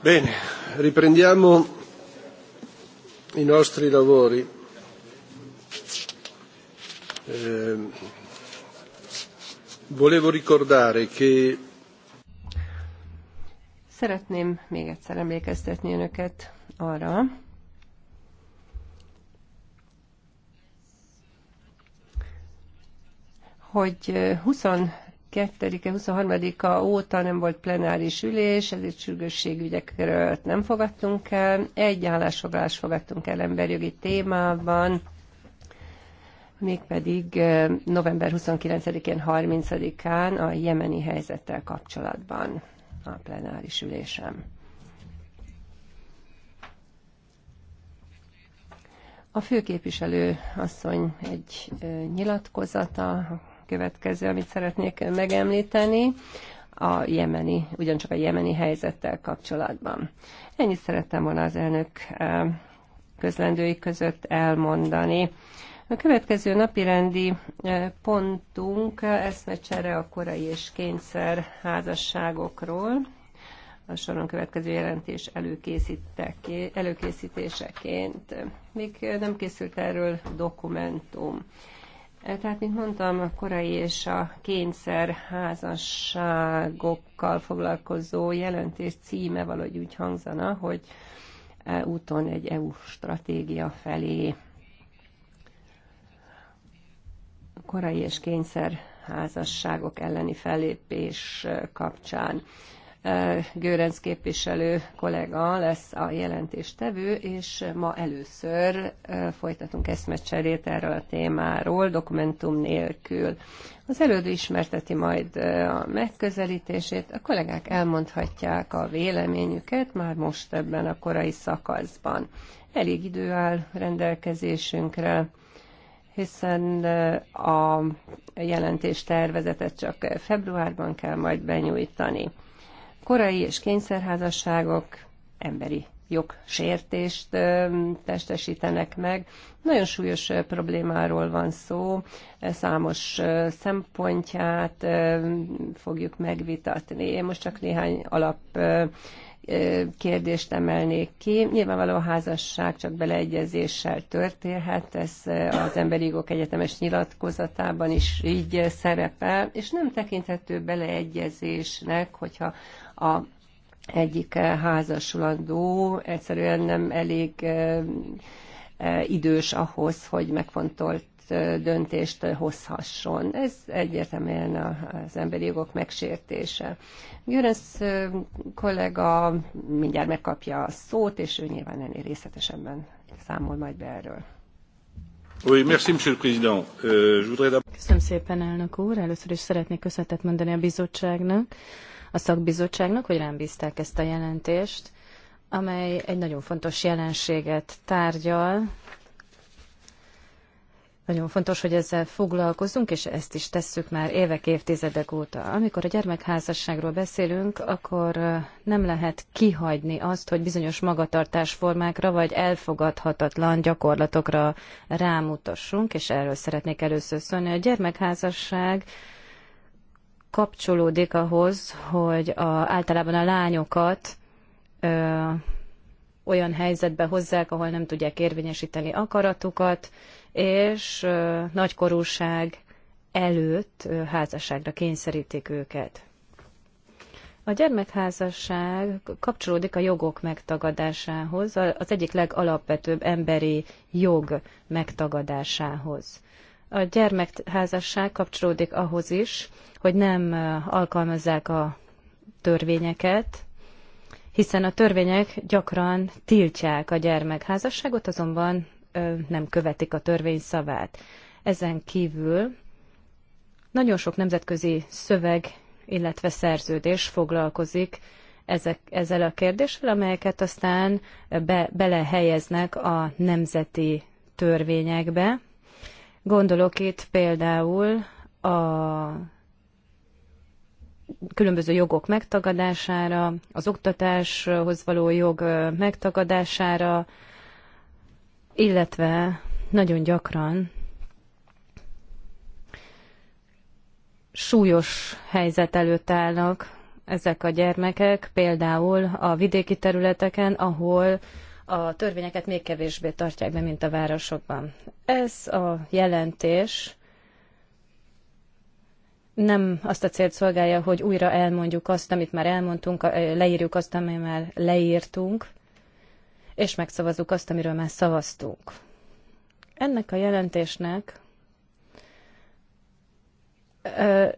Bene, riprendiamo i nostri lavori. Eh, volevo ricordare che Szeretném még egyszer emlékeztetni önöket arra, hogy eh, 22-e, 23-a óta nem volt plenáris ülés, ezért sürgősségügyekről nem fogadtunk el. Egy állásfoglalást fogadtunk el emberjogi témában, mégpedig november 29-én, 30-án a jemeni helyzettel kapcsolatban a plenáris ülésem. A főképviselő asszony egy nyilatkozata, következő, amit szeretnék megemlíteni, a jemeni, ugyancsak a jemeni helyzettel kapcsolatban. Ennyit szerettem volna az elnök közlendői között elmondani. A következő napi rendi pontunk eszmecsere a korai és kényszer házasságokról, a soron következő jelentés előkészítéseként. Még nem készült erről dokumentum. Eh, tehát, mint mondtam, a korai és a kényszer házasságokkal foglalkozó jelentés címe valahogy úgy hangzana, hogy eh, úton egy EU stratégia felé korai és kényszer házasságok elleni fellépés eh, kapcsán. Görenc képviselő kollega lesz a jelentéstevő, és ma először folytatunk eszmecserét erről a témáról, dokumentum nélkül. Az előző ismerteti majd a megközelítését, a kollégák elmondhatják a véleményüket már most ebben a korai szakaszban. Elég idő áll rendelkezésünkre hiszen a jelentés tervezetet csak februárban kell majd benyújtani korai és kényszerházasságok emberi jogsértést testesítenek meg. Nagyon súlyos problémáról van szó, számos szempontját fogjuk megvitatni. Én most csak néhány alap kérdést emelnék ki. Nyilvánvaló a házasság csak beleegyezéssel történhet, ez az Emberi Jogok Egyetemes nyilatkozatában is így szerepel, és nem tekinthető beleegyezésnek, hogyha a egyik eh, házasulandó egyszerűen nem elég eh, eh, idős ahhoz, hogy megfontolt döntést hozhasson. Ez egyértelműen az emberi jogok megsértése. Görönsz kollega mindjárt megkapja a szót, és ő nyilván ennél részletesebben számol majd be erről. Euh, Köszönöm szépen, elnök úr. Először is szeretnék köszönetet mondani a bizottságnak a szakbizottságnak, hogy rám bízták ezt a jelentést, amely egy nagyon fontos jelenséget tárgyal. Nagyon fontos, hogy ezzel foglalkozunk, és ezt is tesszük már évek, évtizedek óta. Amikor a gyermekházasságról beszélünk, akkor nem lehet kihagyni azt, hogy bizonyos magatartásformákra vagy elfogadhatatlan gyakorlatokra rámutassunk, és erről szeretnék először szólni. A gyermekházasság kapcsolódik ahhoz, hogy a, általában a lányokat ö, olyan helyzetbe hozzák, ahol nem tudják érvényesíteni akaratukat, és ö, nagykorúság előtt ö, házasságra kényszerítik őket. A gyermekházasság kapcsolódik a jogok megtagadásához, az egyik legalapvetőbb emberi jog megtagadásához a gyermekházasság kapcsolódik ahhoz is, hogy nem alkalmazzák a törvényeket, hiszen a törvények gyakran tiltják a gyermekházasságot, azonban nem követik a törvény szavát. Ezen kívül nagyon sok nemzetközi szöveg, illetve szerződés foglalkozik ezek, ezzel a kérdéssel, amelyeket aztán be, belehelyeznek a nemzeti törvényekbe, Gondolok itt például a különböző jogok megtagadására, az oktatáshoz való jog megtagadására, illetve nagyon gyakran súlyos helyzet előtt állnak ezek a gyermekek, például a vidéki területeken, ahol a törvényeket még kevésbé tartják be, mint a városokban. Ez a jelentés nem azt a célt szolgálja, hogy újra elmondjuk azt, amit már elmondtunk, leírjuk azt, amit már leírtunk, és megszavazzuk azt, amiről már szavaztunk. Ennek a jelentésnek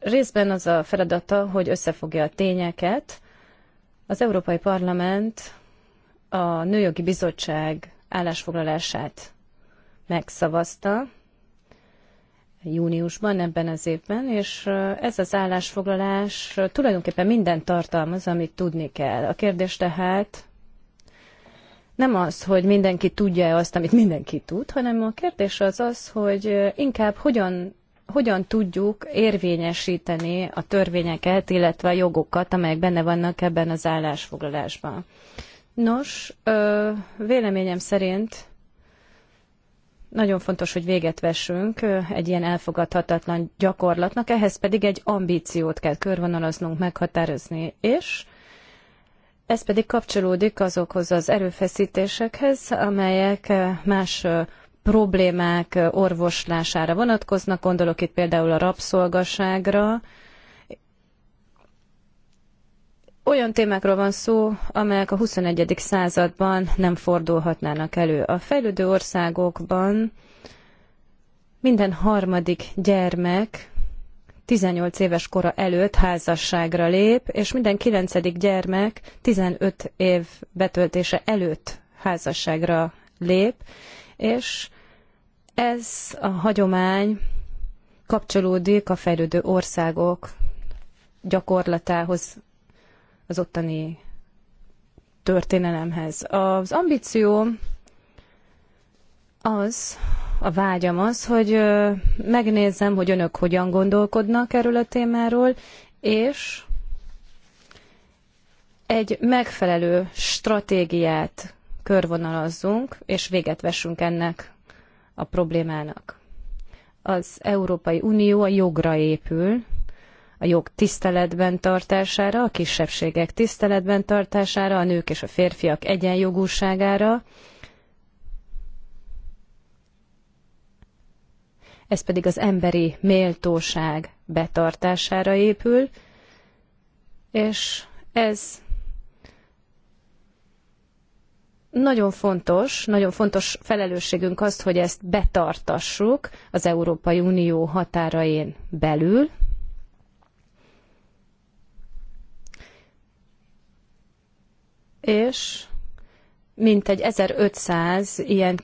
részben az a feladata, hogy összefogja a tényeket. Az Európai Parlament a Nőjogi Bizottság állásfoglalását megszavazta júniusban ebben az évben, és ez az állásfoglalás tulajdonképpen minden tartalmaz, amit tudni kell. A kérdés tehát nem az, hogy mindenki tudja azt, amit mindenki tud, hanem a kérdés az az, hogy inkább hogyan hogyan tudjuk érvényesíteni a törvényeket, illetve a jogokat, amelyek benne vannak ebben az állásfoglalásban. Nos, véleményem szerint nagyon fontos, hogy véget vessünk egy ilyen elfogadhatatlan gyakorlatnak, ehhez pedig egy ambíciót kell körvonalaznunk, meghatározni, és ez pedig kapcsolódik azokhoz az erőfeszítésekhez, amelyek más problémák orvoslására vonatkoznak, gondolok itt például a rabszolgaságra, olyan témákról van szó, amelyek a 21. században nem fordulhatnának elő. A fejlődő országokban minden harmadik gyermek 18 éves kora előtt házasságra lép, és minden kilencedik gyermek 15 év betöltése előtt házasságra lép, és ez a hagyomány kapcsolódik a fejlődő országok gyakorlatához az ottani történelemhez. Az ambíció az, a vágyam az, hogy megnézzem, hogy önök hogyan gondolkodnak erről a témáról, és egy megfelelő stratégiát körvonalazzunk, és véget vessünk ennek a problémának. Az Európai Unió a jogra épül, a jog tiszteletben tartására, a kisebbségek tiszteletben tartására, a nők és a férfiak egyenjogúságára. Ez pedig az emberi méltóság betartására épül, és ez nagyon fontos, nagyon fontos felelősségünk azt, hogy ezt betartassuk az Európai Unió határain belül, és mintegy 1500 ilyen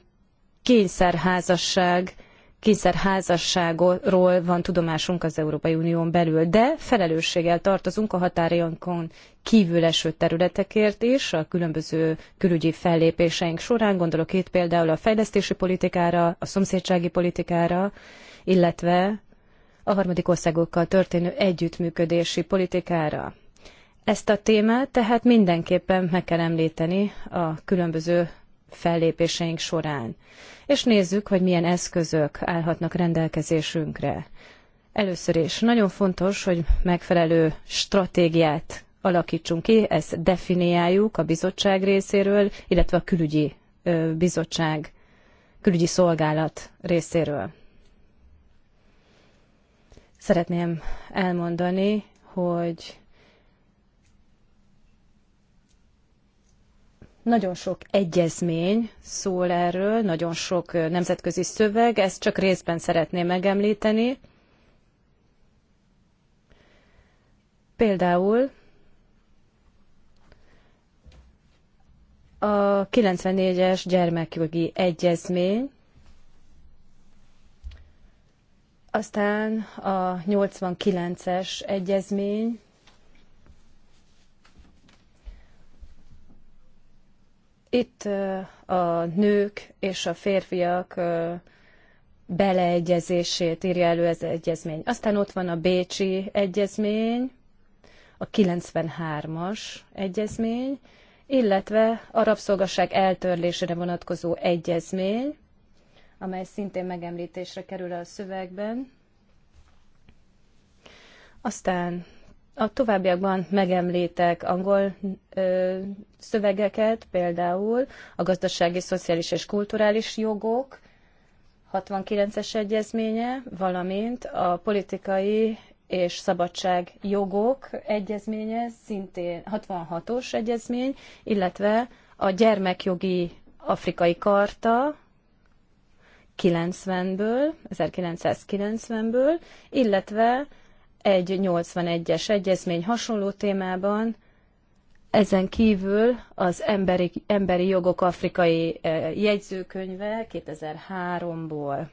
kényszerházasság, kényszerházasságról van tudomásunk az Európai Unión belül, de felelősséggel tartozunk a határainkon kívül eső területekért is, a különböző külügyi fellépéseink során, gondolok itt például a fejlesztési politikára, a szomszédsági politikára, illetve a harmadik országokkal történő együttműködési politikára ezt a témát, tehát mindenképpen meg kell említeni a különböző fellépéseink során. És nézzük, hogy milyen eszközök állhatnak rendelkezésünkre. Először is nagyon fontos, hogy megfelelő stratégiát alakítsunk ki, ezt definiáljuk a bizottság részéről, illetve a külügyi bizottság, külügyi szolgálat részéről. Szeretném elmondani, hogy Nagyon sok egyezmény szól erről, nagyon sok nemzetközi szöveg, ezt csak részben szeretném megemlíteni. Például a 94-es gyermekjogi egyezmény, aztán a 89-es egyezmény, Itt a nők és a férfiak beleegyezését írja elő ez az egyezmény. Aztán ott van a Bécsi egyezmény, a 93-as egyezmény, illetve a rabszolgasság eltörlésére vonatkozó egyezmény, amely szintén megemlítésre kerül a szövegben. Aztán a továbbiakban megemlítek angol ö, szövegeket, például a gazdasági, szociális és kulturális jogok 69-es egyezménye, valamint a politikai és szabadság jogok egyezménye, szintén 66-os egyezmény, illetve a gyermekjogi afrikai karta 90-ből, 1990-ből, illetve egy 81-es egyezmény hasonló témában, ezen kívül az Emberi, Emberi Jogok Afrikai e, jegyzőkönyve 2003-ból,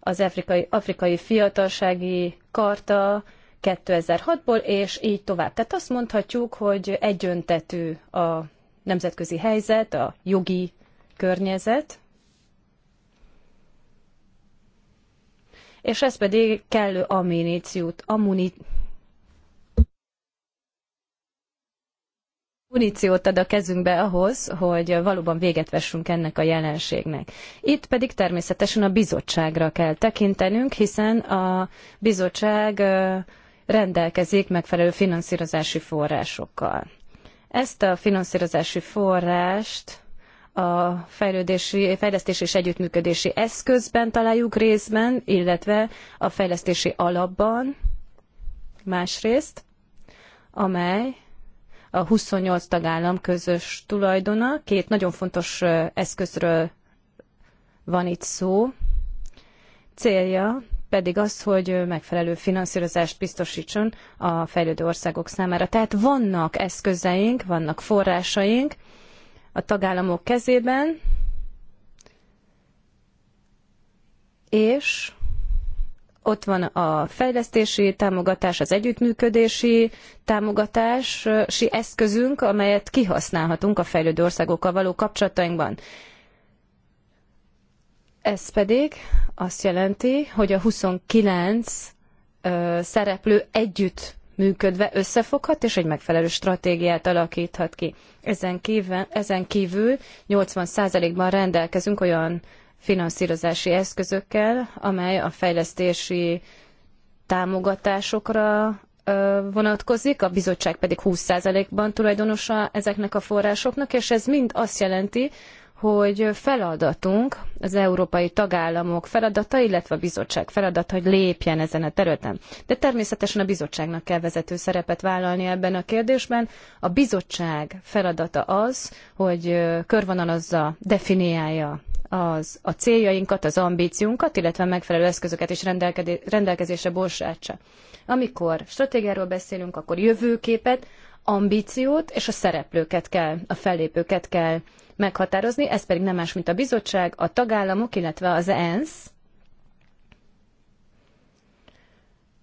az Afrikai, Afrikai Fiatalsági Karta 2006-ból, és így tovább. Tehát azt mondhatjuk, hogy egyöntetű a nemzetközi helyzet, a jogi környezet, és ez pedig kellő aminíciót, amuni... muníciót ad a kezünkbe ahhoz, hogy valóban véget vessünk ennek a jelenségnek. Itt pedig természetesen a bizottságra kell tekintenünk, hiszen a bizottság rendelkezik megfelelő finanszírozási forrásokkal. Ezt a finanszírozási forrást a fejlődési, fejlesztési és együttműködési eszközben találjuk részben, illetve a fejlesztési alapban másrészt, amely a 28 tagállam közös tulajdona. Két nagyon fontos eszközről van itt szó. Célja pedig az, hogy megfelelő finanszírozást biztosítson a fejlődő országok számára. Tehát vannak eszközeink, vannak forrásaink, a tagállamok kezében, és ott van a fejlesztési támogatás, az együttműködési támogatási eszközünk, amelyet kihasználhatunk a fejlődő országokkal való kapcsolatainkban. Ez pedig azt jelenti, hogy a 29 szereplő együtt működve összefoghat, és egy megfelelő stratégiát alakíthat ki. Ezen kívül, ezen kívül 80%-ban rendelkezünk olyan finanszírozási eszközökkel, amely a fejlesztési támogatásokra vonatkozik, a bizottság pedig 20%-ban tulajdonosa ezeknek a forrásoknak, és ez mind azt jelenti, hogy feladatunk, az európai tagállamok feladata, illetve a bizottság feladata, hogy lépjen ezen a területen. De természetesen a bizottságnak kell vezető szerepet vállalni ebben a kérdésben. A bizottság feladata az, hogy körvonalazza, definiálja az, a céljainkat, az ambíciunkat illetve megfelelő eszközöket is rendelkezésre borsátsa. Amikor stratégiáról beszélünk, akkor jövőképet, ambíciót és a szereplőket kell, a fellépőket kell meghatározni, ez pedig nem más, mint a bizottság, a tagállamok, illetve az ENSZ,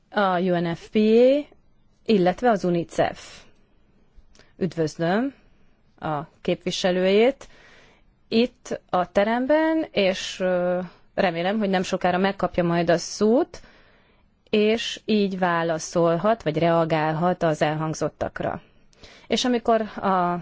a UNFPA, illetve az UNICEF. Üdvözlöm a képviselőjét itt a teremben, és remélem, hogy nem sokára megkapja majd a szót, és így válaszolhat, vagy reagálhat az elhangzottakra. És amikor a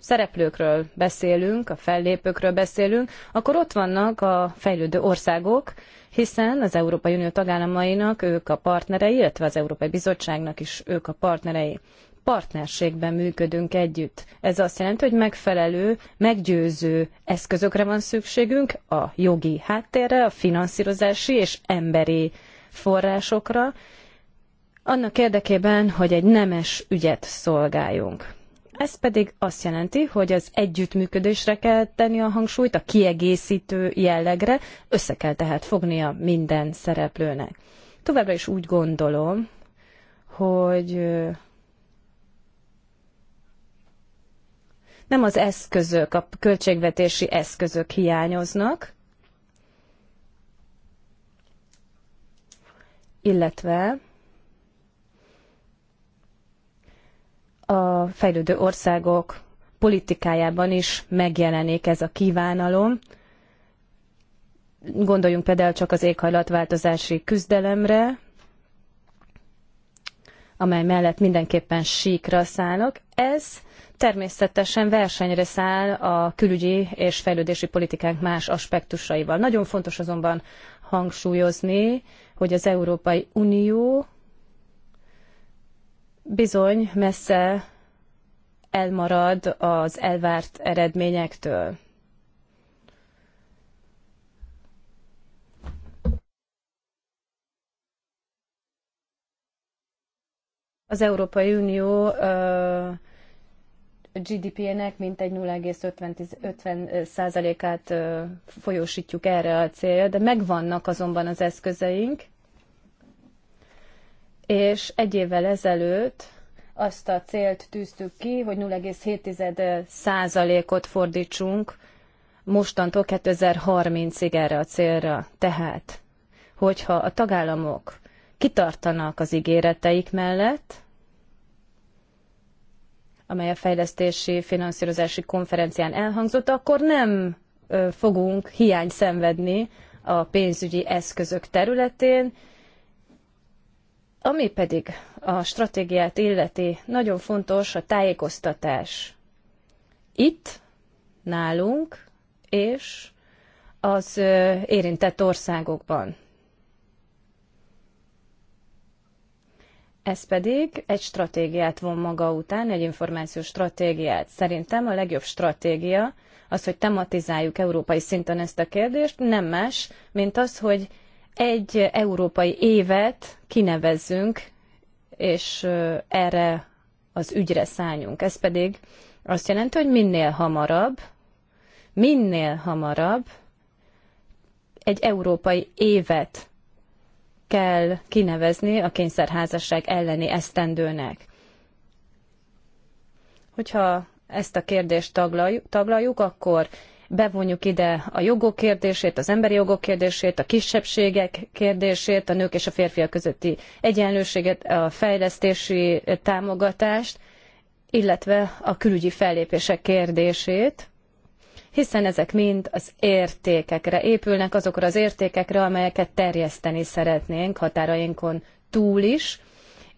szereplőkről beszélünk, a fellépőkről beszélünk, akkor ott vannak a fejlődő országok, hiszen az Európai Unió tagállamainak ők a partnerei, illetve az Európai Bizottságnak is ők a partnerei. Partnerségben működünk együtt. Ez azt jelenti, hogy megfelelő, meggyőző eszközökre van szükségünk, a jogi háttérre, a finanszírozási és emberi forrásokra, annak érdekében, hogy egy nemes ügyet szolgáljunk. Ez pedig azt jelenti, hogy az együttműködésre kell tenni a hangsúlyt, a kiegészítő jellegre, össze kell tehát fognia minden szereplőnek. Továbbra is úgy gondolom, hogy nem az eszközök, a költségvetési eszközök hiányoznak, illetve a fejlődő országok politikájában is megjelenik ez a kívánalom. Gondoljunk például csak az éghajlatváltozási küzdelemre, amely mellett mindenképpen síkra szállnak. Ez természetesen versenyre száll a külügyi és fejlődési politikánk más aspektusaival. Nagyon fontos azonban hangsúlyozni, hogy az Európai Unió bizony messze elmarad az elvárt eredményektől. Az Európai Unió GDP-nek mintegy 0,50%-át folyósítjuk erre a célra, de megvannak azonban az eszközeink, és egy évvel ezelőtt azt a célt tűztük ki, hogy 0,7 százalékot fordítsunk mostantól 2030-ig erre a célra. Tehát, hogyha a tagállamok kitartanak az ígéreteik mellett, amely a fejlesztési finanszírozási konferencián elhangzott, akkor nem fogunk hiány szenvedni a pénzügyi eszközök területén, ami pedig a stratégiát illeti, nagyon fontos a tájékoztatás. Itt, nálunk, és az érintett országokban. Ez pedig egy stratégiát von maga után, egy információs stratégiát. Szerintem a legjobb stratégia az, hogy tematizáljuk európai szinten ezt a kérdést, nem más, mint az, hogy egy európai évet kinevezzünk, és erre az ügyre szálljunk. Ez pedig azt jelenti, hogy minél hamarabb, minél hamarabb egy európai évet kell kinevezni a kényszerházasság elleni esztendőnek. Hogyha ezt a kérdést taglaljuk, taglaljuk akkor bevonjuk ide a jogok kérdését, az emberi jogok kérdését, a kisebbségek kérdését, a nők és a férfiak közötti egyenlőséget, a fejlesztési támogatást, illetve a külügyi fellépések kérdését hiszen ezek mind az értékekre épülnek, azokra az értékekre, amelyeket terjeszteni szeretnénk határainkon túl is,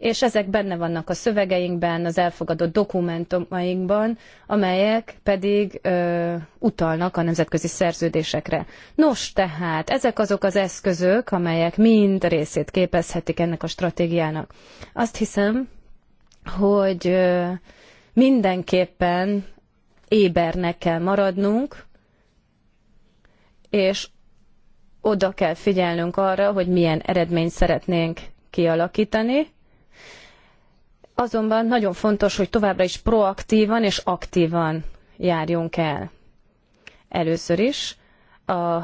és ezek benne vannak a szövegeinkben, az elfogadott dokumentumainkban, amelyek pedig ö, utalnak a nemzetközi szerződésekre. Nos, tehát ezek azok az eszközök, amelyek mind részét képezhetik ennek a stratégiának. Azt hiszem, hogy ö, mindenképpen ébernek kell maradnunk, és oda kell figyelnünk arra, hogy milyen eredményt szeretnénk kialakítani, Azonban nagyon fontos, hogy továbbra is proaktívan és aktívan járjunk el. Először is a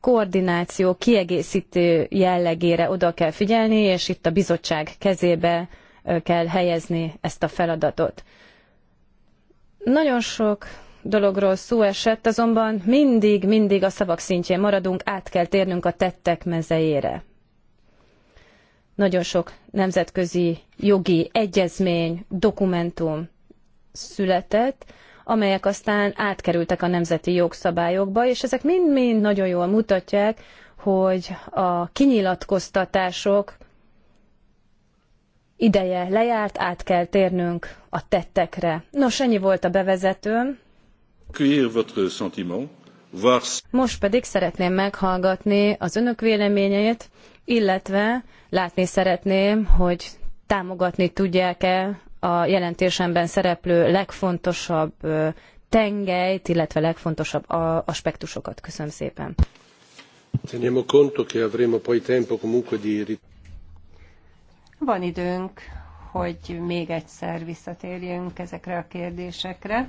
koordináció kiegészítő jellegére oda kell figyelni, és itt a bizottság kezébe kell helyezni ezt a feladatot. Nagyon sok dologról szó esett, azonban mindig, mindig a szavak szintjén maradunk, át kell térnünk a tettek mezejére. Nagyon sok nemzetközi jogi egyezmény, dokumentum született, amelyek aztán átkerültek a nemzeti jogszabályokba, és ezek mind-mind nagyon jól mutatják, hogy a kinyilatkoztatások ideje lejárt, át kell térnünk a tettekre. Nos, ennyi volt a bevezetőm. sentiment. Most pedig szeretném meghallgatni az önök véleményeit, illetve látni szeretném, hogy támogatni tudják-e a jelentésemben szereplő legfontosabb tengelyt, illetve legfontosabb aspektusokat. Köszönöm szépen. Teniamo conto che avremo poi tempo comunque di... Van időnk, hogy még egyszer visszatérjünk ezekre a kérdésekre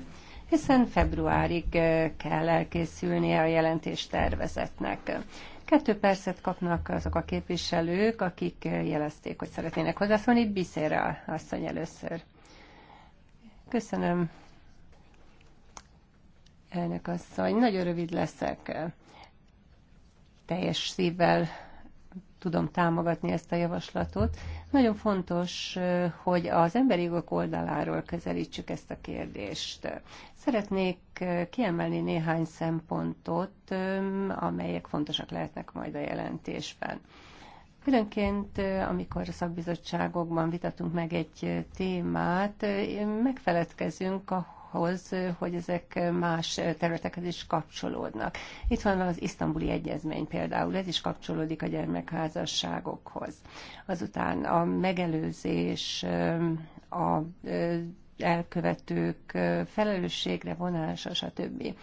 hiszen februárig kell elkészülnie a jelentés tervezetnek. Kettő percet kapnak azok a képviselők, akik jelezték, hogy szeretnének hozzászólni. Biszére asszony először. Köszönöm, elnök asszony. Nagyon rövid leszek. Teljes szívvel tudom támogatni ezt a javaslatot. Nagyon fontos, hogy az emberi jogok oldaláról közelítsük ezt a kérdést. Szeretnék kiemelni néhány szempontot, amelyek fontosak lehetnek majd a jelentésben. Különként, amikor a szakbizottságokban vitatunk meg egy témát, megfeledkezünk ahhoz, hogy ezek más területekhez is kapcsolódnak. Itt van az isztambuli egyezmény például, ez is kapcsolódik a gyermekházasságokhoz. Azután a megelőzés, a elkövetők felelősségre vonása, stb.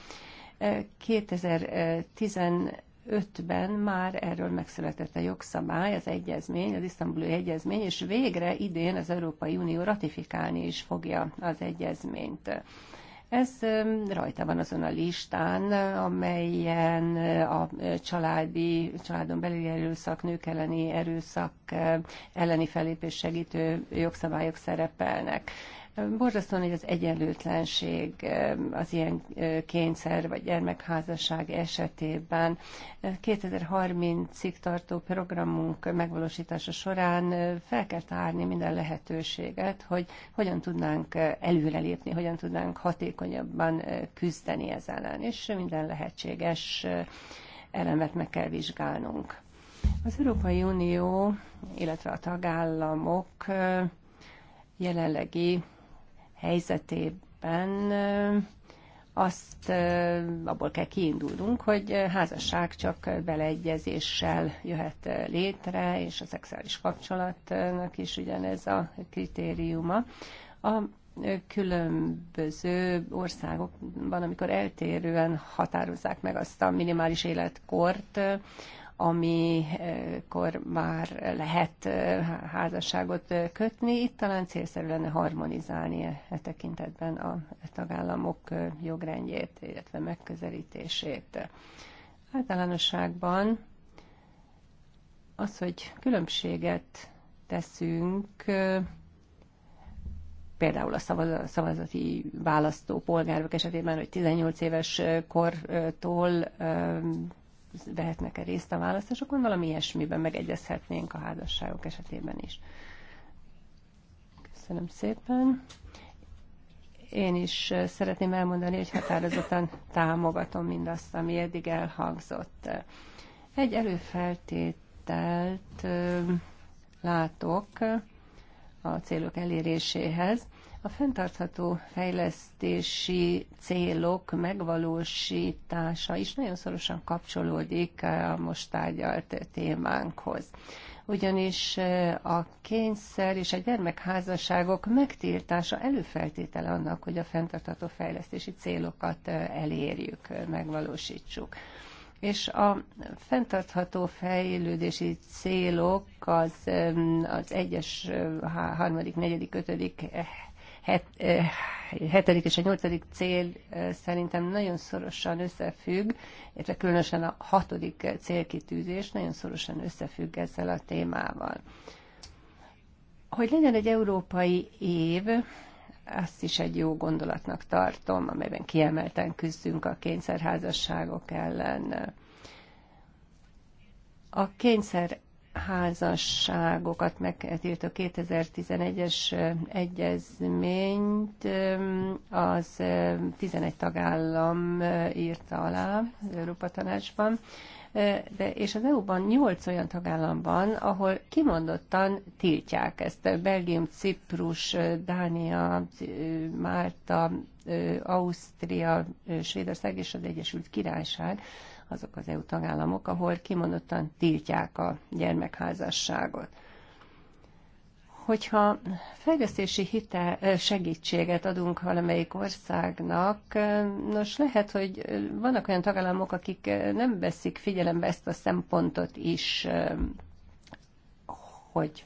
2015-ben már erről megszületett a jogszabály, az egyezmény, az isztambuli egyezmény, és végre idén az Európai Unió ratifikálni is fogja az egyezményt. Ez rajta van azon a listán, amelyen a családi, családon belüli erőszak, nők elleni erőszak elleni felépés segítő jogszabályok szerepelnek. Borzasztóan, hogy az egyenlőtlenség eh, az ilyen eh, kényszer vagy gyermekházasság esetében 2030-ig eh, tartó programunk megvalósítása során fel kell tárni minden lehetőséget, hogy hogyan tudnánk előrelépni, hogyan tudnánk hatékonyabban küzdeni ez ellen, és minden lehetséges elemet meg kell vizsgálnunk. Az Európai Unió, illetve a tagállamok jelenlegi helyzetében azt abból kell kiindulnunk, hogy házasság csak beleegyezéssel jöhet létre, és a szexuális kapcsolatnak is ugyanez a kritériuma. A különböző országokban, amikor eltérően határozzák meg azt a minimális életkort, amikor már lehet házasságot kötni. Itt talán célszerű lenne harmonizálni e, e tekintetben a tagállamok jogrendjét, illetve megközelítését. Általánosságban az, hogy különbséget teszünk például a szavazati választó polgárok esetében, hogy 18 éves kortól vehetnek-e részt a választásokon, valami ilyesmiben megegyezhetnénk a házasságok esetében is. Köszönöm szépen. Én is szeretném elmondani, hogy határozottan támogatom mindazt, ami eddig elhangzott. Egy előfeltételt látok a célok eléréséhez, a fenntartható fejlesztési célok megvalósítása is nagyon szorosan kapcsolódik a most tárgyalt témánkhoz ugyanis e, a kényszer és a gyermekházasságok megtiltása előfeltétele annak, hogy a fenntartható fejlesztési célokat e, elérjük, e, megvalósítsuk. És a fenntartható fejlődési célok az, az egyes, harmadik, negyedik, ötödik eh, het, hetedik és a nyolcadik cél szerintem nagyon szorosan összefügg, illetve különösen a hatodik célkitűzés nagyon szorosan összefügg ezzel a témával. Hogy legyen egy európai év, azt is egy jó gondolatnak tartom, amelyben kiemelten küzdünk a kényszerházasságok ellen. A kényszer házasságokat a 2011-es egyezményt az 11 tagállam írta alá az Európa Tanácsban, de, és az EU-ban 8 olyan tagállam van, ahol kimondottan tiltják ezt. Belgium, Ciprus, Dánia, Málta, Ausztria, Svédország és az Egyesült Királyság azok az EU tagállamok, ahol kimondottan tiltják a gyermekházasságot. Hogyha fejlesztési hitel, segítséget adunk valamelyik országnak, nos lehet, hogy vannak olyan tagállamok, akik nem veszik figyelembe ezt a szempontot is, hogy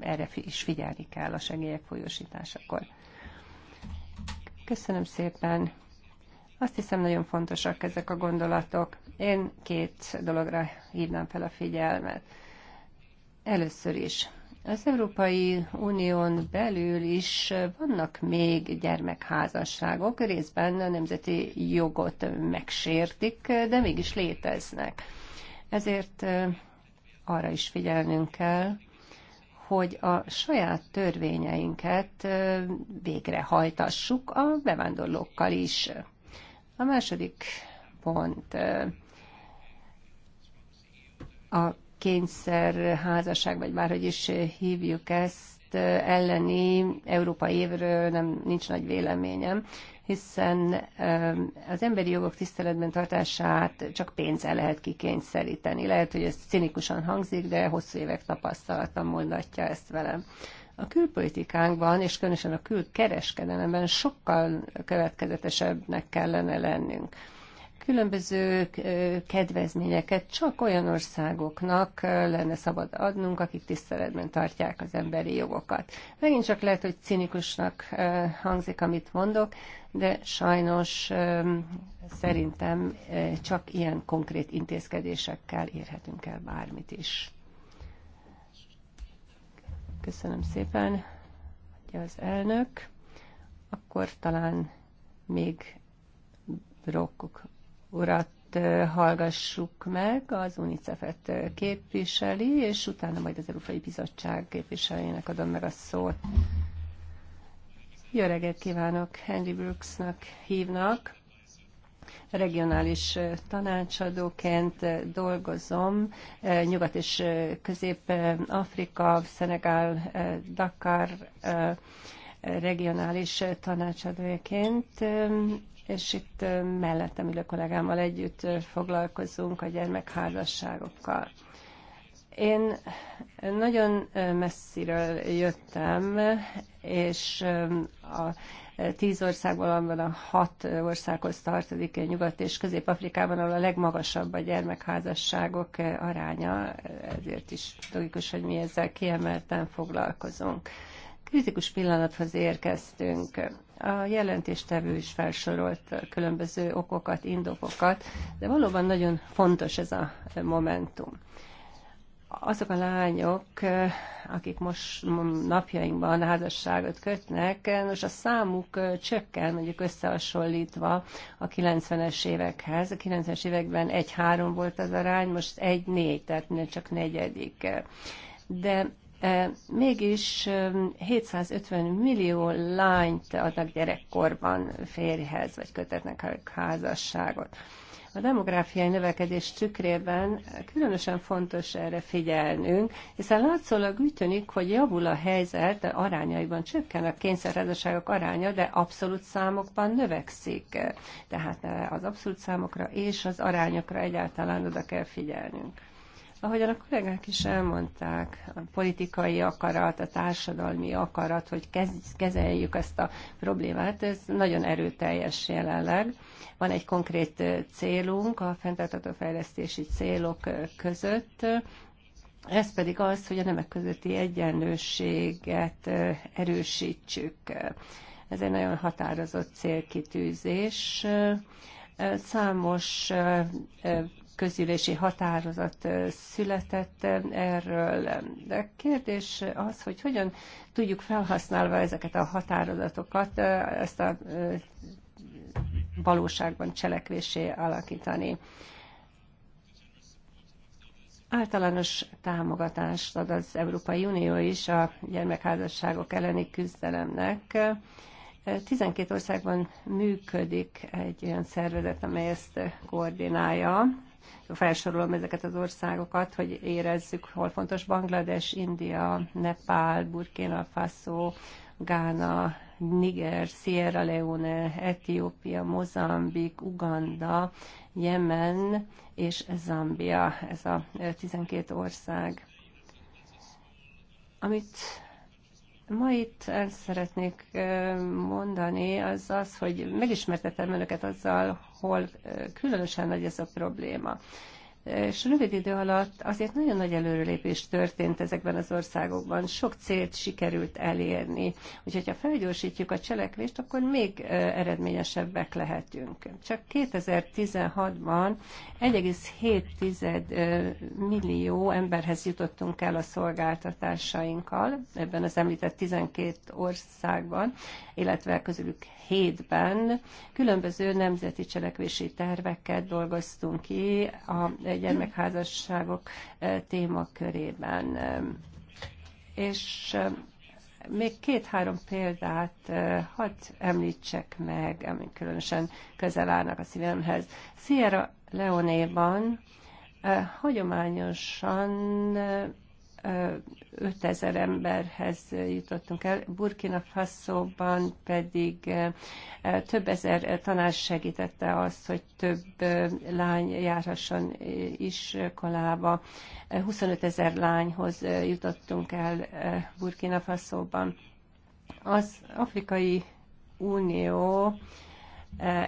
erre is figyelni kell a segélyek folyósításakor. Köszönöm szépen. Azt hiszem, nagyon fontosak ezek a gondolatok. Én két dologra hívnám fel a figyelmet. Először is, az Európai Unión belül is vannak még gyermekházasságok, részben a nemzeti jogot megsértik, de mégis léteznek. Ezért arra is figyelnünk kell, hogy a saját törvényeinket végrehajtassuk a bevándorlókkal is. A második pont a kényszer házasság, vagy bárhogy is hívjuk ezt, elleni európai évről nem nincs nagy véleményem, hiszen az emberi jogok tiszteletben tartását csak pénzzel lehet kikényszeríteni. Lehet, hogy ez cinikusan hangzik, de hosszú évek tapasztalata mondatja ezt velem. A külpolitikánkban, és különösen a külkereskedelemben sokkal következetesebbnek kellene lennünk. Különböző kedvezményeket csak olyan országoknak lenne szabad adnunk, akik tiszteletben tartják az emberi jogokat. Megint csak lehet, hogy cinikusnak hangzik, amit mondok, de sajnos szerintem csak ilyen konkrét intézkedésekkel érhetünk el bármit is. Köszönöm szépen, hogy az elnök. Akkor talán még brokkuk urat hallgassuk meg, az UNICEF-et képviseli, és utána majd az Európai Bizottság képviselőjének adom meg a szót. Jó reggelt kívánok, Henry Brooksnak hívnak regionális tanácsadóként dolgozom Nyugat- és Közép-Afrika, Szenegál, Dakar regionális tanácsadóként, és itt mellettem ülő kollégámmal együtt foglalkozunk a gyermekházasságokkal. Én nagyon messziről jöttem, és a Tíz országban van a hat országhoz tartozik eh, Nyugat- és Közép-Afrikában, ahol a legmagasabb a gyermekházasságok eh, aránya, ezért is logikus, hogy mi ezzel kiemelten foglalkozunk. Kritikus pillanathoz érkeztünk. A jelentéstevő is felsorolt különböző okokat, indokokat, de valóban nagyon fontos ez a momentum azok a lányok, akik most napjainkban házasságot kötnek, most a számuk csökken, mondjuk összehasonlítva a 90-es évekhez. A 90-es években 1-3 volt az arány, most 1-4, tehát nem csak negyedik. De mégis 750 millió lányt adnak gyerekkorban férjhez, vagy kötetnek házasságot. A demográfiai növekedés tükrében különösen fontos erre figyelnünk, hiszen látszólag úgy tűnik, hogy javul a helyzet, de arányaiban csökken a kényszerházasságok aránya, de abszolút számokban növekszik. Tehát az abszolút számokra és az arányokra egyáltalán oda kell figyelnünk. Ahogyan a kollégák is elmondták, a politikai akarat, a társadalmi akarat, hogy kezeljük ezt a problémát, ez nagyon erőteljes jelenleg. Van egy konkrét célunk a fenntartató fejlesztési célok között, ez pedig az, hogy a nemek közötti egyenlőséget erősítsük. Ez egy nagyon határozott célkitűzés. Számos közülési határozat született erről. De kérdés az, hogy hogyan tudjuk felhasználva ezeket a határozatokat, ezt a valóságban cselekvésé alakítani. Általános támogatást ad az Európai Unió is a gyermekházasságok elleni küzdelemnek. 12 országban működik egy olyan szervezet, amely ezt koordinálja. Felsorolom ezeket az országokat, hogy érezzük, hol fontos Banglades, India, Nepál, Burkina Faso, Gána, Niger, Sierra Leone, Etiópia, Mozambik, Uganda, Jemen és Zambia, ez a 12 ország. Amit ma itt el szeretnék mondani, az az, hogy megismertetem önöket azzal, hol különösen nagy ez a probléma és rövid idő alatt azért nagyon nagy előrelépés történt ezekben az országokban, sok célt sikerült elérni. Úgyhogy ha felgyorsítjuk a cselekvést, akkor még eredményesebbek lehetünk. Csak 2016-ban 1,7 millió emberhez jutottunk el a szolgáltatásainkkal ebben az említett 12 országban, illetve közülük 7-ben különböző nemzeti cselekvési terveket dolgoztunk ki a gyermekházasságok témakörében. És még két-három példát hadd említsek meg, amik különösen közel állnak a szívemhez. Sierra Leone-ban hagyományosan 5000 emberhez jutottunk el, Burkina Faso-ban pedig e, több ezer tanár segítette azt, hogy több e, lány járhasson e, iskolába. 25 ezer lányhoz jutottunk el Burkina Faso-ban. Az Afrikai Unió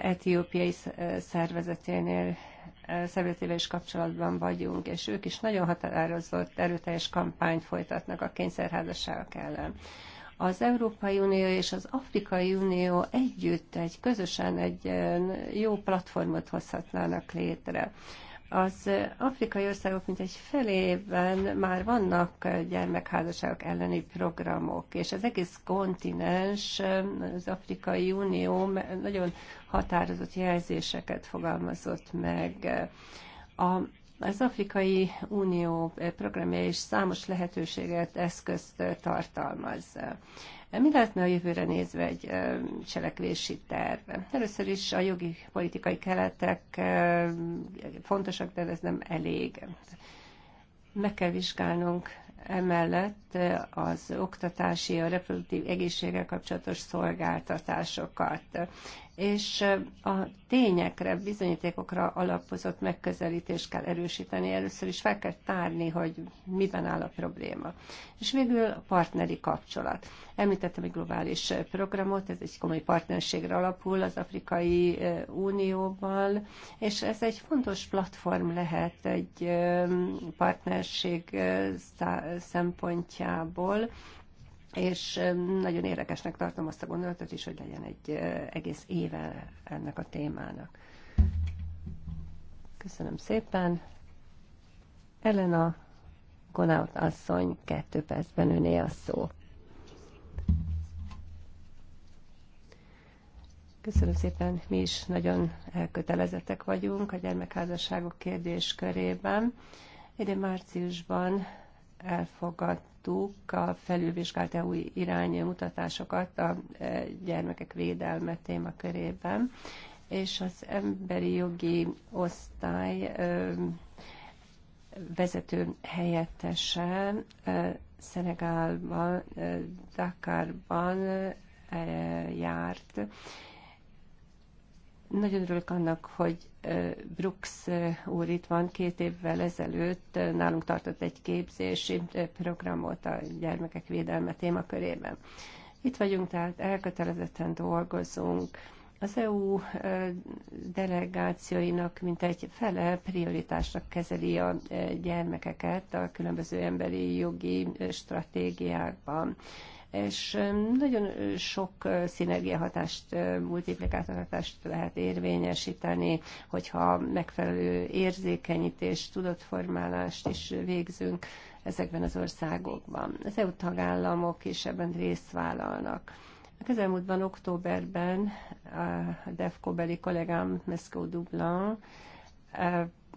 etiópiai szervezeténél szervezetével is kapcsolatban vagyunk, és ők is nagyon határozott, erőteljes kampányt folytatnak a kényszerházasságok ellen. Az Európai Unió és az Afrikai Unió együtt, egy közösen egy jó platformot hozhatnának létre. Az afrikai országok mint egy felében már vannak gyermekházasságok elleni programok, és az egész kontinens, az Afrikai Unió nagyon határozott jelzéseket fogalmazott meg. A, az Afrikai Unió programja is számos lehetőséget, eszközt tartalmaz. Mi lehetne a jövőre nézve egy cselekvési terv? Először is a jogi politikai keletek fontosak, de ez nem elég. Meg kell vizsgálnunk emellett az oktatási, a reproduktív egészséggel kapcsolatos szolgáltatásokat és a tényekre, bizonyítékokra alapozott megközelítést kell erősíteni. Először is fel kell tárni, hogy miben áll a probléma. És végül a partneri kapcsolat. Említettem egy globális programot, ez egy komoly partnerségre alapul az Afrikai Unióval, és ez egy fontos platform lehet egy partnerség szempontjából, és nagyon érdekesnek tartom azt a gondolatot is, hogy legyen egy egész éve ennek a témának. Köszönöm szépen. Elena Gonaut asszony, kettő percben öné a szó. Köszönöm szépen, mi is nagyon elkötelezettek vagyunk a gyermekházasságok kérdés körében. Idén márciusban elfogadtuk a felülvizsgált EU iránymutatásokat a e, gyermekek védelme témakörében, és az emberi jogi osztály vezető helyettese Szenegálban, Dakarban járt, nagyon örülök annak, hogy Brooks úr itt van, két évvel ezelőtt nálunk tartott egy képzési programot a gyermekek védelme témakörében. Itt vagyunk, tehát elkötelezetten dolgozunk. Az EU delegációinak mint egy fele prioritásnak kezeli a gyermekeket a különböző emberi jogi stratégiákban és nagyon sok szinergia hatást, multiplikátor hatást lehet érvényesíteni, hogyha megfelelő érzékenyítés, tudatformálást is végzünk ezekben az országokban. Az EU tagállamok is ebben részt vállalnak. A közelmúltban októberben a DEFCO beli kollégám Mesko Dublin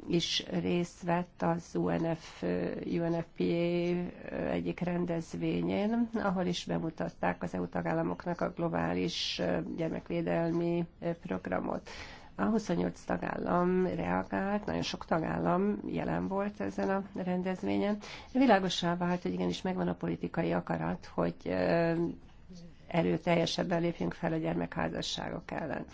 is részt vett az UNF, UNFPA egyik rendezvényén, ahol is bemutatták az EU tagállamoknak a globális gyermekvédelmi programot. A 28 tagállam reagált, nagyon sok tagállam jelen volt ezen a rendezvényen. Világosá vált, hogy igenis megvan a politikai akarat, hogy erőteljesebben lépjünk fel a gyermekházasságok ellen.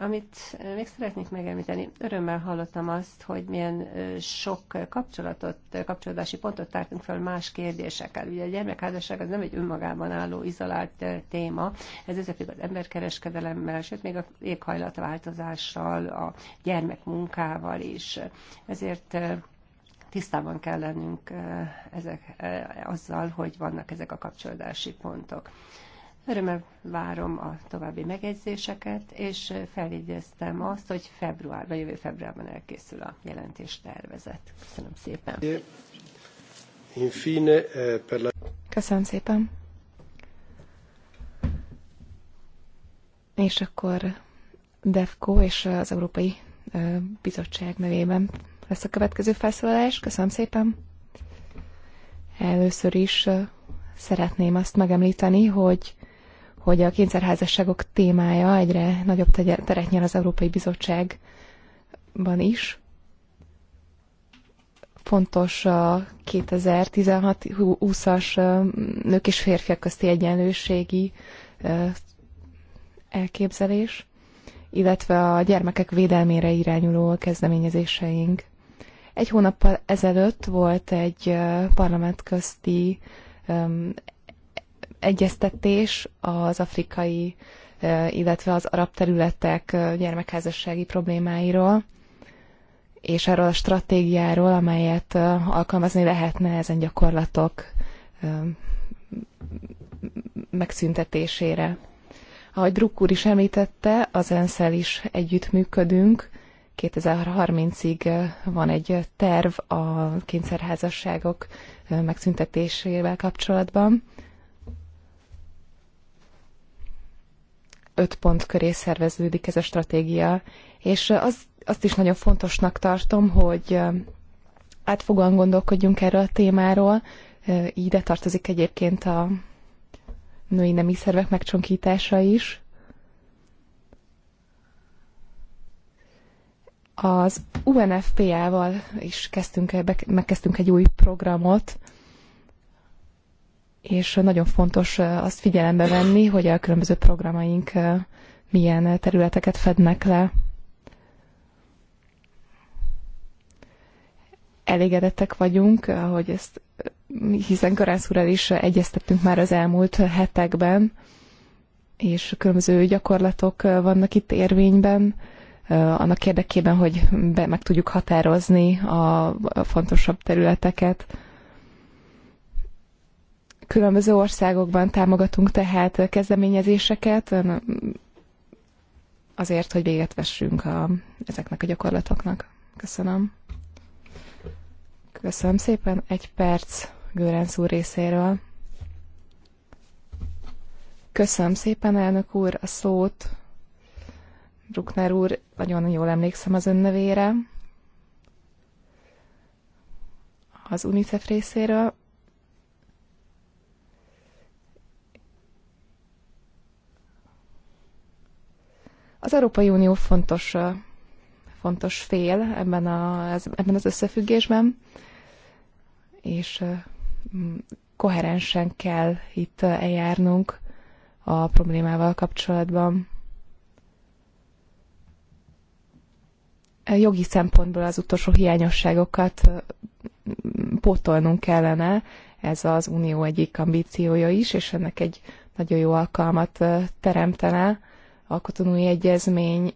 Amit még szeretnék megemlíteni, örömmel hallottam azt, hogy milyen sok kapcsolatot, kapcsolódási pontot tártunk fel más kérdésekkel. Ugye a gyermekházasság az nem egy önmagában álló, izolált téma, ez összefügg az emberkereskedelemmel, sőt még a éghajlatváltozással, a gyermekmunkával is. Ezért tisztában kell lennünk ezek, azzal, hogy vannak ezek a kapcsolódási pontok. Örömmel várom a további megjegyzéseket, és felidéztem azt, hogy február vagy jövő februárban elkészül a jelentés tervezet. Köszönöm szépen. Eh, Köszönöm szépen. És akkor DEFCO és az Európai eh, Bizottság nevében lesz a következő felszólalás. Köszönöm szépen. Először is eh, szeretném azt megemlíteni, hogy hogy a kényszerházasságok témája egyre nagyobb teret nyer az Európai Bizottságban is. Fontos a 2016-20-as nők és férfiak közti egyenlőségi elképzelés, illetve a gyermekek védelmére irányuló kezdeményezéseink. Egy hónappal ezelőtt volt egy parlament közti egyeztetés az afrikai, e, illetve az arab területek e, gyermekházassági problémáiról, és arról a stratégiáról, amelyet e, alkalmazni lehetne ezen gyakorlatok megszüntetésére. Ahogy Druk úr is említette, az ensz is együttműködünk. 2030-ig van egy terv a kényszerházasságok megszüntetésével kapcsolatban. öt pont köré szerveződik ez a stratégia, és az, azt is nagyon fontosnak tartom, hogy átfogóan gondolkodjunk erről a témáról. Ide tartozik egyébként a női nemi szervek megcsonkítása is. Az UNFPA-val is kezdtünk, megkezdtünk egy új programot, és nagyon fontos azt figyelembe venni, hogy a különböző programaink milyen területeket fednek le. Elégedettek vagyunk, hogy ezt hiszen Karász úrral is egyeztettünk már az elmúlt hetekben, és különböző gyakorlatok vannak itt érvényben, annak érdekében, hogy be meg tudjuk határozni a fontosabb területeket. Különböző országokban támogatunk tehát kezdeményezéseket hm, azért, hogy véget vessünk a, ezeknek a gyakorlatoknak. Köszönöm. Köszönöm szépen. Egy perc Gőrenc úr részéről. Köszönöm szépen, elnök úr, a szót. Bruckner úr, nagyon jól emlékszem az nevére. Az UNICEF részéről. Az Európai Unió fontos, fontos fél ebben, a, ebben az összefüggésben, és koherensen kell itt eljárnunk a problémával kapcsolatban. jogi szempontból az utolsó hiányosságokat pótolnunk kellene, ez az unió egyik ambíciója is, és ennek egy nagyon jó alkalmat teremtene a kotonói egyezmény,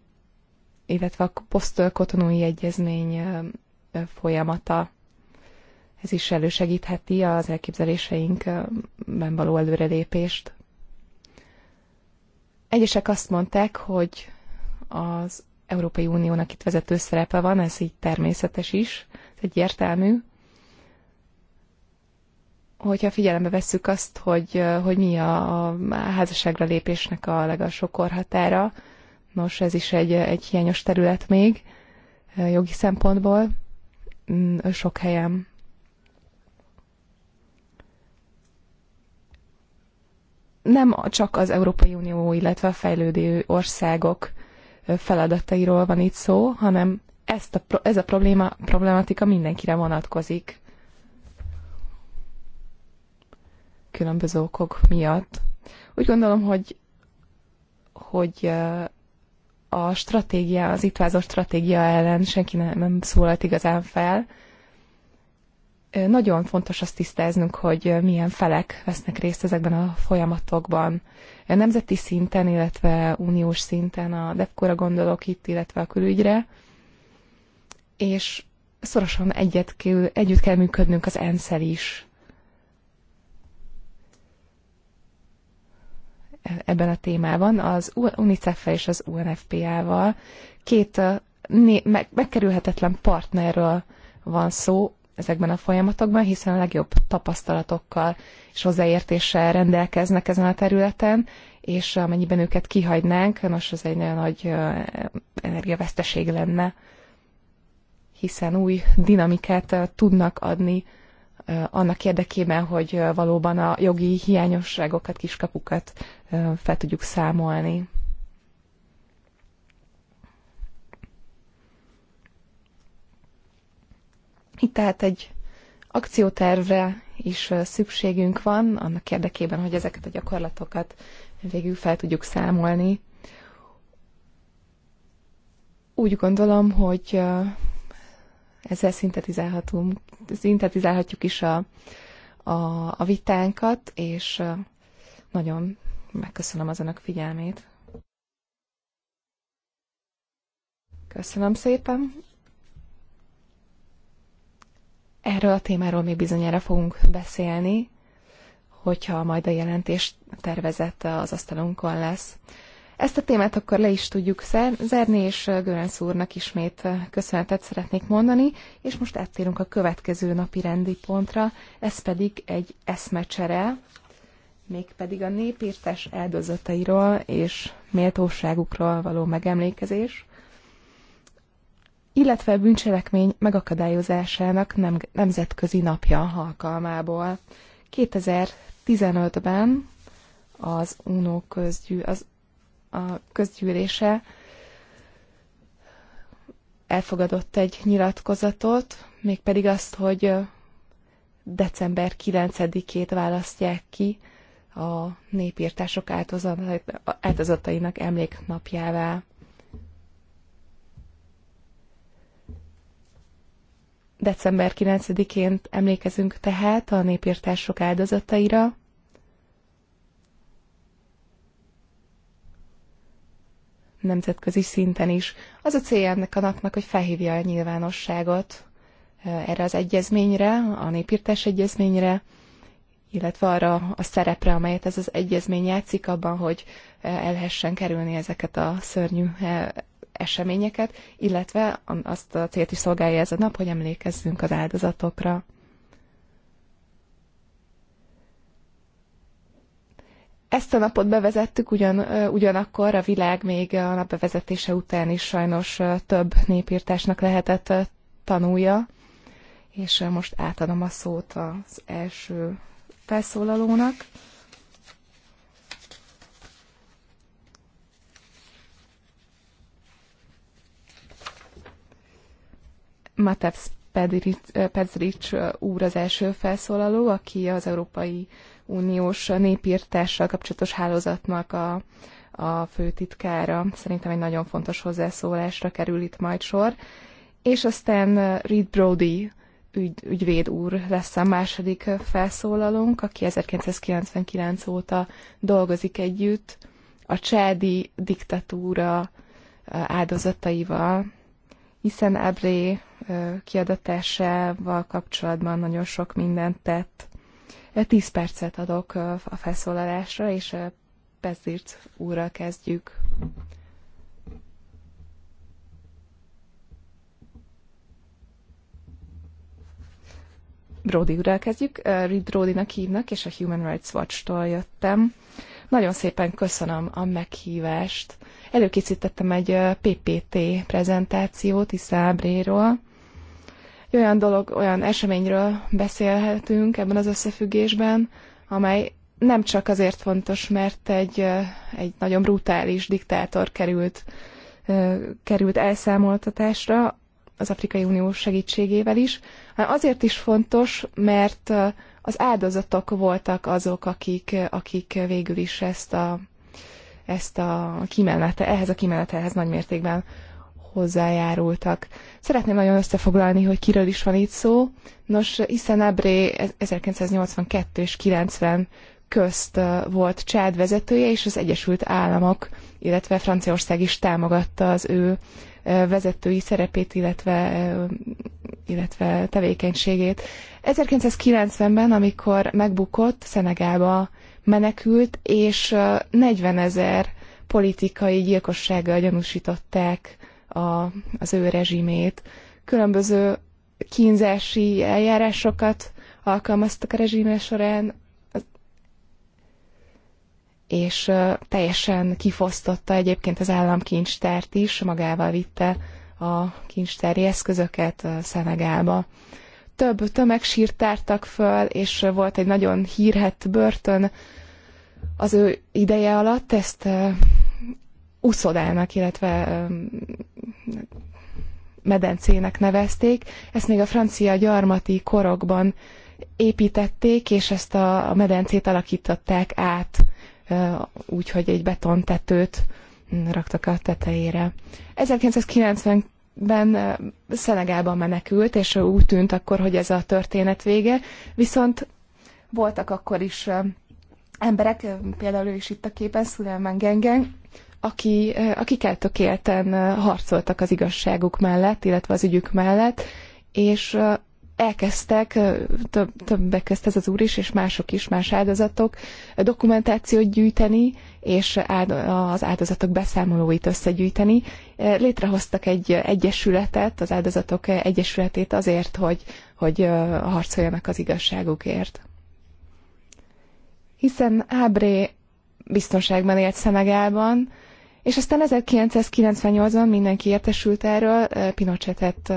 illetve a posztkotonói egyezmény folyamata. Ez is elősegítheti az elképzeléseinkben való előrelépést. Egyesek azt mondták, hogy az Európai Uniónak itt vezető szerepe van, ez így természetes is, ez egyértelmű, hogyha figyelembe vesszük azt, hogy, hogy mi a házasságra lépésnek a legalsó korhatára, nos, ez is egy, egy hiányos terület még jogi szempontból mm, sok helyen. Nem csak az Európai Unió, illetve a fejlődő országok feladatairól van itt szó, hanem ezt a, ez a probléma, problematika mindenkire vonatkozik különböző okok miatt. Úgy gondolom, hogy, hogy a stratégia, az itt vázó stratégia ellen senki nem, nem szólalt igazán fel. Nagyon fontos azt tisztáznunk, hogy milyen felek vesznek részt ezekben a folyamatokban. Nemzeti szinten, illetve uniós szinten a defco gondolok itt, illetve a külügyre. És szorosan egyet kell, együtt kell működnünk az ensz is. ebben a témában az UNICEF-fel és az UNFPA-val. Két meg, megkerülhetetlen partnerről van szó ezekben a folyamatokban, hiszen a legjobb tapasztalatokkal és hozzáértéssel rendelkeznek ezen a területen, és amennyiben őket kihagynánk, nos, ez egy nagyon nagy energiaveszteség lenne, hiszen új dinamikát tudnak adni Eh, annak érdekében, hogy eh, valóban a jogi hiányosságokat, kiskapukat eh, fel tudjuk számolni. Itt tehát egy akciótervre is szükségünk van, annak érdekében, hogy ezeket a gyakorlatokat végül fel tudjuk számolni. Úgy gondolom, hogy ezzel szintetizálhatunk, szintetizálhatjuk is a, a, a vitánkat, és nagyon megköszönöm az önök figyelmét. Köszönöm szépen. Erről a témáról még bizonyára fogunk beszélni, hogyha majd a jelentés tervezett az asztalunkon lesz. Ezt a témát akkor le is tudjuk zárni, és Görenc úrnak ismét köszönetet szeretnék mondani, és most áttérünk a következő napi rendi pontra, ez pedig egy eszmecsere, mégpedig a népírtás áldozatairól és méltóságukról való megemlékezés, illetve a bűncselekmény megakadályozásának nem, nemzetközi napja alkalmából. 2015-ben az UNO közgyű, az a közgyűlése elfogadott egy nyilatkozatot, mégpedig azt, hogy december 9-ét választják ki a népírtások áltozatainak emléknapjává. December 9-én emlékezünk tehát a népírtások áldozataira, nemzetközi szinten is. Az a célja ennek a napnak, hogy felhívja a nyilvánosságot erre az egyezményre, a népírtás egyezményre, illetve arra a szerepre, amelyet ez az egyezmény játszik abban, hogy elhessen kerülni ezeket a szörnyű eseményeket, illetve azt a célt is szolgálja ez a nap, hogy emlékezzünk az áldozatokra. Ezt a napot bevezettük, ugyan, ugyanakkor a világ még a nap bevezetése után is sajnos több népírtásnak lehetett tanulja, és most átadom a szót az első felszólalónak. Matev Pedric úr az első felszólaló, aki az Európai uniós népírtással kapcsolatos hálózatnak a, a főtitkára. Szerintem egy nagyon fontos hozzászólásra kerül itt majd sor. És aztán uh, Reed Brody ügy, ügyvéd úr lesz a második uh, felszólalónk, aki 1999 óta dolgozik együtt a csádi diktatúra uh, áldozataival, hiszen Abré kiadatásával kapcsolatban nagyon sok mindent tett. Tíz percet adok a felszólalásra, és Pezdirc úrral kezdjük. Brody úrral kezdjük. Reed Brodynak hívnak, és a Human Rights Watch-tól jöttem. Nagyon szépen köszönöm a meghívást. Előkészítettem egy PPT prezentációt Iszábréről olyan dolog, olyan eseményről beszélhetünk ebben az összefüggésben, amely nem csak azért fontos, mert egy, egy nagyon brutális diktátor került, került elszámoltatásra az Afrikai Unió segítségével is, hanem azért is fontos, mert az áldozatok voltak azok, akik, akik végül is ezt a, ezt a kimenete, ehhez a kimenetehez nagymértékben hozzájárultak. Szeretném nagyon összefoglalni, hogy kiről is van itt szó. Nos, hiszen Ebré 1982 és 90 közt volt Csád vezetője, és az Egyesült Államok, illetve Franciaország is támogatta az ő vezetői szerepét, illetve, illetve tevékenységét. 1990-ben, amikor megbukott, Szenegába menekült, és 40 ezer politikai gyilkossággal gyanúsították a, az ő rezsimét. Különböző kínzási eljárásokat alkalmaztak a rezsime során, és teljesen kifosztotta egyébként az államkincstárt is, magával vitte a kincstári eszközöket Szenegálba. Több tömegsírt tártak föl, és volt egy nagyon hírhet börtön az ő ideje alatt, ezt uszodának, illetve medencének nevezték. Ezt még a francia gyarmati korokban építették, és ezt a, medencét alakították át, úgyhogy egy betontetőt raktak a tetejére. 1990 ben Szenegában menekült, és úgy tűnt akkor, hogy ez a történet vége. Viszont voltak akkor is emberek, például ő is itt a képen, Szulelman Gengeng, aki, eh, akik eltökélten eh, harcoltak az igazságuk mellett, illetve az ügyük mellett, és eh, elkezdtek, több, többek közt ez az úr is, és mások is, más áldozatok, dokumentációt gyűjteni, és az áldozatok beszámolóit összegyűjteni. Létrehoztak egy egyesületet, az áldozatok egyesületét azért, hogy, hogy harcoljanak az igazságukért. Hiszen Ábré biztonságban élt Szenegálban, és aztán 1998-ban mindenki értesült erről, Pinochetet,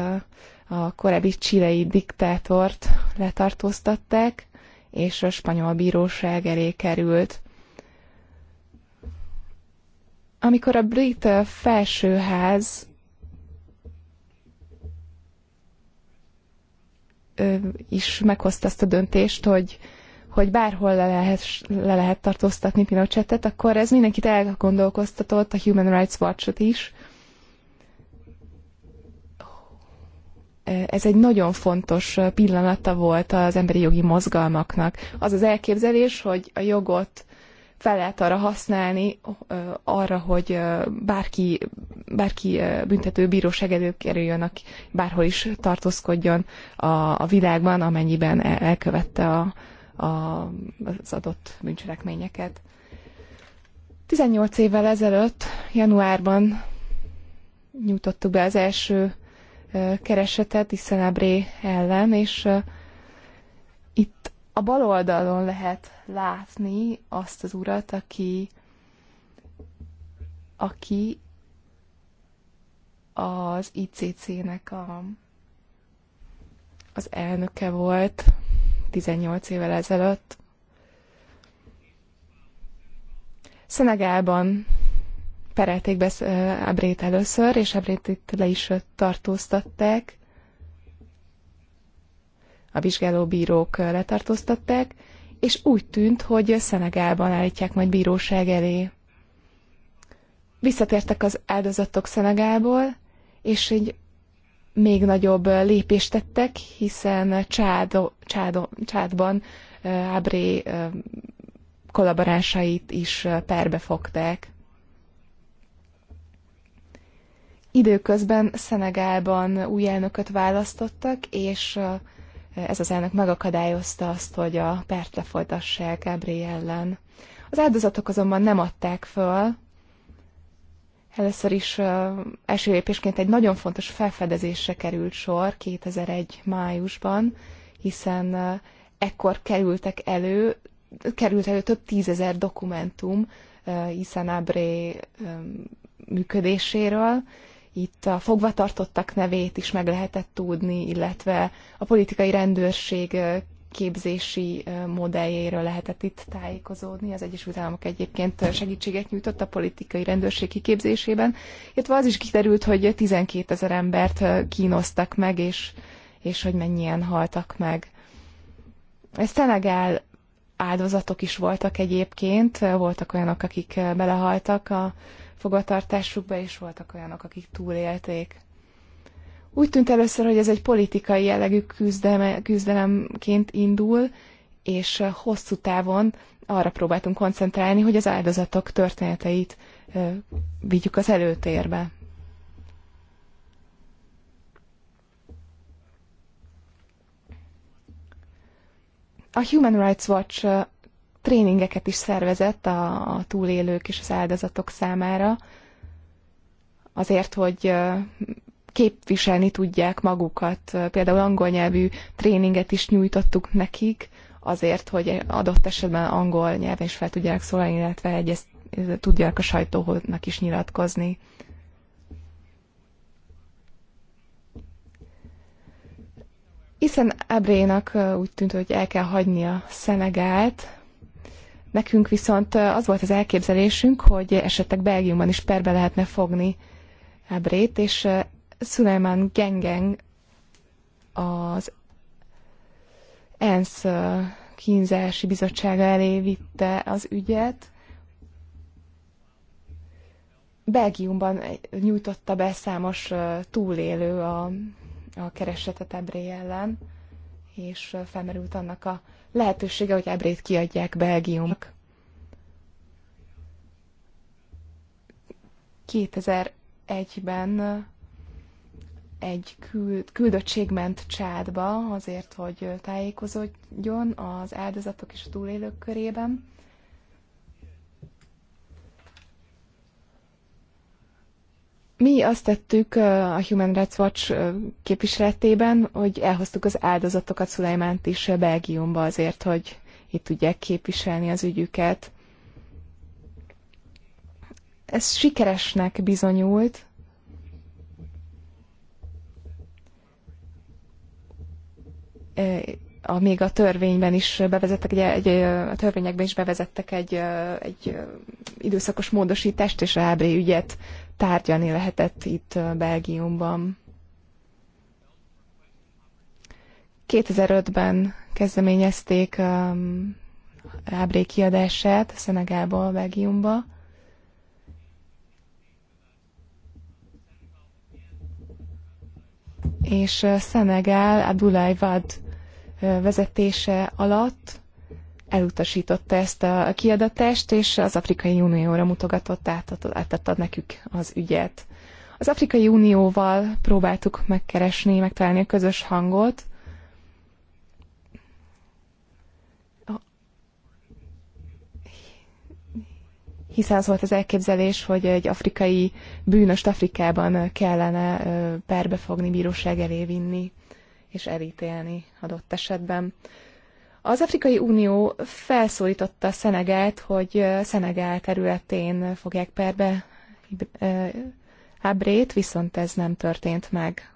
a korábbi csilei diktátort letartóztatták, és a spanyol bíróság elé került. Amikor a brit felsőház is meghozta azt a döntést, hogy hogy bárhol le lehet, le lehet tartóztatni Pinochetet, akkor ez mindenkit elgondolkoztatott, a Human Rights Watch-ot is. Ez egy nagyon fontos pillanata volt az emberi jogi mozgalmaknak. Az az elképzelés, hogy a jogot fel lehet arra használni, arra, hogy bárki, bárki büntető bíróság előkerüljön, aki bárhol is tartózkodjon a, a világban, amennyiben elkövette a, az adott bűncselekményeket. 18 évvel ezelőtt, januárban nyújtottuk be az első keresetet Iszelebré ellen, és itt a bal oldalon lehet látni azt az urat, aki, aki az ICC-nek a, az elnöke volt, 18 évvel ezelőtt. Szenegálban perelték be Abrét először, és Abrét itt le is tartóztatták. A vizsgálóbírók letartóztatták, és úgy tűnt, hogy Szenegálban állítják majd bíróság elé. Visszatértek az áldozatok Szenegából, és egy még nagyobb lépést tettek, hiszen Csádo, Csádo, Csádban Ábré kollaboránsait is perbe fogták. Időközben Szenegálban új elnököt választottak, és ez az elnök megakadályozta azt, hogy a pert lefolytassák Ábré ellen. Az áldozatok azonban nem adták föl, Először is első lépésként egy nagyon fontos felfedezésre került sor 2001 májusban, hiszen ekkor kerültek elő, került elő több tízezer dokumentum Isan Abré működéséről. Itt a fogvatartottak nevét is meg lehetett tudni, illetve a politikai rendőrség képzési modelljéről lehetett itt tájékozódni. Az Egyesült Államok egyébként segítséget nyújtott a politikai rendőrség kiképzésében, Itt az is kiderült, hogy 12 ezer embert kínoztak meg, és, és hogy mennyien haltak meg. Ez Szenegál áldozatok is voltak egyébként, voltak olyanok, akik belehaltak a fogatartásukba, és voltak olyanok, akik túlélték. Úgy tűnt először, hogy ez egy politikai jellegű küzdelme, küzdelemként indul, és eh, hosszú távon arra próbáltunk koncentrálni, hogy az áldozatok történeteit eh, vigyük az előtérbe. A Human Rights Watch eh, tréningeket is szervezett a, a túlélők és az áldozatok számára, azért, hogy képviselni tudják magukat. Például angol nyelvű tréninget is nyújtottuk nekik, azért, hogy adott esetben angol nyelven is fel tudják szólni, illetve ezt tudják a sajtónak is nyilatkozni. Hiszen Ebrénak úgy tűnt, hogy el kell hagyni a Szenegált, nekünk viszont az volt az elképzelésünk, hogy esetleg Belgiumban is perbe lehetne fogni Ebrét, és Suleiman Gengeng az ENSZ kínzási bizottsága elé vitte az ügyet. Belgiumban nyújtotta be számos túlélő a, a keresetet Ebré ellen, és felmerült annak a lehetősége, hogy Ebrét kiadják Belgiumnak. 2001-ben egy küld, küldöttség ment Csádba azért, hogy tájékozódjon az áldozatok és a túlélők körében. Mi azt tettük a Human Rights Watch képviseletében, hogy elhoztuk az áldozatokat Szulajmánt is Belgiumba azért, hogy itt tudják képviselni az ügyüket. Ez sikeresnek bizonyult, a, még a törvényben is bevezettek, egy, egy, a törvényekben is bevezettek egy, egy időszakos módosítást, és a ügyet tárgyalni lehetett itt Belgiumban. 2005-ben kezdeményezték um, ábré kiadását Szenegába, Belgiumba. És Szenegál Abdullah Vad vezetése alatt elutasította ezt a kiadatást, és az Afrikai Unióra mutogatott, átadta nekük az ügyet. Az Afrikai Unióval próbáltuk megkeresni, megtalálni a közös hangot. Hiszen az volt az elképzelés, hogy egy afrikai bűnöst Afrikában kellene perbefogni, bíróság elé vinni és elítélni adott esetben. Az Afrikai Unió felszólította Szenegát, hogy Szenegál területén fogják perbe Ábrét, viszont ez nem történt meg.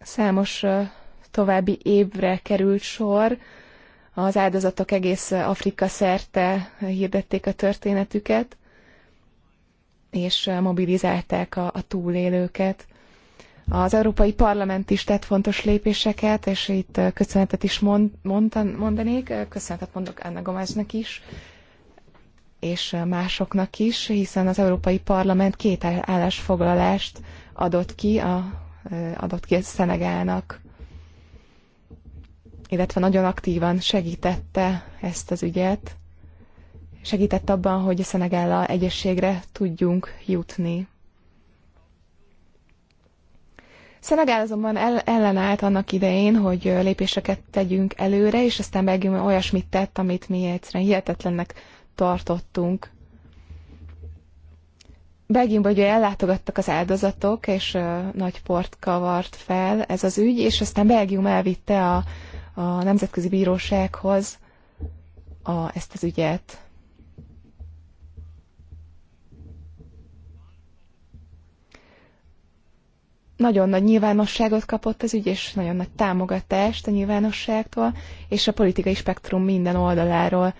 Számos további évre került sor, az áldozatok egész Afrika szerte hirdették a történetüket, és mobilizálták a, a túlélőket. Az Európai Parlament is tett fontos lépéseket, és itt köszönetet is mondanék, köszönetet mondok Anna Gomeznek is, és másoknak is, hiszen az Európai Parlament két állásfoglalást adott ki, a, adott ki a Szenegálnak, illetve nagyon aktívan segítette ezt az ügyet, segített abban, hogy a Szenegállal egyességre tudjunk jutni. Szenegál azonban el, ellenállt annak idején, hogy lépéseket tegyünk előre, és aztán Belgium olyasmit tett, amit mi egyszerűen hihetetlennek tartottunk. Belgiumban ugye ellátogattak az áldozatok, és uh, nagy port kavart fel ez az ügy, és aztán Belgium elvitte a, a Nemzetközi Bírósághoz a, ezt az ügyet. nagyon nagy nyilvánosságot kapott az ügy, és nagyon nagy támogatást a nyilvánosságtól, és a politikai spektrum minden oldaláról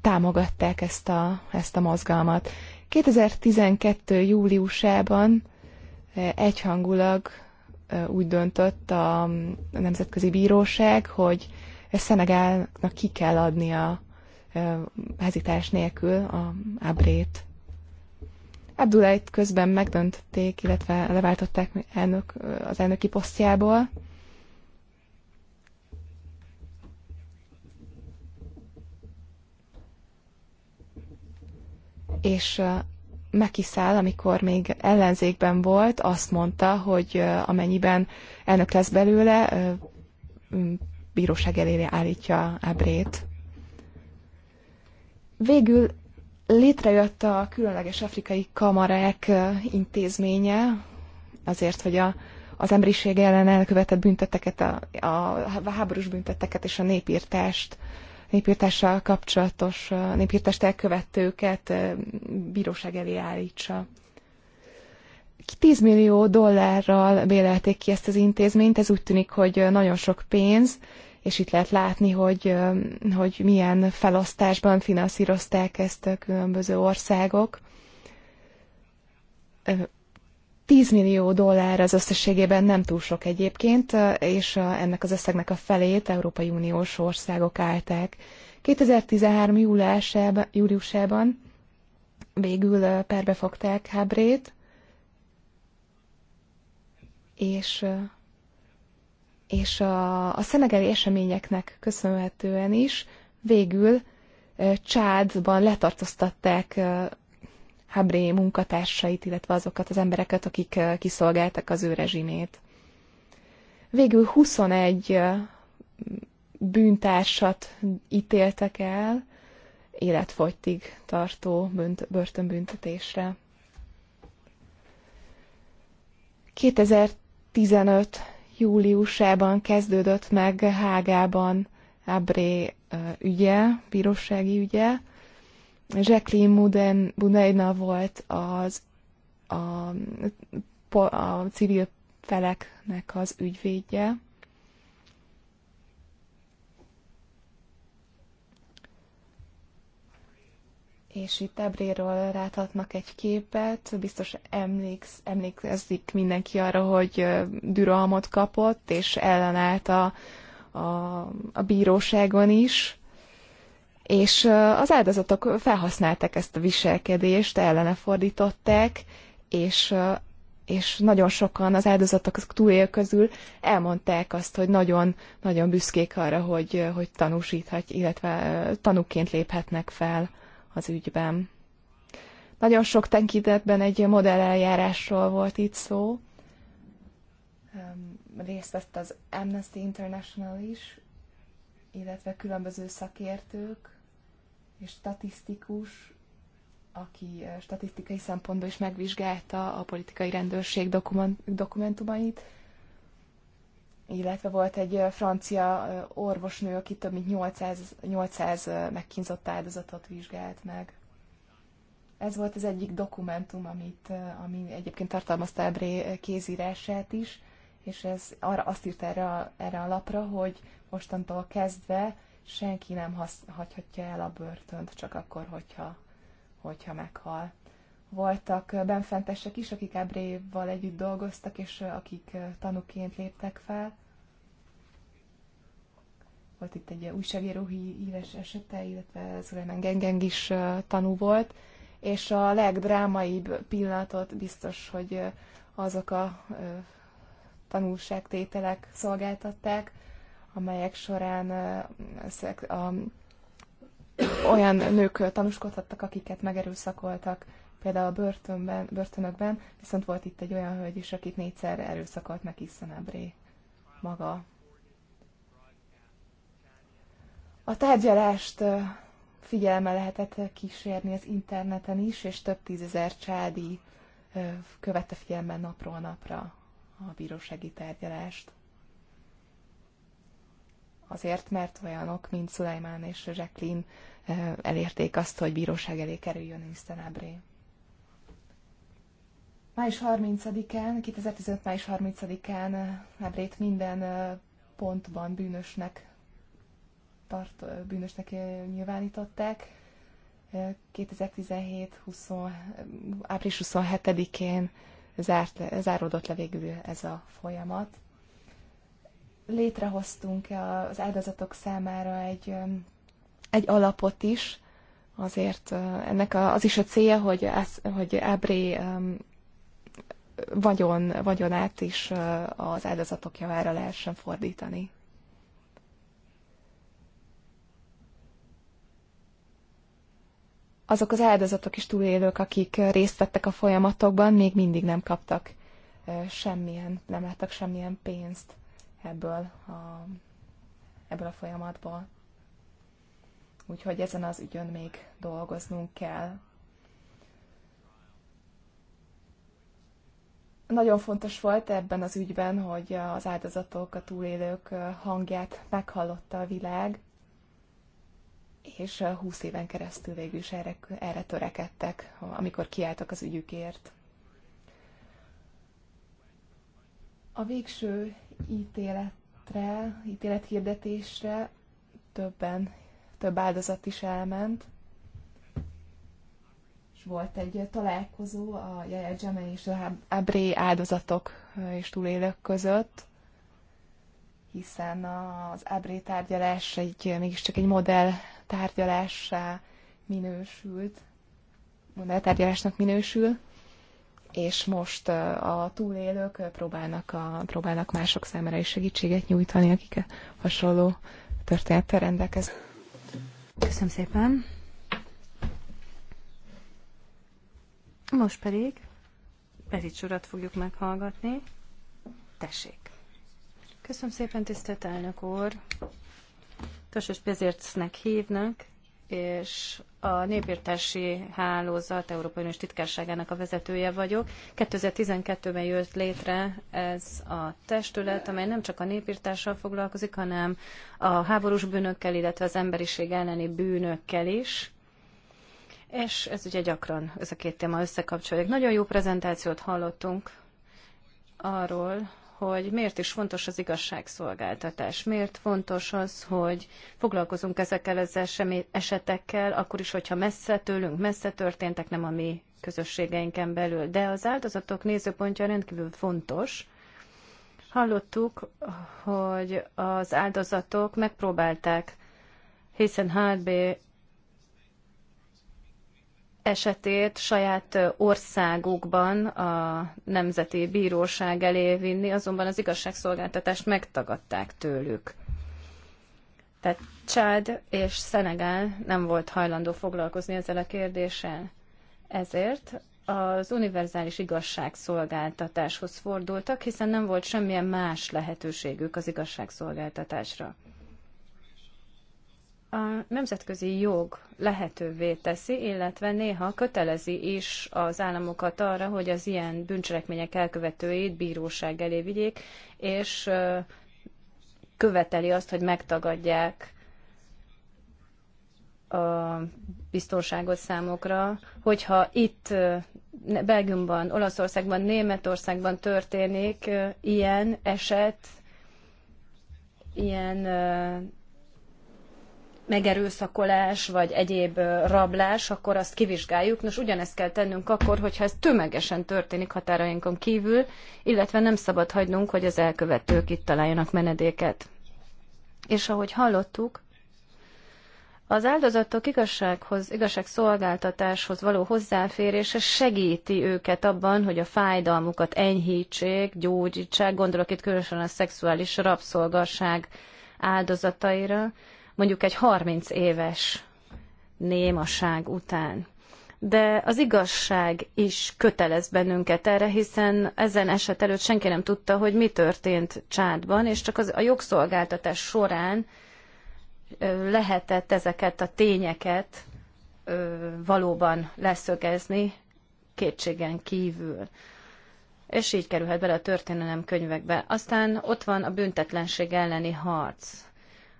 támogatták ezt a, ezt a mozgalmat. 2012. júliusában egyhangulag úgy döntött a Nemzetközi Bíróság, hogy Szenegálnak ki kell adni a hezitás nélkül a ábrét. Abdulait közben megdöntötték, illetve leváltották elnök, az elnöki posztjából. És Mekiszál, amikor még ellenzékben volt, azt mondta, hogy amennyiben elnök lesz belőle, bíróság elére állítja Ábrét. Végül Létrejött a különleges afrikai kamarák intézménye, azért, hogy a, az emberiség ellen elkövetett bünteteket, a, a háborús bünteteket és a népírtást, népírtással kapcsolatos népírtást elkövetőket bíróság elé állítsa. 10 millió dollárral bélelték ki ezt az intézményt, ez úgy tűnik, hogy nagyon sok pénz, és itt lehet látni, hogy, hogy milyen felosztásban finanszírozták ezt a különböző országok. 10 millió dollár az összességében nem túl sok egyébként, és ennek az összegnek a felét Európai Uniós országok állták. 2013. Júliusában, júliusában végül perbefogták Hábrét, és és a, a szenegeli eseményeknek köszönhetően is végül Csádban letartóztatták Habré munkatársait, illetve azokat az embereket, akik kiszolgáltak az ő rezsimét. Végül 21 bűntársat ítéltek el életfogytig tartó börtönbüntetésre. 2015 júliusában kezdődött meg Hágában Abré ügye, bírósági ügye. Jacqueline Muden, Buneina volt az a, a civil feleknek az ügyvédje. és itt Ebréről láthatnak egy képet, biztos emléksz, emlékezik mindenki arra, hogy düralmot kapott, és ellenállt a, a, a bíróságon is, és az áldozatok felhasználták ezt a viselkedést, ellene fordították, és, és nagyon sokan az áldozatok túlél közül elmondták azt, hogy nagyon, nagyon büszkék arra, hogy, hogy tanúsíthat, illetve tanúként léphetnek fel az ügyben. Nagyon sok tekintetben egy modelleljárásról volt itt szó. Részt vett az Amnesty International is, illetve különböző szakértők és statisztikus, aki eh, statisztikai szempontból is megvizsgálta a politikai rendőrség dokumentumait, illetve volt egy francia orvosnő, aki több mint 800, 800 megkínzott áldozatot vizsgált meg. Ez volt az egyik dokumentum, amit, ami egyébként tartalmazta Ebré kézírását is, és ez arra, azt írt erre a, erre a lapra, hogy mostantól kezdve senki nem hasz, hagyhatja el a börtönt, csak akkor, hogyha, hogyha meghal voltak benfentesek is, akik Ábréval együtt dolgoztak, és akik tanúként léptek fel. Volt itt egy újságíró híres esete, illetve Szulajmán Gengeng is tanú volt, és a legdrámaibb pillanatot biztos, hogy azok a tanulságtételek szolgáltatták, amelyek során olyan nők tanúskodhattak, akiket megerőszakoltak például a börtönben, börtönökben, viszont volt itt egy olyan hölgy is, akit négyszer erőszakolt meg Iszenebré maga. A tárgyalást figyelme lehetett kísérni az interneten is, és több tízezer csádi követte figyelmen napról napra a bírósági tárgyalást. Azért, mert olyanok, mint Szulajmán és Jacqueline elérték azt, hogy bíróság elé kerüljön Isten Ábré. Május 30-án, 2015. május 30-án Ebrét eh, minden eh, pontban bűnösnek, tart, eh, bűnösnek nyilvánították. 2017. 20, április 27-én zárt, záródott le végül ez a folyamat. Létrehoztunk az áldozatok számára egy, egy alapot is, azért ennek az is a célja, hogy, hogy Ábré vagyon, vagyonát is az áldozatok javára lehessen fordítani. Azok az áldozatok is túlélők, akik részt vettek a folyamatokban, még mindig nem kaptak semmilyen, nem láttak semmilyen pénzt ebből a, ebből a folyamatból. Úgyhogy ezen az ügyön még dolgoznunk kell. Nagyon fontos volt ebben az ügyben, hogy az áldozatok, a túlélők hangját meghallotta a világ, és 20 éven keresztül végül is erre, erre törekedtek, amikor kiálltak az ügyükért. A végső ítéletre, ítélethirdetésre többen, több áldozat is elment volt egy találkozó a Jaja Jame és a Abré áldozatok és túlélők között, hiszen az Abré tárgyalás egy, mégiscsak egy modell tárgyalássá minősült, modell tárgyalásnak minősül, és most a túlélők próbálnak, a, próbálnak mások számára is segítséget nyújtani, akik hasonló történettel rendelkeznek. Köszönöm szépen! Most pedig Berics urat fogjuk meghallgatni. Tessék! Köszönöm szépen, tisztelt elnök úr! Tosos Pézércnek hívnak, és a Népírtási Hálózat Európai Uniós Titkárságának a vezetője vagyok. 2012-ben jött létre ez a testület, amely nem csak a népírtással foglalkozik, hanem a háborús bűnökkel, illetve az emberiség elleni bűnökkel is és ez ugye gyakran, ez a két téma összekapcsolódik. Nagyon jó prezentációt hallottunk arról, hogy miért is fontos az igazságszolgáltatás, miért fontos az, hogy foglalkozunk ezekkel az esetekkel, akkor is, hogyha messze tőlünk, messze történtek, nem a mi közösségeinken belül. De az áldozatok nézőpontja rendkívül fontos. Hallottuk, hogy az áldozatok megpróbálták hiszen HB esetét saját országukban a Nemzeti Bíróság elé vinni, azonban az igazságszolgáltatást megtagadták tőlük. Tehát Csád és Szenegál nem volt hajlandó foglalkozni ezzel a kérdéssel. Ezért az univerzális igazságszolgáltatáshoz fordultak, hiszen nem volt semmilyen más lehetőségük az igazságszolgáltatásra a nemzetközi jog lehetővé teszi, illetve néha kötelezi is az államokat arra, hogy az ilyen bűncselekmények elkövetőjét bíróság elé vigyék, és követeli azt, hogy megtagadják a biztonságot számokra, hogyha itt Belgiumban, Olaszországban, Németországban történik ilyen eset, ilyen megerőszakolás vagy egyéb rablás, akkor azt kivizsgáljuk. Nos, ugyanezt kell tennünk akkor, hogyha ez tömegesen történik határainkon kívül, illetve nem szabad hagynunk, hogy az elkövetők itt találjanak menedéket. És ahogy hallottuk, az áldozatok igazsághoz, igazságszolgáltatáshoz való hozzáférése segíti őket abban, hogy a fájdalmukat enyhítsék, gyógyítsák, gondolok itt különösen a szexuális rabszolgaság áldozataira, mondjuk egy 30 éves némaság után. De az igazság is kötelez bennünket erre, hiszen ezen eset előtt senki nem tudta, hogy mi történt Csádban, és csak az, a jogszolgáltatás során lehetett ezeket a tényeket valóban leszögezni kétségen kívül. És így kerülhet bele a történelem könyvekbe. Aztán ott van a büntetlenség elleni harc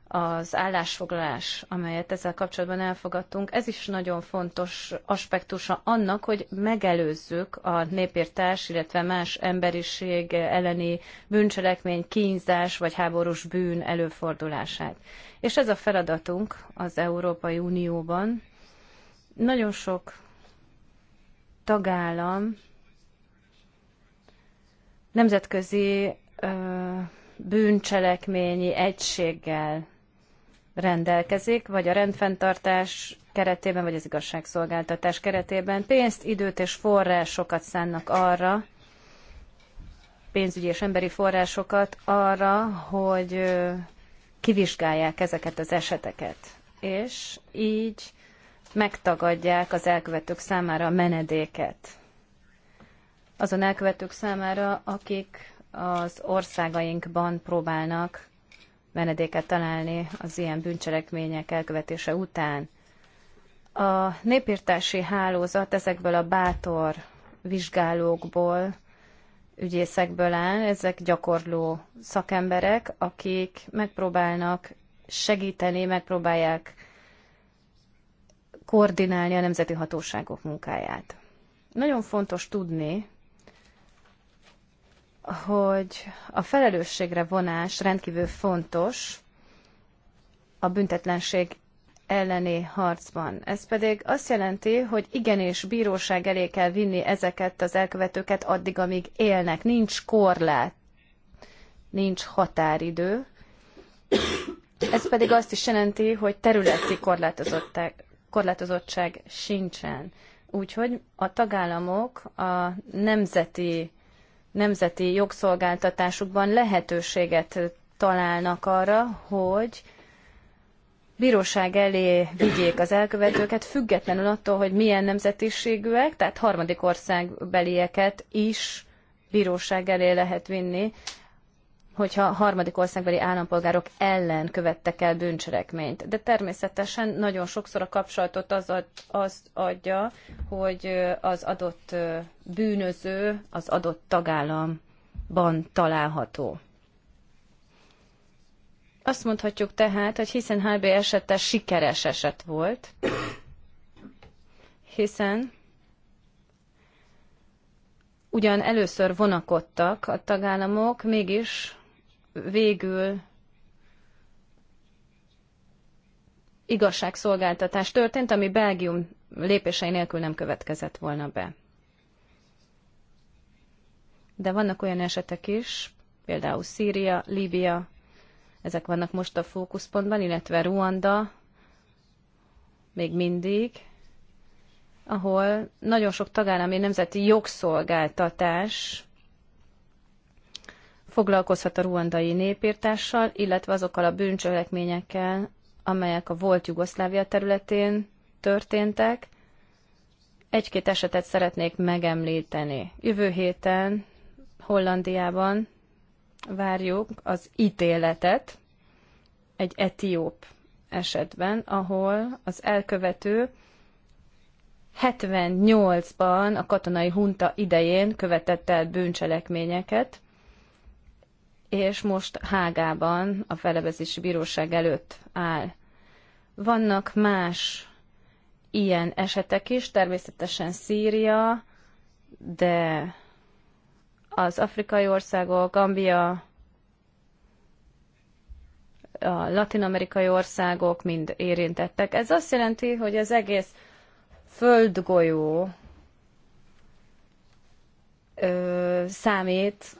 az állásfoglalás, amelyet ezzel kapcsolatban elfogadtunk, ez is nagyon fontos aspektusa annak, hogy megelőzzük a népírtás, illetve más emberiség elleni bűncselekmény, kínzás vagy háborús bűn előfordulását. És ez a feladatunk az Európai Unióban. Nagyon sok tagállam nemzetközi ö, bűncselekményi egységgel rendelkezik, vagy a rendfenntartás keretében, vagy az igazságszolgáltatás keretében pénzt, időt és forrásokat szánnak arra, pénzügyi és emberi forrásokat arra, hogy kivizsgálják ezeket az eseteket. És így megtagadják az elkövetők számára a menedéket. Azon elkövetők számára, akik az országainkban próbálnak menedéket találni az ilyen bűncselekmények elkövetése után. A népírtási hálózat ezekből a bátor vizsgálókból, ügyészekből áll, ezek gyakorló szakemberek, akik megpróbálnak segíteni, megpróbálják koordinálni a nemzeti hatóságok munkáját. Nagyon fontos tudni, hogy a felelősségre vonás rendkívül fontos a büntetlenség elleni harcban. Ez pedig azt jelenti, hogy igenis bíróság elé kell vinni ezeket az elkövetőket addig, amíg élnek. Nincs korlát, nincs határidő. Ez pedig azt is jelenti, hogy területi korlátozottság sincsen. Úgyhogy a tagállamok a nemzeti nemzeti jogszolgáltatásukban lehetőséget találnak arra, hogy bíróság elé vigyék az elkövetőket, függetlenül attól, hogy milyen nemzetiségűek, tehát harmadik országbelieket is bíróság elé lehet vinni hogyha harmadik országbeli állampolgárok ellen követtek el bűncselekményt. De természetesen nagyon sokszor a kapcsolatot az, ad, az adja, hogy az adott bűnöző az adott tagállamban található. Azt mondhatjuk tehát, hogy hiszen HB esete sikeres eset volt, hiszen ugyan először vonakodtak a tagállamok, mégis végül igazságszolgáltatás történt, ami Belgium lépései nélkül nem következett volna be. De vannak olyan esetek is, például Szíria, Líbia, ezek vannak most a fókuszpontban, illetve Ruanda, még mindig, ahol nagyon sok tagállami nemzeti jogszolgáltatás foglalkozhat a ruandai népírtással, illetve azokkal a bűncselekményekkel, amelyek a volt Jugoszlávia területén történtek. Egy-két esetet szeretnék megemlíteni. Jövő héten Hollandiában várjuk az ítéletet egy etióp esetben, ahol az elkövető 78-ban a katonai hunta idején követett el bűncselekményeket, és most Hágában a felevezési bíróság előtt áll. Vannak más ilyen esetek is, természetesen Szíria, de az afrikai országok, Gambia, a latin-amerikai országok mind érintettek. Ez azt jelenti, hogy az egész földgolyó ö, számít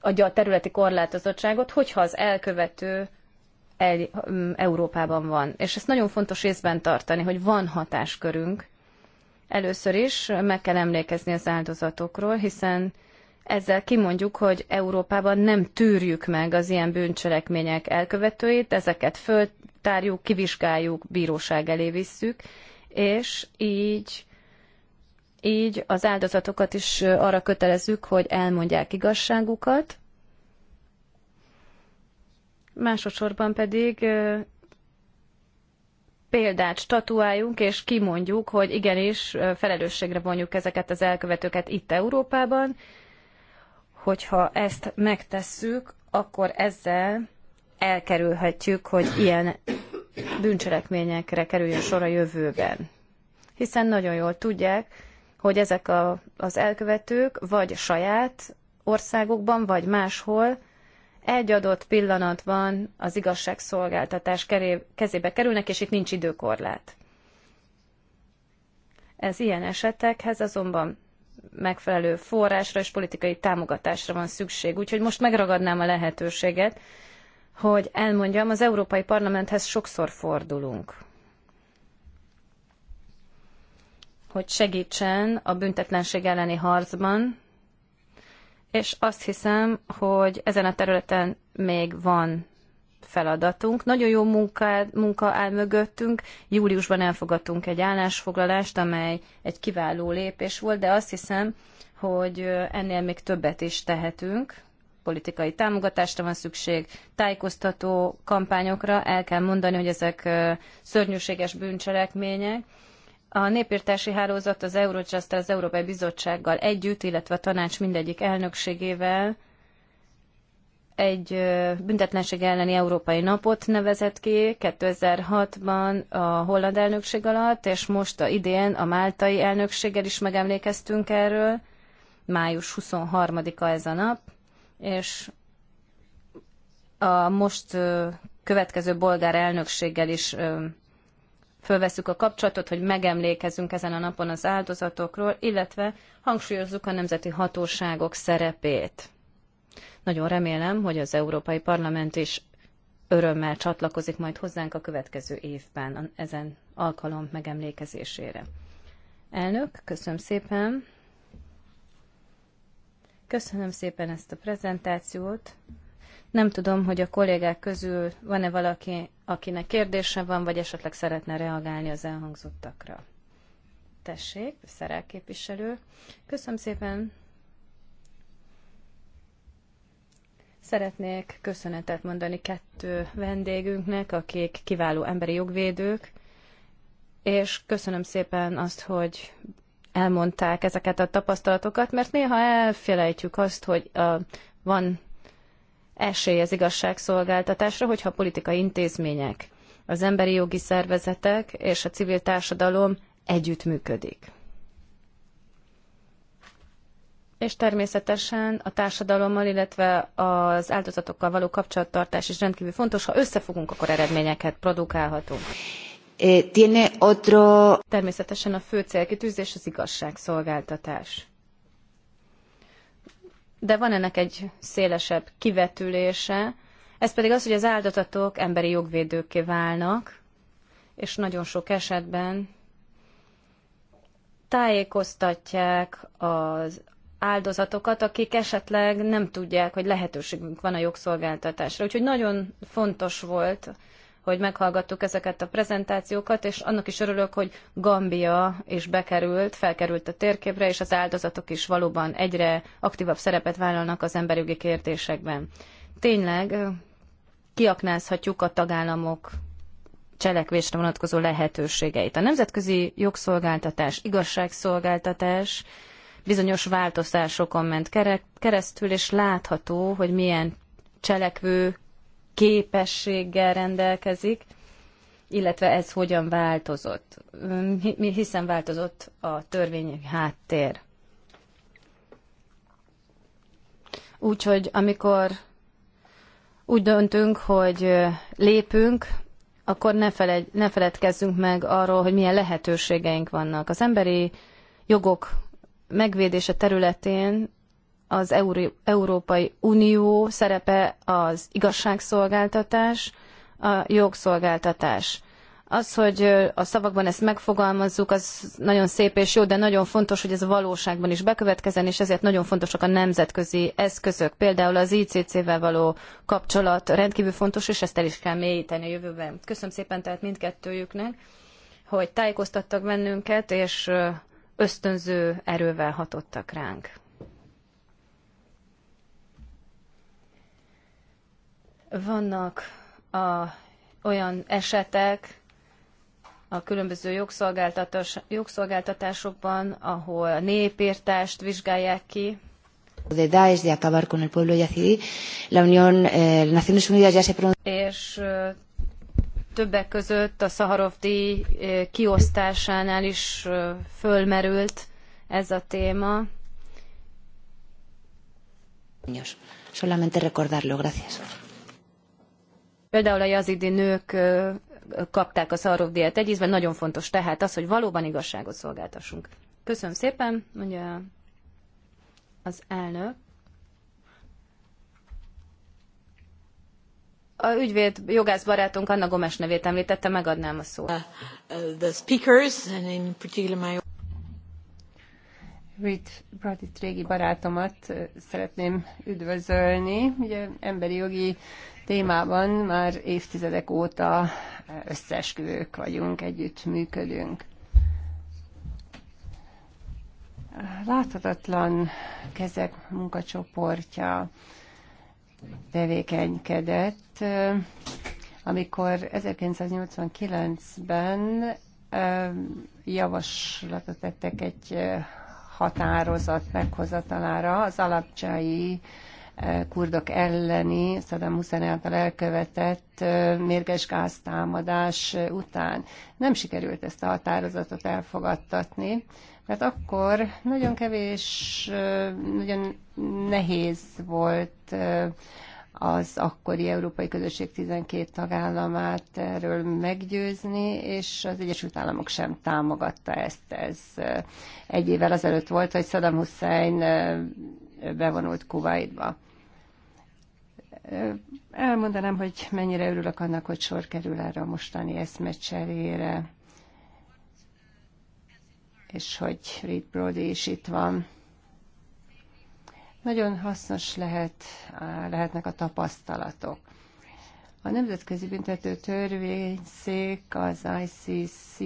adja a területi korlátozottságot, hogyha az elkövető um, Európában van. És ezt nagyon fontos észben tartani, hogy van hatáskörünk. Először is meg kell emlékezni az áldozatokról, hiszen ezzel kimondjuk, hogy Európában nem tűrjük meg az ilyen bűncselekmények elkövetőit, ezeket föltárjuk, kivizsgáljuk, bíróság elé visszük, és így így az áldozatokat is arra kötelezzük, hogy elmondják igazságukat. Másodszorban pedig példát statuáljunk, és kimondjuk, hogy igenis felelősségre vonjuk ezeket az elkövetőket itt Európában, hogyha ezt megtesszük, akkor ezzel elkerülhetjük, hogy ilyen bűncselekményekre kerüljön sor a jövőben. Hiszen nagyon jól tudják, hogy ezek a, az elkövetők vagy saját országukban, vagy máshol egy adott pillanatban az igazságszolgáltatás kezébe kerülnek, és itt nincs időkorlát. Ez ilyen esetekhez azonban megfelelő forrásra és politikai támogatásra van szükség. Úgyhogy most megragadnám a lehetőséget, hogy elmondjam, az Európai Parlamenthez sokszor fordulunk hogy segítsen a büntetlenség elleni harcban, és azt hiszem, hogy ezen a területen még van feladatunk. Nagyon jó munka, munka áll mögöttünk. Júliusban elfogadtunk egy állásfoglalást, amely egy kiváló lépés volt, de azt hiszem, hogy ennél még többet is tehetünk. Politikai támogatásra van szükség, tájékoztató kampányokra. El kell mondani, hogy ezek szörnyűséges bűncselekmények, a népírtási hálózat az eurojust az Európai Bizottsággal együtt, illetve a tanács mindegyik elnökségével egy büntetlenség elleni európai napot nevezett ki 2006-ban a holland elnökség alatt, és most a idén a máltai elnökséggel is megemlékeztünk erről. Május 23-a ez a nap, és a most következő bolgár elnökséggel is fölveszük a kapcsolatot, hogy megemlékezzünk ezen a napon az áldozatokról, illetve hangsúlyozzuk a nemzeti hatóságok szerepét. Nagyon remélem, hogy az Európai Parlament is örömmel csatlakozik majd hozzánk a következő évben ezen alkalom megemlékezésére. Elnök, köszönöm szépen. Köszönöm szépen ezt a prezentációt. Nem tudom, hogy a kollégák közül van-e valaki, akinek kérdése van, vagy esetleg szeretne reagálni az elhangzottakra. Tessék, szerel képviselő. Köszönöm szépen. Szeretnék köszönetet mondani kettő vendégünknek, akik kiváló emberi jogvédők, és köszönöm szépen azt, hogy elmondták ezeket a tapasztalatokat, mert néha elfelejtjük azt, hogy a, van esély az igazságszolgáltatásra, hogyha a politikai intézmények, az emberi jogi szervezetek és a civil társadalom együttműködik. És természetesen a társadalommal, illetve az áldozatokkal való kapcsolattartás is rendkívül fontos. Ha összefogunk, akkor eredményeket produkálhatunk. Eh, tiene otro... Természetesen a fő célkitűzés az igazságszolgáltatás de van ennek egy szélesebb kivetülése, ez pedig az, hogy az áldozatok emberi jogvédőké válnak, és nagyon sok esetben tájékoztatják az áldozatokat, akik esetleg nem tudják, hogy lehetőségünk van a jogszolgáltatásra. Úgyhogy nagyon fontos volt hogy meghallgattuk ezeket a prezentációkat, és annak is örülök, hogy Gambia is bekerült, felkerült a térképre, és az áldozatok is valóban egyre aktívabb szerepet vállalnak az emberjogi kérdésekben. Tényleg kiaknázhatjuk a tagállamok cselekvésre vonatkozó lehetőségeit. A nemzetközi jogszolgáltatás, igazságszolgáltatás bizonyos változásokon ment keresztül, és látható, hogy milyen cselekvő képességgel rendelkezik, illetve ez hogyan változott, Mi hiszen változott a törvényi háttér. Úgyhogy amikor úgy döntünk, hogy lépünk, akkor ne, feled, ne feledkezzünk meg arról, hogy milyen lehetőségeink vannak. Az emberi jogok megvédése területén az Euró- Európai Unió szerepe az igazságszolgáltatás, a jogszolgáltatás. Az, hogy a szavakban ezt megfogalmazzuk, az nagyon szép és jó, de nagyon fontos, hogy ez a valóságban is bekövetkezzen, és ezért nagyon fontosak a nemzetközi eszközök. Például az ICC-vel való kapcsolat rendkívül fontos, és ezt el is kell mélyíteni a jövőben. Köszönöm szépen tehát mindkettőjüknek, hogy tájékoztattak bennünket, és ösztönző erővel hatottak ránk. Vannak a, olyan esetek a különböző jogszolgáltatás, jogszolgáltatásokban, ahol a népírtást vizsgálják ki, de Daesh, de acabar con el pueblo yazidí, la Unión, eh, Naciones Unidas ya se pronunció. És többek között a Szaharov díj kiosztásánál is fölmerült ez a téma. Solamente recordarlo, gracias. Például a jazidi nők kapták a szarov díjat egy ízben, nagyon fontos tehát az, hogy valóban igazságot szolgáltassunk. Köszönöm szépen, mondja az elnök. A ügyvéd, jogász barátunk Anna Gomes nevét említette, megadnám a szót. The speakers, and in particular my Reed Bradit régi barátomat szeretném üdvözölni. Ugye emberi jogi témában már évtizedek óta összeesküvők vagyunk, együtt működünk. Láthatatlan kezek munkacsoportja tevékenykedett, amikor 1989-ben javaslatot tettek egy határozat meghozatalára az alapcsai kurdok elleni, Saddam Hussein által elkövetett mérges gáztámadás után. Nem sikerült ezt a határozatot elfogadtatni, mert akkor nagyon kevés, nagyon nehéz volt az akkori Európai Közösség 12 tagállamát erről meggyőzni, és az Egyesült Államok sem támogatta ezt. Ez egy évvel azelőtt volt, hogy Saddam Hussein bevonult Kuwaitba. Elmondanám, hogy mennyire örülök annak, hogy sor kerül erre a mostani eszmecserére, és hogy Reed Brody is itt van. Nagyon hasznos lehet, lehetnek a tapasztalatok. A Nemzetközi Büntető Törvényszék, az ICC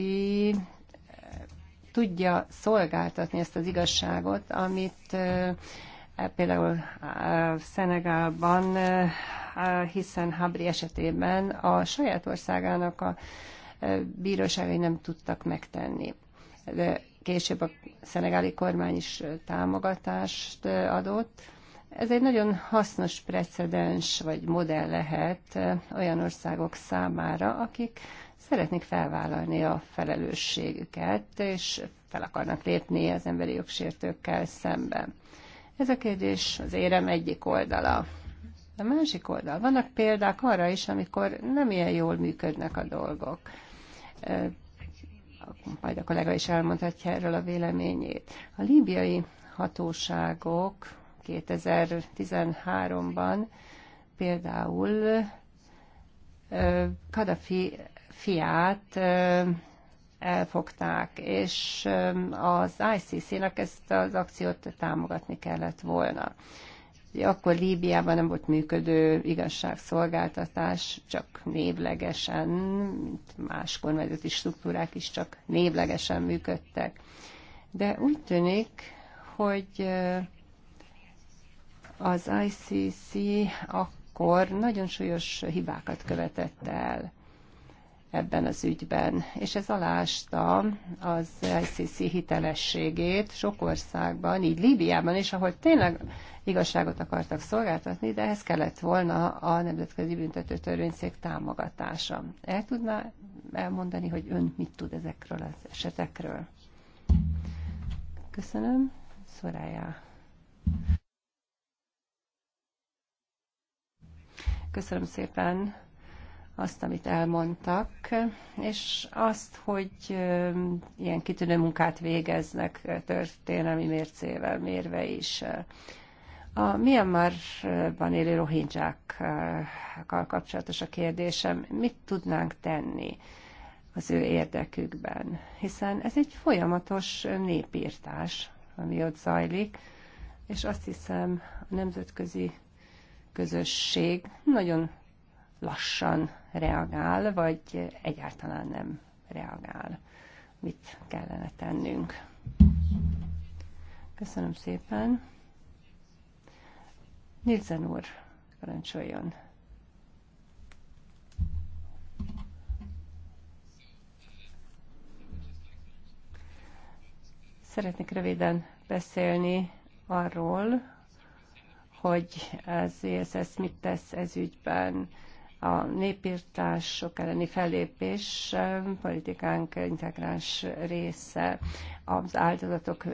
tudja szolgáltatni ezt az igazságot, amit például Szenegálban, hiszen Habri esetében a saját országának a bíróságai nem tudtak megtenni. De később a szenegáli kormány is támogatást adott. Ez egy nagyon hasznos precedens vagy modell lehet olyan országok számára, akik szeretnék felvállalni a felelősségüket, és fel akarnak lépni az emberi jogsértőkkel szemben. Ez a kérdés az érem egyik oldala. A másik oldal. Vannak példák arra is, amikor nem ilyen jól működnek a dolgok. Majd a kollega is elmondhatja erről a véleményét. A líbiai hatóságok 2013-ban például Kadafi fiát elfogták, és az icc nek ezt az akciót támogatni kellett volna. Akkor Líbiában nem volt működő igazságszolgáltatás, csak névlegesen, mint más kormányzati struktúrák is csak névlegesen működtek. De úgy tűnik, hogy az ICC akkor nagyon súlyos hibákat követett el ebben az ügyben. És ez alásta az ICC hitelességét sok országban, így Líbiában is, ahol tényleg igazságot akartak szolgáltatni, de ehhez kellett volna a Nemzetközi Büntető Törvényszék támogatása. El tudná elmondani, hogy ön mit tud ezekről az esetekről? Köszönöm. Szorájá. Köszönöm szépen azt, amit elmondtak, és azt, hogy ilyen kitűnő munkát végeznek történelmi mércével mérve is. A Myanmarban élő rohingyákkal kapcsolatos a kérdésem, mit tudnánk tenni az ő érdekükben? Hiszen ez egy folyamatos népírtás, ami ott zajlik, és azt hiszem a nemzetközi közösség nagyon lassan reagál, vagy egyáltalán nem reagál. Mit kellene tennünk? Köszönöm szépen. Nilsen úr, parancsoljon. Szeretnék röviden beszélni arról, hogy az ESS mit tesz ez ügyben. A népírtások elleni fellépés politikánk integráns része az áldozatok,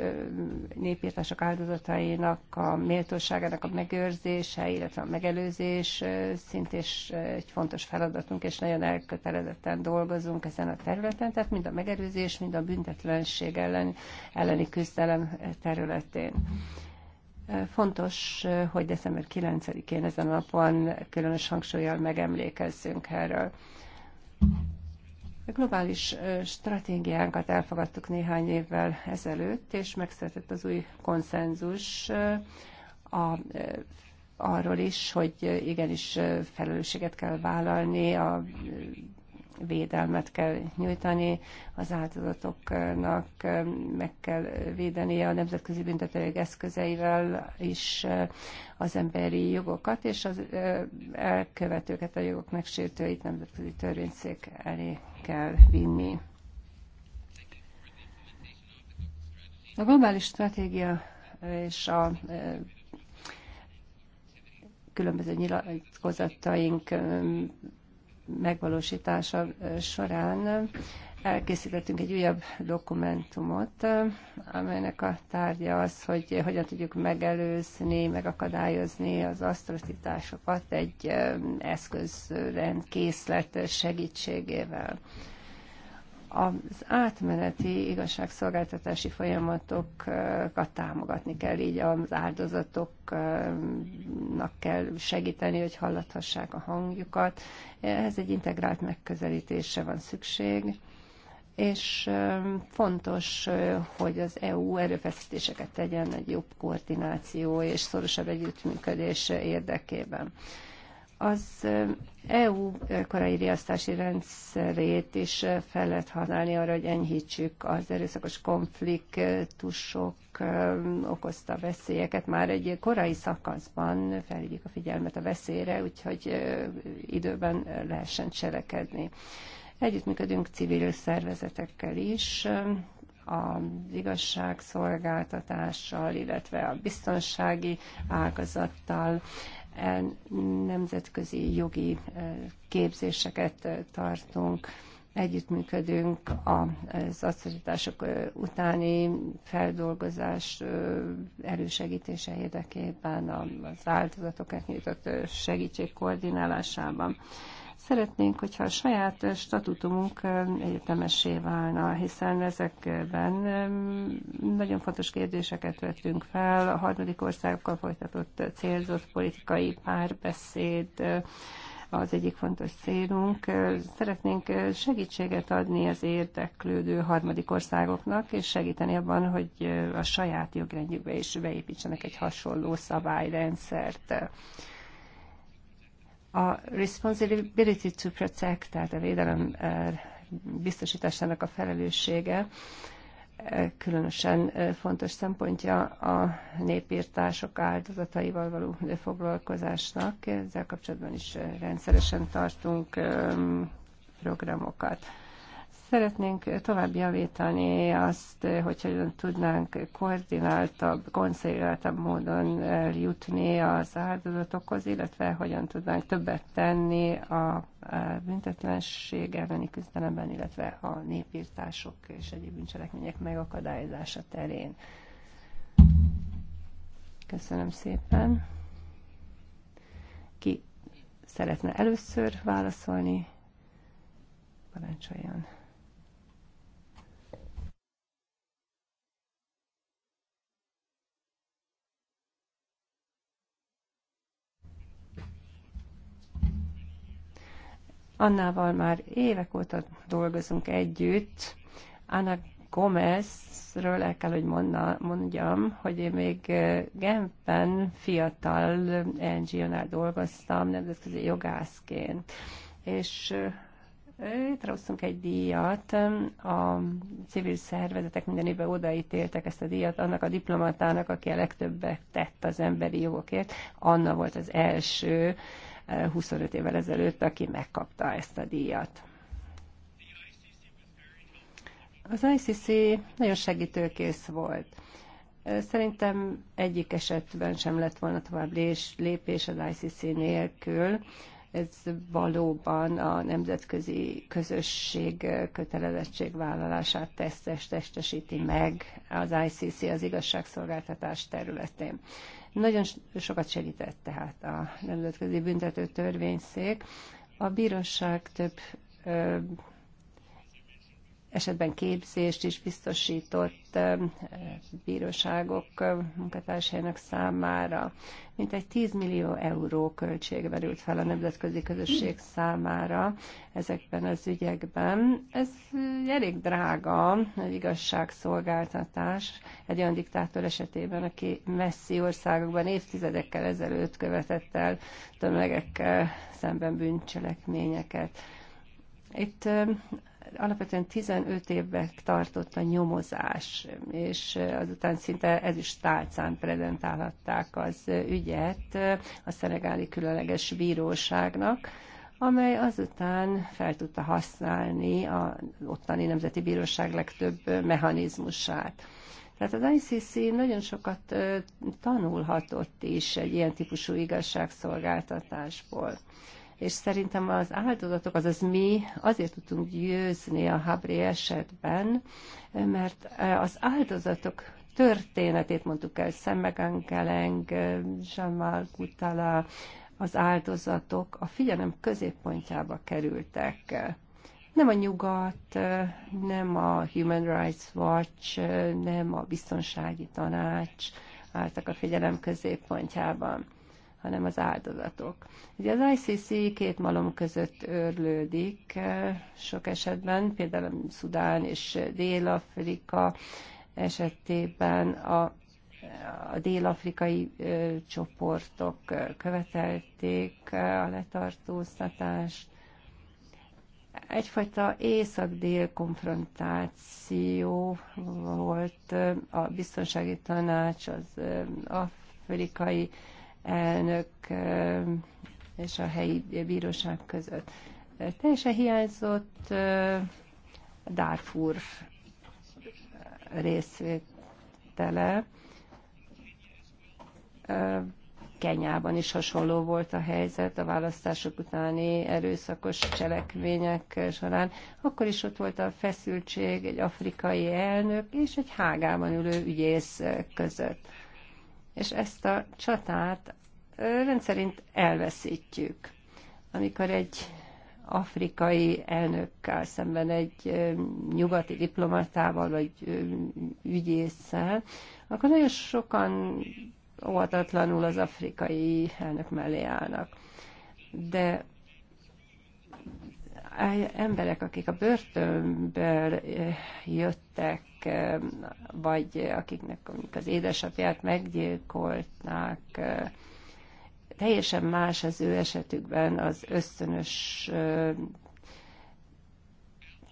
népírtások áldozatainak a méltóságának a megőrzése, illetve a megelőzés szint és egy fontos feladatunk, és nagyon elkötelezetten dolgozunk ezen a területen, tehát mind a megelőzés, mind a büntetlenség ellen, elleni küzdelem területén. Fontos, hogy december 9-én ezen a napon különös hangsúlyjal megemlékezzünk erről. A globális stratégiánkat elfogadtuk néhány évvel ezelőtt, és megszületett az új konszenzus a, arról is, hogy igenis felelősséget kell vállalni a védelmet kell nyújtani, az áldozatoknak meg kell védeni a nemzetközi büntetőjog eszközeivel is az emberi jogokat, és az elkövetőket, a jogok megsértőit nemzetközi törvényszék elé kell vinni. A globális stratégia és a különböző nyilatkozataink megvalósítása során elkészítettünk egy újabb dokumentumot, amelynek a tárgya az, hogy hogyan tudjuk megelőzni, megakadályozni az asztrocitásokat egy eszközrend készlet segítségével az átmeneti igazságszolgáltatási folyamatokat támogatni kell, így az áldozatoknak kell segíteni, hogy hallathassák a hangjukat. Ehhez egy integrált megközelítésre van szükség, és um, fontos, uh, hogy az EU erőfeszítéseket tegyen egy jobb koordináció és szorosabb együttműködés érdekében. Az EU korai riasztási rendszerét is fel lehet használni arra, hogy enyhítsük az erőszakos konfliktusok okozta veszélyeket. Már egy korai szakaszban felhívjuk a figyelmet a veszélyre, úgyhogy időben lehessen cselekedni. Együttműködünk civil szervezetekkel is, az igazságszolgáltatással, illetve a biztonsági ágazattal nemzetközi jogi képzéseket tartunk, együttműködünk az atrocitások utáni feldolgozás elősegítése érdekében, az áldozatokat nyújtott segítség koordinálásában. Szeretnénk, hogyha a saját statutumunk egyetemessé válna, hiszen ezekben nagyon fontos kérdéseket vettünk fel, a harmadik országokkal folytatott célzott politikai párbeszéd, az egyik fontos célunk. Szeretnénk segítséget adni az érdeklődő harmadik országoknak, és segíteni abban, hogy a saját jogrendjükbe is beépítsenek egy hasonló szabályrendszert. A responsibility to protect, tehát a védelem eh, biztosításának a felelőssége, eh, különösen eh, fontos szempontja a népírtások áldozataival való foglalkozásnak. Ezzel kapcsolatban is rendszeresen tartunk programokat. Szeretnénk tovább javítani azt, hogyha tudnánk koordináltabb, koncentráltabb módon jutni az áldozatokhoz, illetve hogyan tudnánk többet tenni a büntetlenség elleni küzdelemben, illetve a népírtások és egyéb bűncselekmények megakadályozása terén. Köszönöm szépen. Ki szeretne először válaszolni? Parancsoljon. Annával már évek óta dolgozunk együtt. Anna Gomezről el kell, hogy mondna, mondjam, hogy én még Genfben fiatal NGO-nál dolgoztam, nemzetközi jogászként. És rosszunk egy díjat, a civil szervezetek minden évben odaítéltek ezt a díjat annak a diplomatának, aki a legtöbbet tett az emberi jogokért. Anna volt az első, 25 évvel ezelőtt, aki megkapta ezt a díjat. Az ICC nagyon segítőkész volt. Szerintem egyik esetben sem lett volna tovább lépés az ICC nélkül. Ez valóban a nemzetközi közösség kötelezettségvállalását tesztes, testesíti meg az ICC az igazságszolgáltatás területén. Nagyon sokat segített tehát a Nemzetközi Büntető Törvényszék. A bíróság több esetben képzést is biztosított bíróságok munkatársainak számára. Mintegy 10 millió euró költség verült fel a nemzetközi közösség számára ezekben az ügyekben. Ez elég drága az igazságszolgáltatás egy olyan diktátor esetében, aki messzi országokban évtizedekkel ezelőtt követett el tömegekkel szemben bűncselekményeket. Itt alapvetően 15 évbe tartott a nyomozás, és azután szinte ez is tálcán prezentálhatták az ügyet a szenegáli különleges bíróságnak, amely azután fel tudta használni a ottani Nemzeti Bíróság legtöbb mechanizmusát. Tehát az ICC nagyon sokat tanulhatott is egy ilyen típusú igazságszolgáltatásból és szerintem az áldozatok, azaz mi azért tudtunk győzni a Habri esetben, mert e, az áldozatok történetét mondtuk el, Szemmegangeleng, Jamal e, Kutala, az áldozatok a figyelem középpontjába kerültek. Nem a nyugat, e, nem a Human Rights Watch, nem a biztonsági tanács álltak a figyelem középpontjában hanem az áldozatok. Ugye az ICC két malom között őrlődik eh, sok esetben, például Szudán és Dél-Afrika esetében a a dél-afrikai eh, csoportok eh, követelték a letartóztatást. Egyfajta észak-dél konfrontáció volt a biztonsági tanács, az afrikai elnök és a helyi bíróság között. Teljesen hiányzott Darfur részvétele. Kenyában is hasonló volt a helyzet a választások utáni erőszakos cselekmények során. Akkor is ott volt a feszültség egy afrikai elnök és egy hágában ülő ügyész között és ezt a csatát rendszerint elveszítjük. Amikor egy afrikai elnökkel szemben egy nyugati diplomatával vagy ügyésszel, akkor nagyon sokan óvatatlanul az afrikai elnök mellé állnak. De emberek, akik a börtönből eh, jöttek, eh, vagy akiknek amik az édesapját meggyilkolták, eh, teljesen más az ő esetükben az ösztönös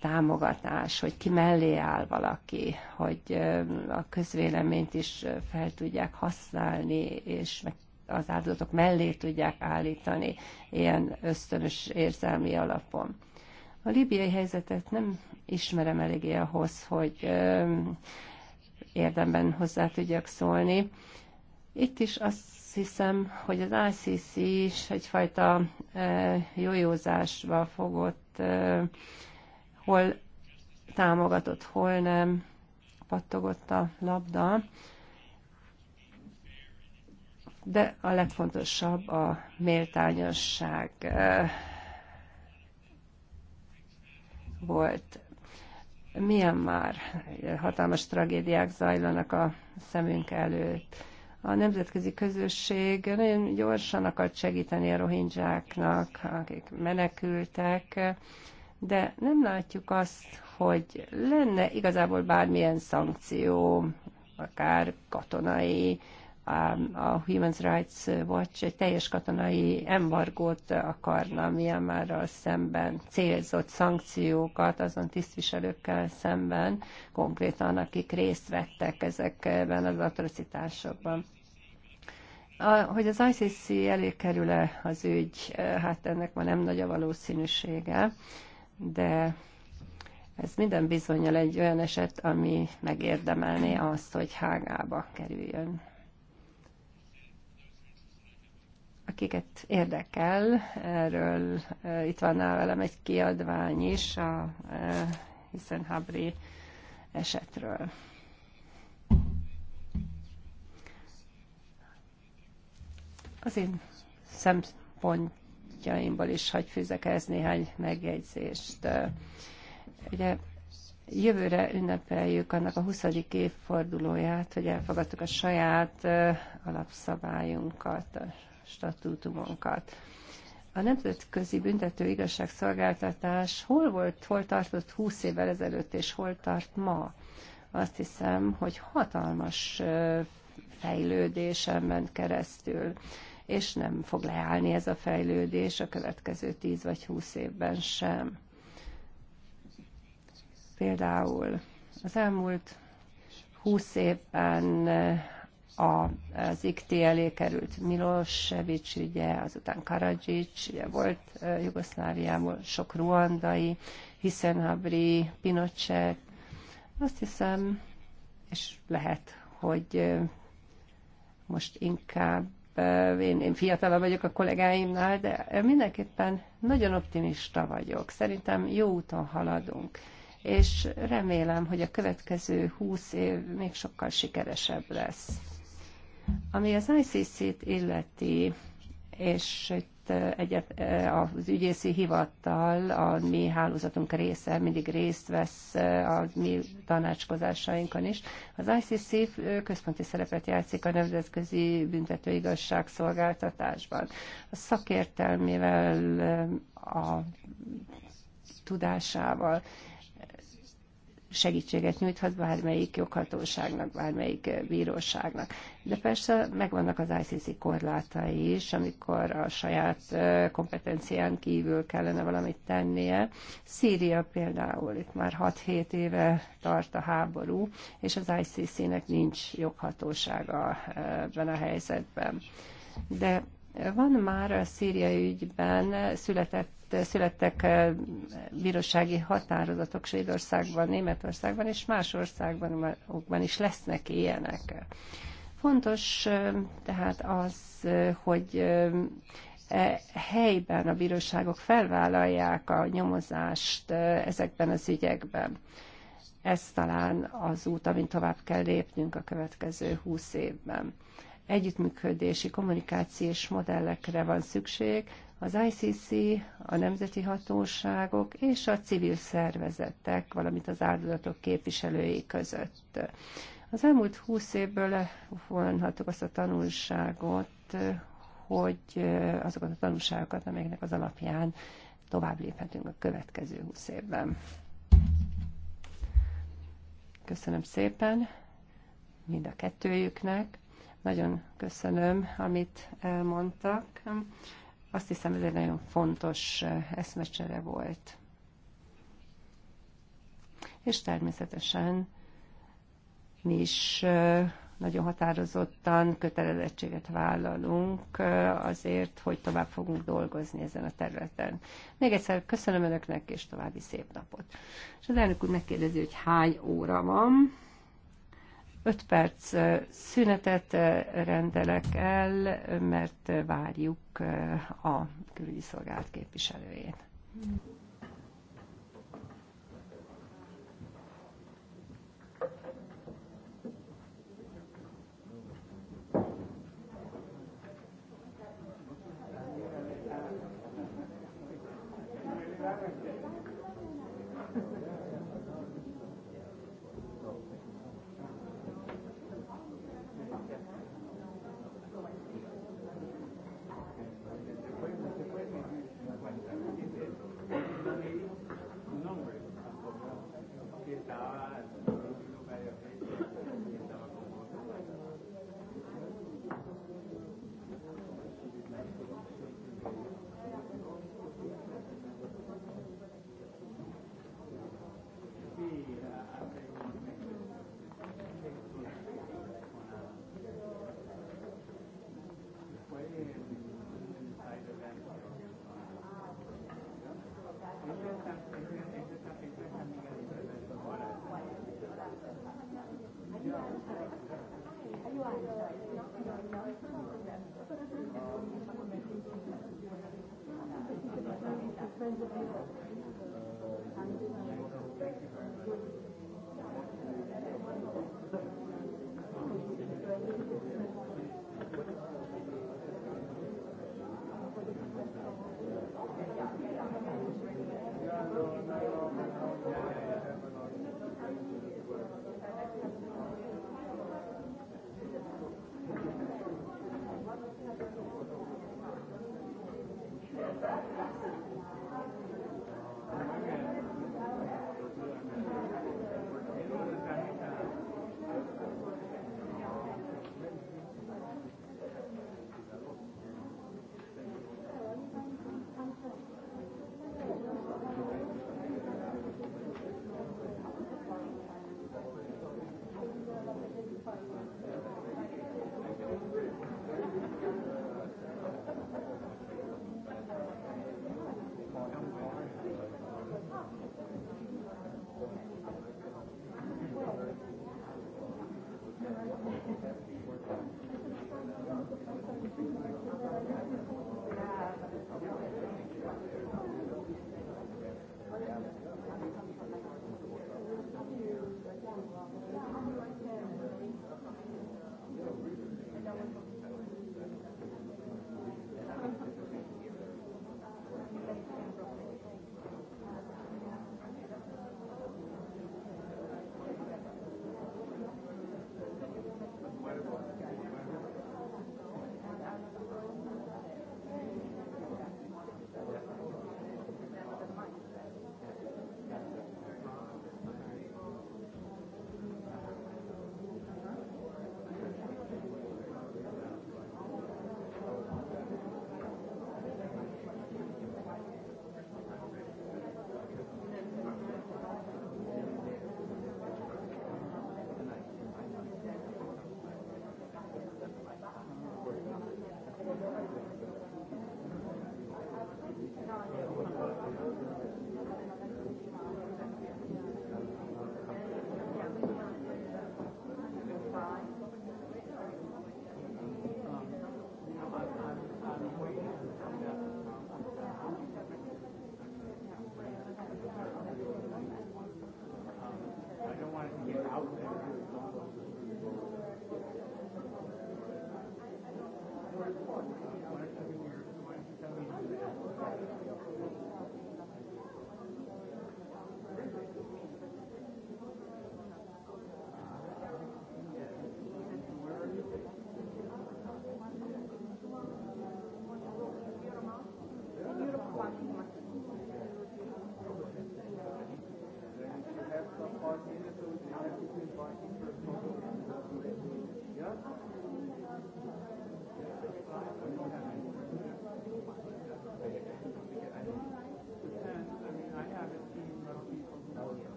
támogatás, hogy ki mellé áll valaki, hogy a közvéleményt is fel tudják használni, és meg az áldozatok mellé tudják állítani ilyen ösztönös érzelmi alapon. A libiai helyzetet nem ismerem eléggé ahhoz, hogy érdemben hozzá tudjak szólni. Itt is azt hiszem, hogy az ICC is egyfajta jójózásba fogott, hol támogatott, hol nem, pattogott a labda. De a legfontosabb a méltányosság volt. Milyen már hatalmas tragédiák zajlanak a szemünk előtt. A nemzetközi közösség nagyon gyorsan akart segíteni a rohingyáknak, akik menekültek, de nem látjuk azt, hogy lenne igazából bármilyen szankció, akár katonai, Um, a Human Rights Watch egy teljes katonai embargót akarna Myanmarral szemben, célzott szankciókat azon tisztviselőkkel szemben, konkrétan akik részt vettek ezekben az atrocitásokban. A, hogy az ICC elé kerül-e az ügy, hát ennek ma nem nagy a valószínűsége, de ez minden bizonyal egy olyan eset, ami megérdemelné azt, hogy hágába kerüljön. akiket érdekel, erről itt van velem egy kiadvány is, a hiszen Habri esetről. Az én szempontjaimból is hagy fűzek ez néhány megjegyzést. Ugye Jövőre ünnepeljük annak a 20. évfordulóját, hogy elfogadtuk a saját alapszabályunkat, a statútumunkat. A nemzetközi büntető igazságszolgáltatás hol volt, hol tartott 20 évvel ezelőtt, és hol tart ma? Azt hiszem, hogy hatalmas fejlődésen ment keresztül, és nem fog leállni ez a fejlődés a következő 10 vagy 20 évben sem. Például az elmúlt húsz évben eh, a, az IKT elé került Milosevic ugye, azután Karadzsics, ugye volt eh, Jugoszláviából sok ruandai, Hiszenhabri, Pinochet. Azt hiszem, és lehet, hogy eh, most inkább én, én fiatalabb vagyok a kollégáimnál, de mindenképpen nagyon optimista vagyok. Szerintem jó úton haladunk és remélem, hogy a következő húsz év még sokkal sikeresebb lesz. Ami az ICC-t illeti, és itt eh, egyet, eh, az ügyészi hivattal a mi hálózatunk része mindig részt vesz eh, a mi tanácskozásainkon is. Az ICC központi szerepet játszik a nemzetközi büntetőigazság szolgáltatásban. A szakértelmével, a tudásával segítséget nyújthat bármelyik joghatóságnak, bármelyik eh, bíróságnak. De persze megvannak az ICC korlátai is, amikor a saját eh, kompetencián kívül kellene valamit tennie. Szíria például, itt már 6-7 éve tart a háború, és az ICC-nek nincs joghatósága eh, ebben a helyzetben. De van már a szíriai ügyben született itt születtek bírósági határozatok Svédországban, Németországban és más országban is lesznek ilyenek. Fontos tehát az, hogy e, helyben a bíróságok felvállalják a nyomozást ezekben az ügyekben. Ez talán az út, amin tovább kell lépnünk a következő húsz évben. Együttműködési, kommunikációs modellekre van szükség, az ICC, a nemzeti hatóságok és a civil szervezetek, valamint az áldozatok képviselői között. Az elmúlt húsz évből vonhatok azt a tanulságot, hogy azokat a tanulságokat, amelyeknek az alapján tovább léphetünk a következő húsz évben. Köszönöm szépen mind a kettőjüknek. Nagyon köszönöm, amit elmondtak. Azt hiszem, ez egy nagyon fontos eszmecsere volt. És természetesen mi is nagyon határozottan kötelezettséget vállalunk azért, hogy tovább fogunk dolgozni ezen a területen. Még egyszer köszönöm Önöknek, és további szép napot. És az elnök úr megkérdezi, hogy hány óra van. 5 perc szünetet rendelek el, mert várjuk a külügyi szolgált képviselőjét. Mm.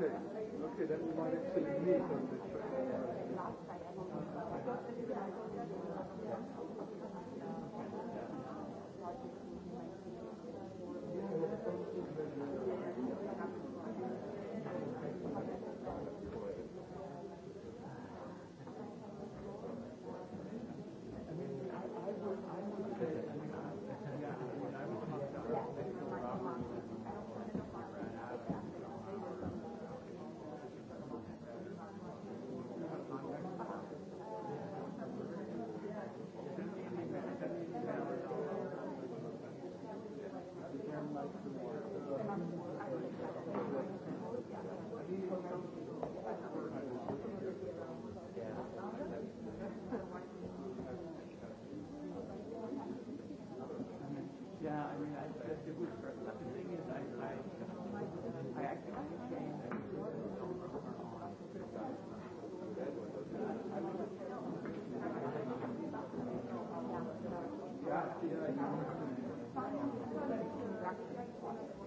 Okay, okay, that's why it's a meeting.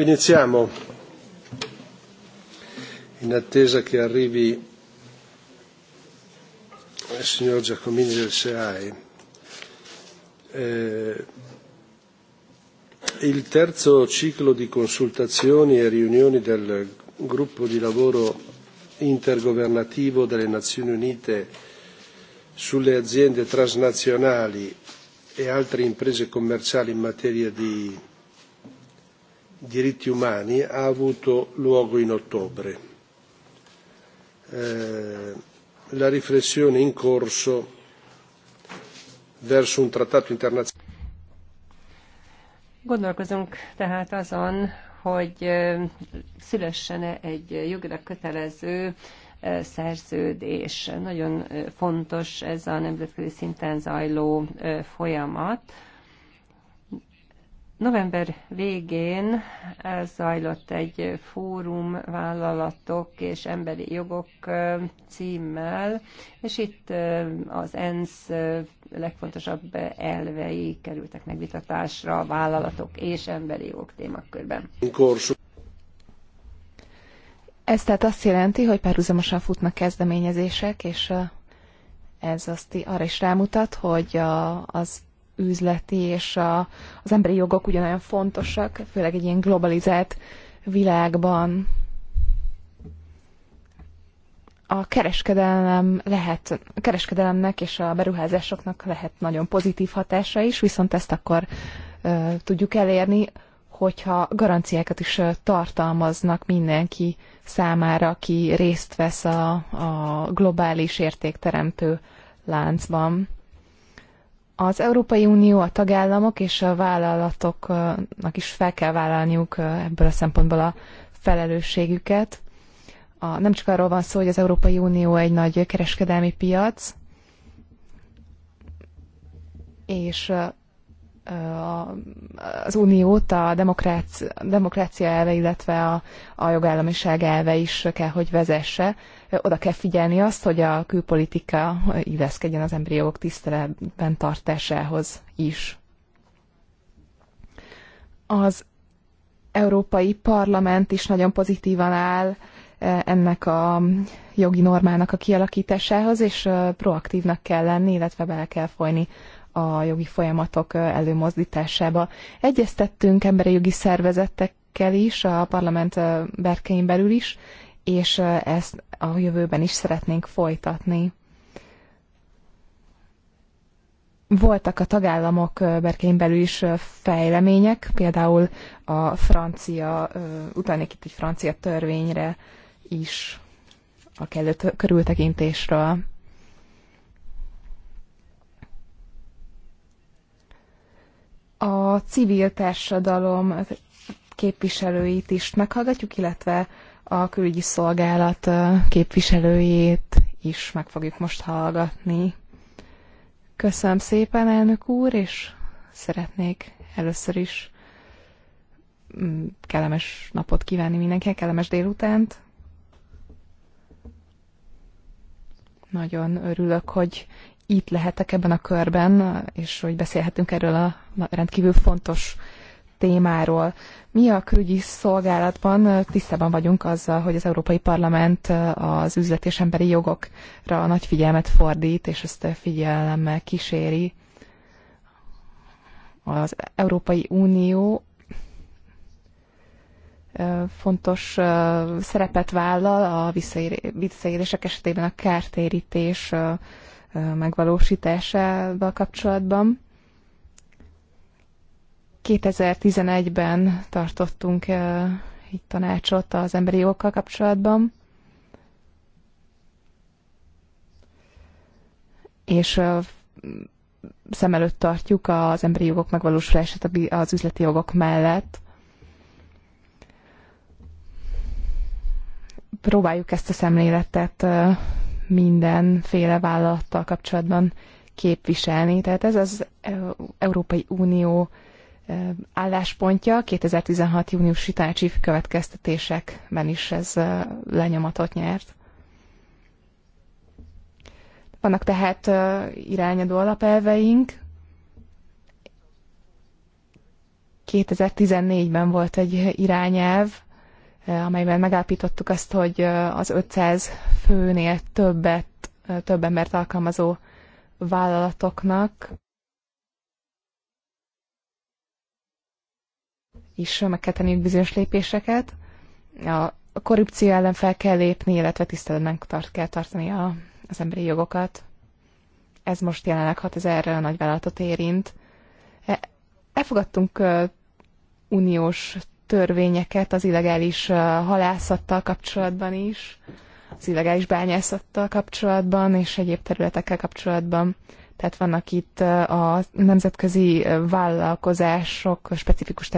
Iniziamo. In attesa che arrivi il eh, signor Giacomini del SEAE, eh, il terzo ciclo di consultazioni e riunioni del gruppo di lavoro intergovernativo delle Nazioni Unite sulle aziende transnazionali e altre imprese commerciali in materia di diritti umani ha avuto luogo in ottobre. Eh, la riflessione in corso verso un trattato internazionale. Gondolkozunk tehát azon, hogy eh, szülessene egy jogilag kötelező eh, szerződés. Nagyon eh, fontos ez a nemzetközi szinten zajló folyamat November végén eh, zajlott egy fórum vállalatok és emberi jogok eh, címmel, és itt eh, az ENSZ legfontosabb elvei kerültek megvitatásra a vállalatok és emberi jogok témakörben. Ez tehát azt jelenti, hogy párhuzamosan futnak kezdeményezések, és ez azt arra is rámutat, hogy a, az üzleti és a, az emberi jogok ugyanolyan fontosak, főleg egy ilyen globalizált világban. A kereskedelem lehet, a kereskedelemnek és a beruházásoknak lehet nagyon pozitív hatása is, viszont ezt akkor ö, tudjuk elérni, hogyha garanciákat is tartalmaznak mindenki számára, aki részt vesz a, a globális értékteremtő láncban. Az Európai Unió, a tagállamok és a vállalatoknak is fel kell vállalniuk ebből a szempontból a felelősségüket. A, nem csak arról van szó, hogy az Európai Unió egy nagy kereskedelmi piac, és az uniót a demokrácia, elve, illetve a, a jogállamiság elve is kell, hogy vezesse. Oda kell figyelni azt, hogy a külpolitika illeszkedjen az emberi jogok tiszteletben tartásához is. Az Európai Parlament is nagyon pozitívan áll ennek a jogi normának a kialakításához, és proaktívnak kell lenni, illetve bele kell folyni a jogi folyamatok előmozdításába. Egyeztettünk emberi jogi szervezetekkel is, a parlament berkein belül is, és ezt a jövőben is szeretnénk folytatni. Voltak a tagállamok berkein belül is fejlemények, például a francia, utalnék itt egy francia törvényre is a kellő körültekintésről. a civil társadalom képviselőit is meghallgatjuk, illetve a külügyi szolgálat képviselőjét is meg fogjuk most hallgatni. Köszönöm szépen, elnök úr, és szeretnék először is mm, kellemes napot kívánni mindenkinek, kellemes délutánt. Nagyon örülök, hogy itt lehetek ebben a körben, és hogy beszélhetünk erről a rendkívül fontos témáról. Mi a külügyi szolgálatban tisztában vagyunk azzal, hogy az Európai Parlament az üzlet és emberi jogokra nagy figyelmet fordít, és ezt figyelemmel kíséri. Az Európai Unió fontos szerepet vállal a visszaélések esetében a kártérítés megvalósításával kapcsolatban. 2011-ben tartottunk itt tanácsot az emberi jogokkal kapcsolatban, és szem előtt tartjuk az emberi jogok megvalósulását az üzleti jogok mellett. Próbáljuk ezt a szemléletet mindenféle vállalattal kapcsolatban képviselni. Tehát ez az e, Európai Unió e, álláspontja 2016. júniusi tanácsi következtetésekben is ez e, lenyomatot nyert. Vannak tehát irányadó alapelveink. 2014-ben volt egy irányelv, Eh, amelyben megállapítottuk azt, hogy eh, az 500 főnél többet, eh, több embert alkalmazó vállalatoknak is meg kell tenni bizonyos lépéseket. A korrupció ellen fel kell lépni, illetve tiszteletben tart, kell tartani a, az emberi jogokat. Ez most jelenleg 6000 nagyvállalatot érint. E, elfogadtunk uniós törvényeket az illegális halászattal kapcsolatban is, az illegális bányászattal kapcsolatban és egyéb területekkel kapcsolatban. Tehát vannak itt a nemzetközi vállalkozások specifikus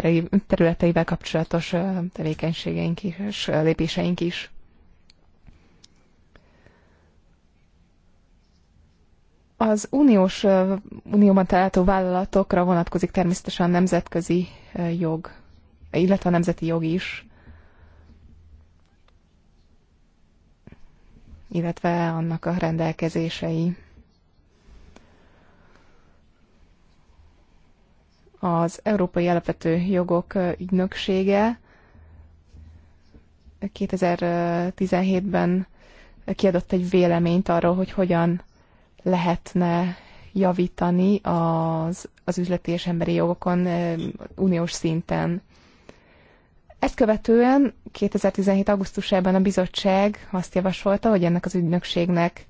területeivel kapcsolatos tevékenységeink is, és lépéseink is. Az uniós, unióban található vállalatokra vonatkozik természetesen a nemzetközi jog illetve a nemzeti jog is, illetve annak a rendelkezései. Az Európai Alapvető Jogok Ügynöksége 2017-ben kiadott egy véleményt arról, hogy hogyan lehetne javítani az, az üzleti és emberi jogokon uniós szinten. Ezt követően 2017. augusztusában a bizottság azt javasolta, hogy ennek az ügynökségnek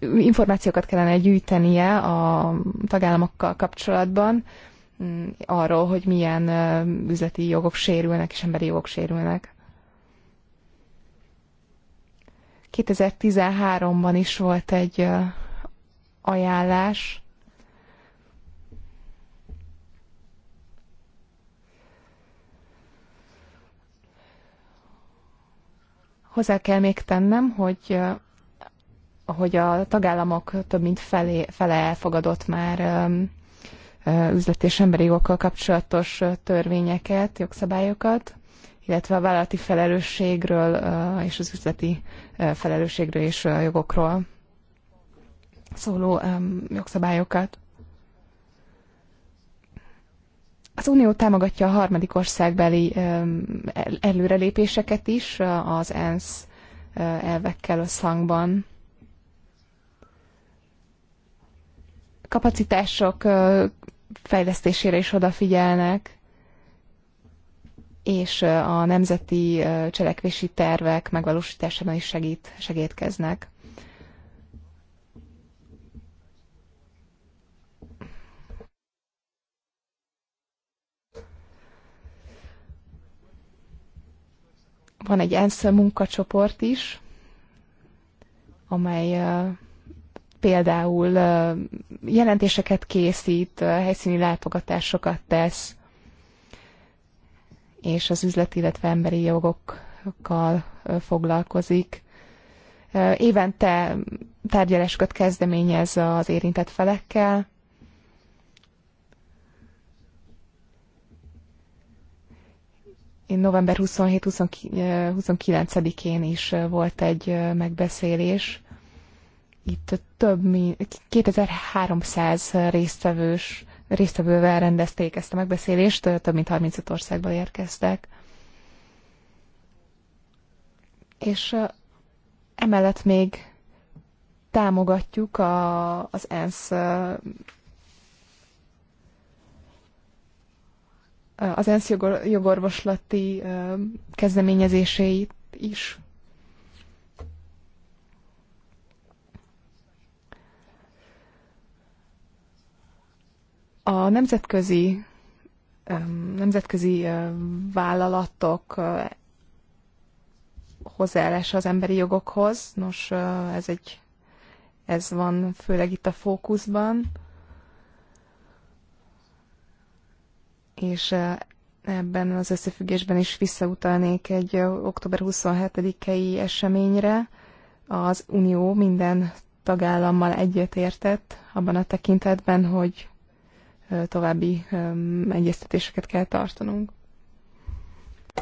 információkat kellene gyűjtenie a tagállamokkal kapcsolatban, mm, arról, hogy milyen üzleti jogok sérülnek és emberi jogok sérülnek. 2013-ban is volt egy ajánlás Hozzá kell még tennem, hogy hogy a tagállamok több mint felé, fele elfogadott már üzleti és emberi jogokkal kapcsolatos törvényeket, jogszabályokat, illetve a vállalati felelősségről és az üzleti felelősségről és jogokról szóló jogszabályokat. Az Unió támogatja a harmadik országbeli előrelépéseket is az ENSZ elvekkel összhangban. Kapacitások fejlesztésére is odafigyelnek, és a nemzeti cselekvési tervek megvalósításában is segít, segítkeznek. Van egy ENSZ munkacsoport is, amely például jelentéseket készít, helyszíni látogatásokat tesz, és az üzleti, illetve emberi jogokkal foglalkozik. Évente tárgyalásokat kezdeményez az érintett felekkel, én november 27-29-én is volt egy megbeszélés. Itt több mint 2300 résztvevős, résztvevővel rendezték ezt a megbeszélést, több mint 35 országból érkeztek. És emellett még támogatjuk a, az ENSZ az ENSZ jogorvoslati kezdeményezéseit is. A nemzetközi nemzetközi vállalatok hozzáállása az emberi jogokhoz. Nos, ez egy ez van főleg itt a fókuszban. és eh, ebben az összefüggésben is visszautalnék egy eh, október 27-i eseményre. Az Unió minden tagállammal egyetértett abban a tekintetben, hogy eh, további egyeztetéseket kell tartanunk.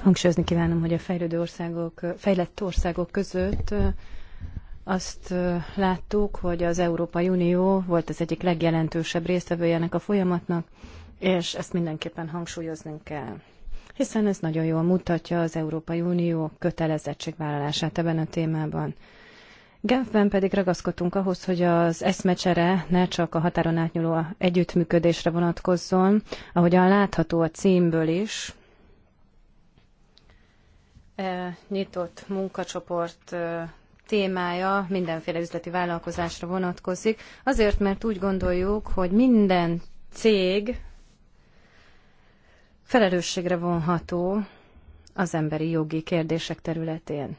Hangsúlyozni kívánom, hogy a fejlődő országok, fejlett országok között azt láttuk, hogy az Európai Unió volt az egyik legjelentősebb résztvevője ennek a folyamatnak, és ezt mindenképpen hangsúlyoznunk kell hiszen ez nagyon jól mutatja az Európai Unió kötelezettségvállalását ebben a témában. Genfben pedig ragaszkodtunk ahhoz, hogy az eszmecsere ne csak a határon átnyúló együttműködésre vonatkozzon, ahogyan látható a címből is. E, nyitott munkacsoport e, témája mindenféle üzleti vállalkozásra vonatkozik, azért mert úgy gondoljuk, hogy minden cég felelősségre vonható az emberi jogi kérdések területén.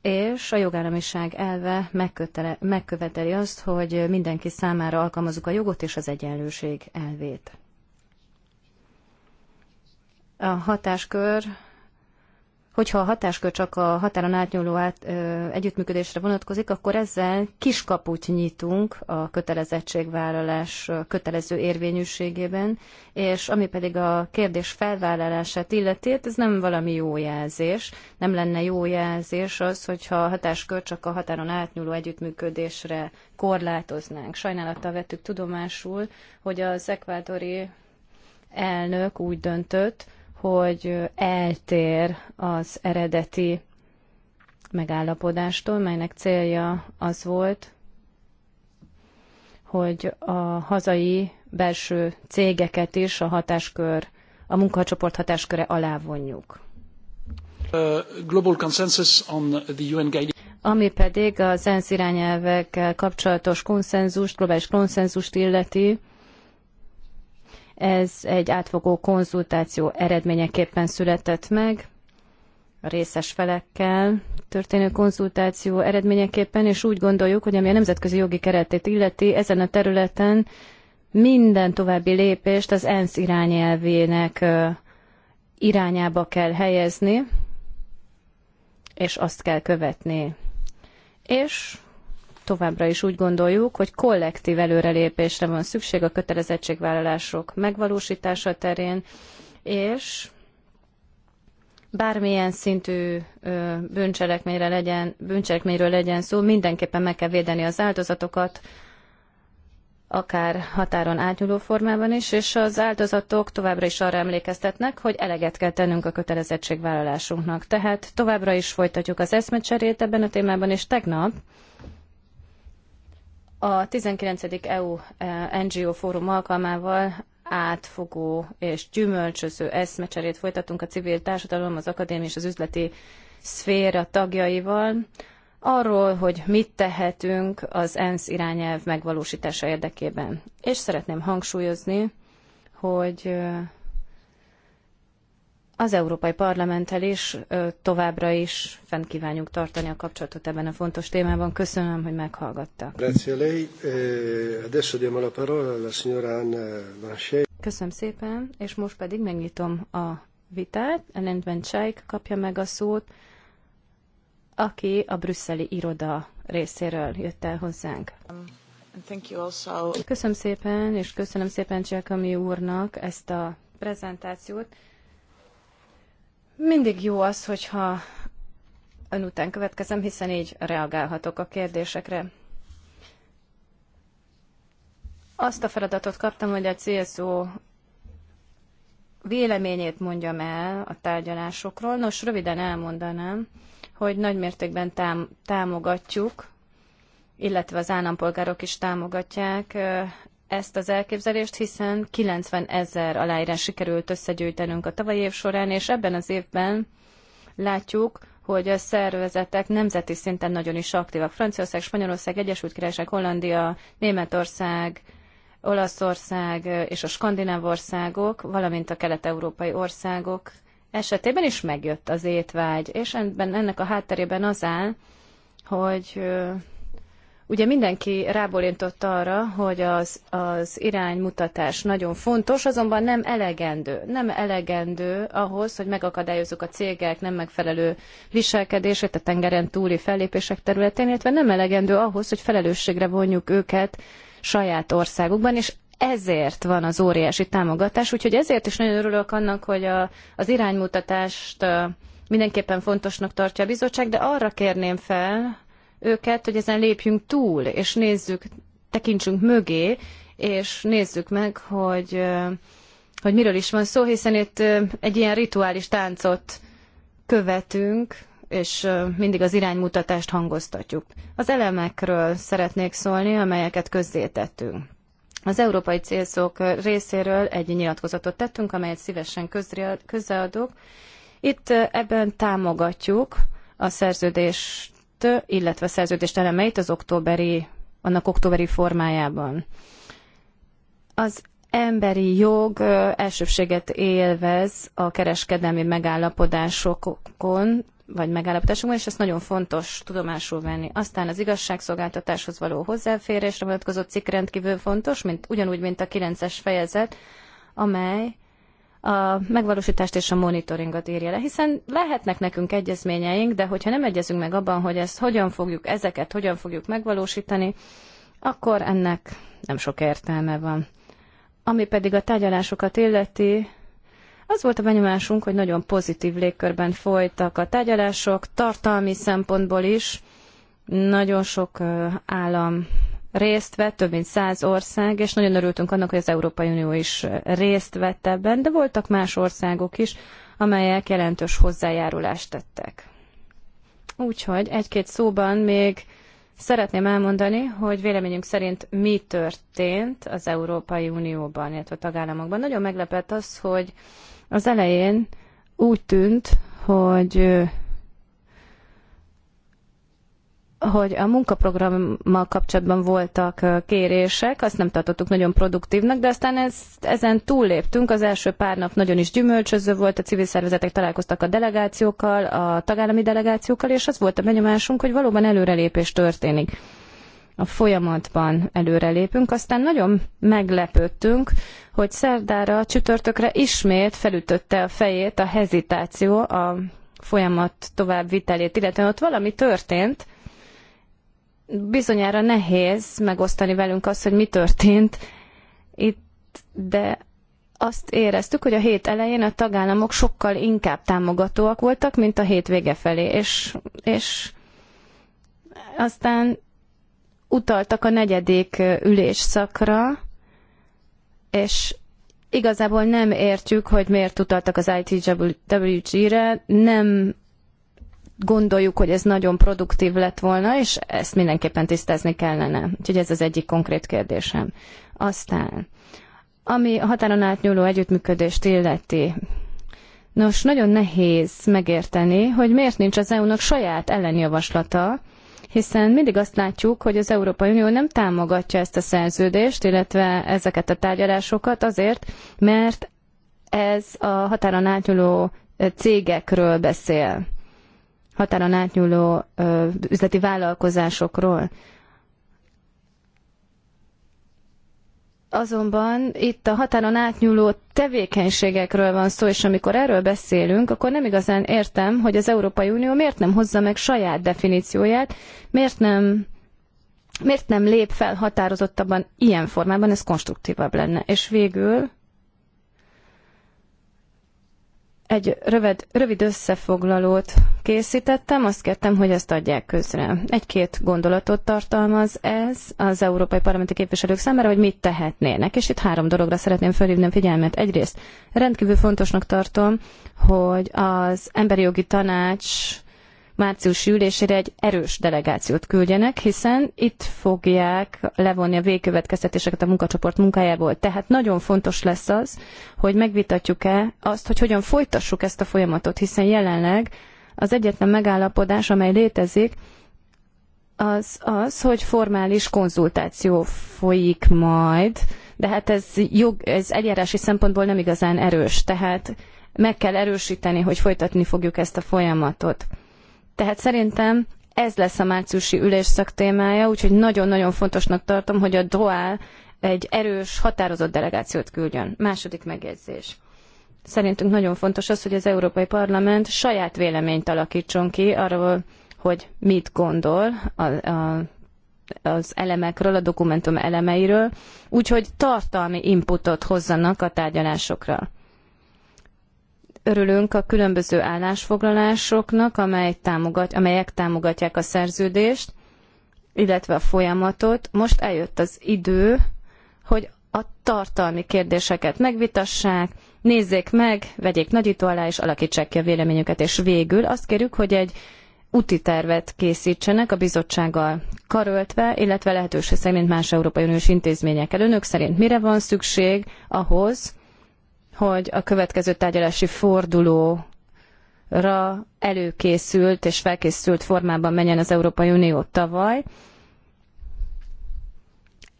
És a jogállamiság elve megkötele, megköveteli azt, hogy mindenki számára alkalmazzuk a jogot és az egyenlőség elvét. A hatáskör hogyha a hatáskör csak a határon átnyúló át, ö, együttműködésre vonatkozik, akkor ezzel kiskaput nyitunk a kötelezettségvállalás kötelező érvényűségében, és ami pedig a kérdés felvállalását illeti, hát ez nem valami jó jelzés. Nem lenne jó jelzés az, hogyha a hatáskör csak a határon átnyúló együttműködésre korlátoznánk. Sajnálattal vettük tudomásul, hogy az ekvádori elnök úgy döntött, hogy eltér az eredeti megállapodástól, melynek célja az volt, hogy a hazai belső cégeket is a hatáskör, a munkacsoport hatásköre alá vonjuk. Ami pedig az ENSZ irányelvekkel kapcsolatos konszenzust, globális konszenzust illeti, ez egy átfogó konzultáció eredményeképpen született meg, a részes felekkel történő konzultáció eredményeképpen, és úgy gondoljuk, hogy ami a nemzetközi jogi keretét illeti, ezen a területen minden további lépést az ENSZ irányelvének irányába kell helyezni, és azt kell követni. És továbbra is úgy gondoljuk, hogy kollektív előrelépésre van szükség a kötelezettségvállalások megvalósítása terén, és bármilyen szintű bűncselekményre legyen, bűncselekményről legyen szó, mindenképpen meg kell védeni az áldozatokat, akár határon átnyúló formában is, és az áldozatok továbbra is arra emlékeztetnek, hogy eleget kell tennünk a kötelezettségvállalásunknak. Tehát továbbra is folytatjuk az eszmecserét ebben a témában, és tegnap a 19. EU NGO fórum alkalmával átfogó és gyümölcsöző eszmecserét folytatunk a civil társadalom, az akadémia és az üzleti szféra tagjaival, arról, hogy mit tehetünk az ENSZ irányelv megvalósítása érdekében. És szeretném hangsúlyozni, hogy eh, az Európai Parlamenttel is továbbra is fent kívánjuk tartani a kapcsolatot ebben a fontos témában. Köszönöm, hogy meghallgattak. E, köszönöm szépen, és most pedig megnyitom a vitát. Ellen Bencsajk kapja meg a szót, aki a brüsszeli iroda részéről jött el hozzánk. Um, köszönöm szépen, és köszönöm szépen Csákami úrnak ezt a prezentációt. Mindig jó az, hogyha ön után következem, hiszen így reagálhatok a kérdésekre. Azt a feladatot kaptam, hogy a CSO véleményét mondjam el a tárgyalásokról. Nos, röviden elmondanám, hogy nagymértékben tám- támogatjuk, illetve az állampolgárok is támogatják ezt az elképzelést, hiszen 90 ezer aláírás sikerült összegyűjtenünk a tavalyi év során, és ebben az évben látjuk, hogy a szervezetek nemzeti szinten nagyon is aktívak. Franciaország, Spanyolország, Egyesült Királyság, Hollandia, Németország, Olaszország és a skandináv országok, valamint a kelet-európai országok esetében is megjött az étvágy, és ennek a hátterében az áll, hogy Ugye mindenki rábólintott arra, hogy az, az iránymutatás nagyon fontos, azonban nem elegendő. Nem elegendő ahhoz, hogy megakadályozzuk a cégek nem megfelelő viselkedését a tengeren túli fellépések területén, illetve nem elegendő ahhoz, hogy felelősségre vonjuk őket saját országukban, és ezért van az óriási támogatás, úgyhogy ezért is nagyon örülök annak, hogy a, az iránymutatást mindenképpen fontosnak tartja a bizottság, de arra kérném fel őket, hogy ezen lépjünk túl, és nézzük, tekintsünk mögé, és nézzük meg, hogy, hogy miről is van szó, hiszen itt egy ilyen rituális táncot követünk, és mindig az iránymutatást hangoztatjuk. Az elemekről szeretnék szólni, amelyeket közzétettünk. Az európai célszók részéről egy nyilatkozatot tettünk, amelyet szívesen közreadok. Itt ebben támogatjuk a szerződés tervezetét, illetve szerződést elemeit az októberi, annak októberi formájában. Az emberi jog elsőbséget élvez a kereskedelmi megállapodásokon, vagy megállapodásokban, és ezt nagyon fontos tudomásul venni. Aztán az igazságszolgáltatáshoz való hozzáférésre vonatkozó cikk rendkívül fontos, mint, ugyanúgy, mint a 9-es fejezet, amely a megvalósítást és a monitoringot írja le, hiszen lehetnek nekünk egyezményeink, de hogyha nem egyezünk meg abban, hogy ezt hogyan fogjuk, ezeket hogyan fogjuk megvalósítani, akkor ennek nem sok értelme van. Ami pedig a tárgyalásokat illeti, az volt a benyomásunk, hogy nagyon pozitív légkörben folytak a tárgyalások, tartalmi szempontból is. Nagyon sok állam részt vett, több mint száz ország, és nagyon örültünk annak, hogy az Európai Unió is részt vett ebben, de voltak más országok is, amelyek jelentős hozzájárulást tettek. Úgyhogy egy-két szóban még szeretném elmondani, hogy véleményünk szerint mi történt az Európai Unióban, illetve a tagállamokban. Nagyon meglepett az, hogy az elején úgy tűnt, hogy hogy a munkaprogrammal kapcsolatban voltak kérések, azt nem tartottuk nagyon produktívnak, de aztán ezen túlléptünk. Az első pár nap nagyon is gyümölcsöző volt, a civil szervezetek találkoztak a delegációkkal, a tagállami delegációkkal, és az volt a benyomásunk, hogy valóban előrelépés történik. A folyamatban előrelépünk, aztán nagyon meglepődtünk, hogy szerdára, csütörtökre ismét felütötte a fejét a hezitáció, a folyamat továbbvitelét, illetve ott valami történt, bizonyára nehéz megosztani velünk azt, hogy mi történt itt, de azt éreztük, hogy a hét elején a tagállamok sokkal inkább támogatóak voltak, mint a hét vége felé, és, és aztán utaltak a negyedik ülésszakra, és igazából nem értjük, hogy miért utaltak az ITWG-re, nem gondoljuk, hogy ez nagyon produktív lett volna, és ezt mindenképpen tisztázni kellene. Úgyhogy ez az egyik konkrét kérdésem. Aztán, ami a határon átnyúló együttműködést illeti, Nos, nagyon nehéz megérteni, hogy miért nincs az EU-nak saját ellenjavaslata, hiszen mindig azt látjuk, hogy az Európai Unió nem támogatja ezt a szerződést, illetve ezeket a tárgyalásokat azért, mert ez a határon átnyúló cégekről beszél határon átnyúló ö, üzleti vállalkozásokról. Azonban itt a határon átnyúló tevékenységekről van szó, és amikor erről beszélünk, akkor nem igazán értem, hogy az Európai Unió miért nem hozza meg saját definícióját, miért nem, miért nem lép fel határozottabban ilyen formában, ez konstruktívabb lenne. És végül egy rövid, rövid összefoglalót készítettem, azt kértem, hogy ezt adják közre. Egy-két gondolatot tartalmaz ez az európai parlamenti képviselők számára, hogy mit tehetnének, és itt három dologra szeretném felhívni a figyelmet. Egyrészt rendkívül fontosnak tartom, hogy az emberi jogi tanács márciusi ülésére egy erős delegációt küldjenek, hiszen itt fogják levonni a végkövetkeztetéseket a munkacsoport munkájából. Tehát nagyon fontos lesz az, hogy megvitatjuk-e azt, hogy hogyan folytassuk ezt a folyamatot, hiszen jelenleg az egyetlen megállapodás, amely létezik, az az, hogy formális konzultáció folyik majd, de hát ez, jog, ez eljárási szempontból nem igazán erős, tehát meg kell erősíteni, hogy folytatni fogjuk ezt a folyamatot. Tehát szerintem ez lesz a márciusi ülésszak témája, úgyhogy nagyon-nagyon fontosnak tartom, hogy a DOA egy erős, határozott delegációt küldjön. Második megjegyzés. Szerintünk nagyon fontos az, hogy az Európai Parlament saját véleményt alakítson ki arról, hogy mit gondol a, a, az elemekről, a dokumentum elemeiről, úgyhogy tartalmi inputot hozzanak a tárgyalásokra. Örülünk a különböző állásfoglalásoknak, amely támogat, amelyek támogatják a szerződést, illetve a folyamatot. Most eljött az idő, hogy a tartalmi kérdéseket megvitassák, nézzék meg, vegyék nagyító alá, és alakítsák ki a véleményüket, és végül azt kérjük, hogy egy úti tervet készítsenek a bizottsággal karöltve, illetve lehetőség szerint más Európai Uniós intézményekkel. Önök szerint mire van szükség ahhoz, hogy a következő tárgyalási fordulóra előkészült és felkészült formában menjen az Európai Unió tavaly.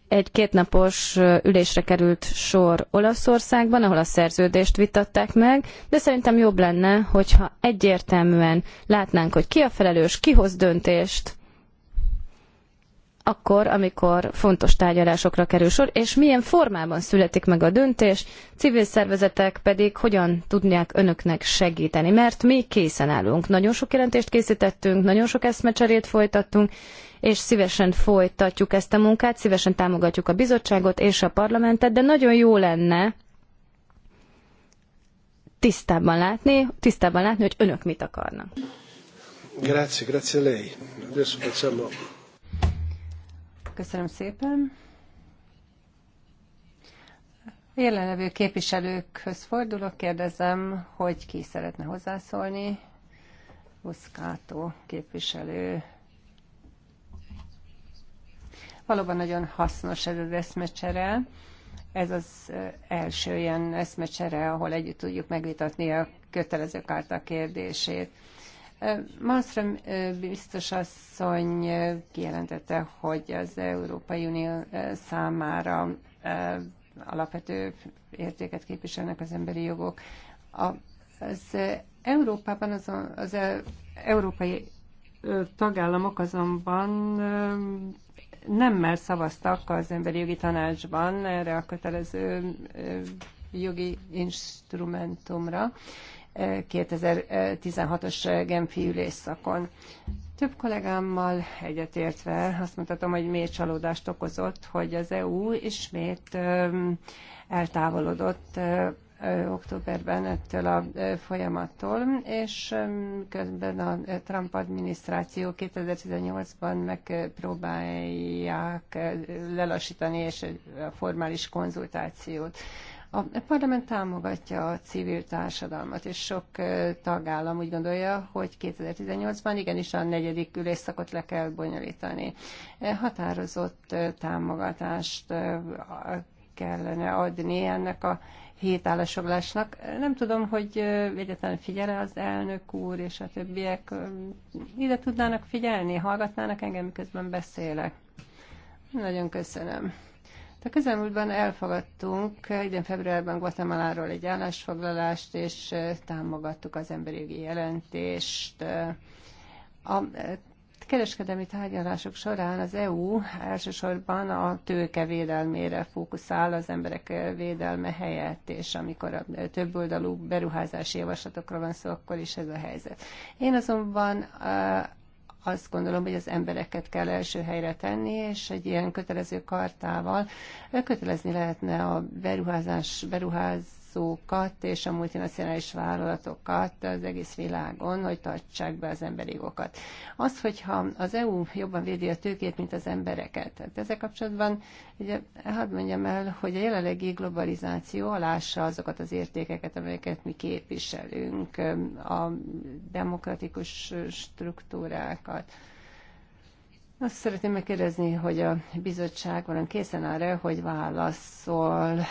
Egy kétnapos ülésre került sor Olaszországban, ahol a szerződést vitatták meg, de szerintem jobb lenne, hogyha egyértelműen látnánk, hogy ki a felelős, ki hoz döntést, akkor, amikor fontos tárgyalásokra kerül sor, és milyen formában születik meg a döntés, civil szervezetek pedig hogyan tudják önöknek segíteni, mert mi készen állunk. Nagyon sok jelentést készítettünk, nagyon sok eszmecserét folytattunk, és szívesen folytatjuk ezt a munkát, szívesen támogatjuk a bizottságot és a parlamentet, de nagyon jó lenne tisztában látni, tisztában látni, hogy önök mit akarnak. Grazie, grazie lei. Adesso facciamo Köszönöm szépen. Jelenlevő képviselőkhöz fordulok, kérdezem, hogy ki szeretne hozzászólni. Buszkátó képviselő. Valóban nagyon hasznos ez az eszmecsere. Ez az első ilyen eszmecsere, ahol együtt tudjuk megvitatni a kötelező kárta kérdését. Malmström biztos asszony kijelentette, hogy az Európai Unió számára alapvető értéket képviselnek az emberi jogok. Az Európában az, az európai tagállamok azonban nemmel szavaztak az emberi jogi tanácsban erre a kötelező jogi instrumentumra. 2016-os Genfi ülésszakon. Több kollégámmal egyetértve azt mutatom, hogy miért csalódást okozott, hogy az EU ismét eltávolodott októberben ettől a folyamattól, és közben a Trump adminisztráció 2018-ban megpróbálják lelassítani és a formális konzultációt. A parlament támogatja a civil társadalmat, és sok tagállam úgy gondolja, hogy 2018-ban igenis a negyedik ülésszakot le kell bonyolítani. E, határozott támogatást kellene adni ennek a hétállásoglásnak. Nem tudom, hogy egyetlen figyele az elnök úr és a többiek. Ide tudnának figyelni, hallgatnának engem, miközben beszélek. Nagyon köszönöm. A közelmúltban elfogadtunk idén februárban Guatemala-ról egy állásfoglalást, és támogattuk az emberi jogi jelentést. A kereskedelmi tárgyalások során az EU elsősorban a tőke védelmére fókuszál az emberek védelme helyett, és amikor a többoldalú beruházási javaslatokról van szó, akkor is ez a helyzet. Én azonban azt gondolom, hogy az embereket kell első helyre tenni, és egy ilyen kötelező kartával kötelezni lehetne a beruházás, beruház fogyasztókat és a multinacionális vállalatokat az egész világon, hogy tartsák be az emberi jogokat. Az, hogyha az EU jobban védi a tőkét, mint az embereket. Tehát ezzel kapcsolatban ugye, hadd mondjam el, hogy a jelenlegi globalizáció alássa azokat az értékeket, amelyeket mi képviselünk, a demokratikus struktúrákat, azt szeretném megkérdezni, hogy a bizottság valami készen áll -e, hogy válaszol,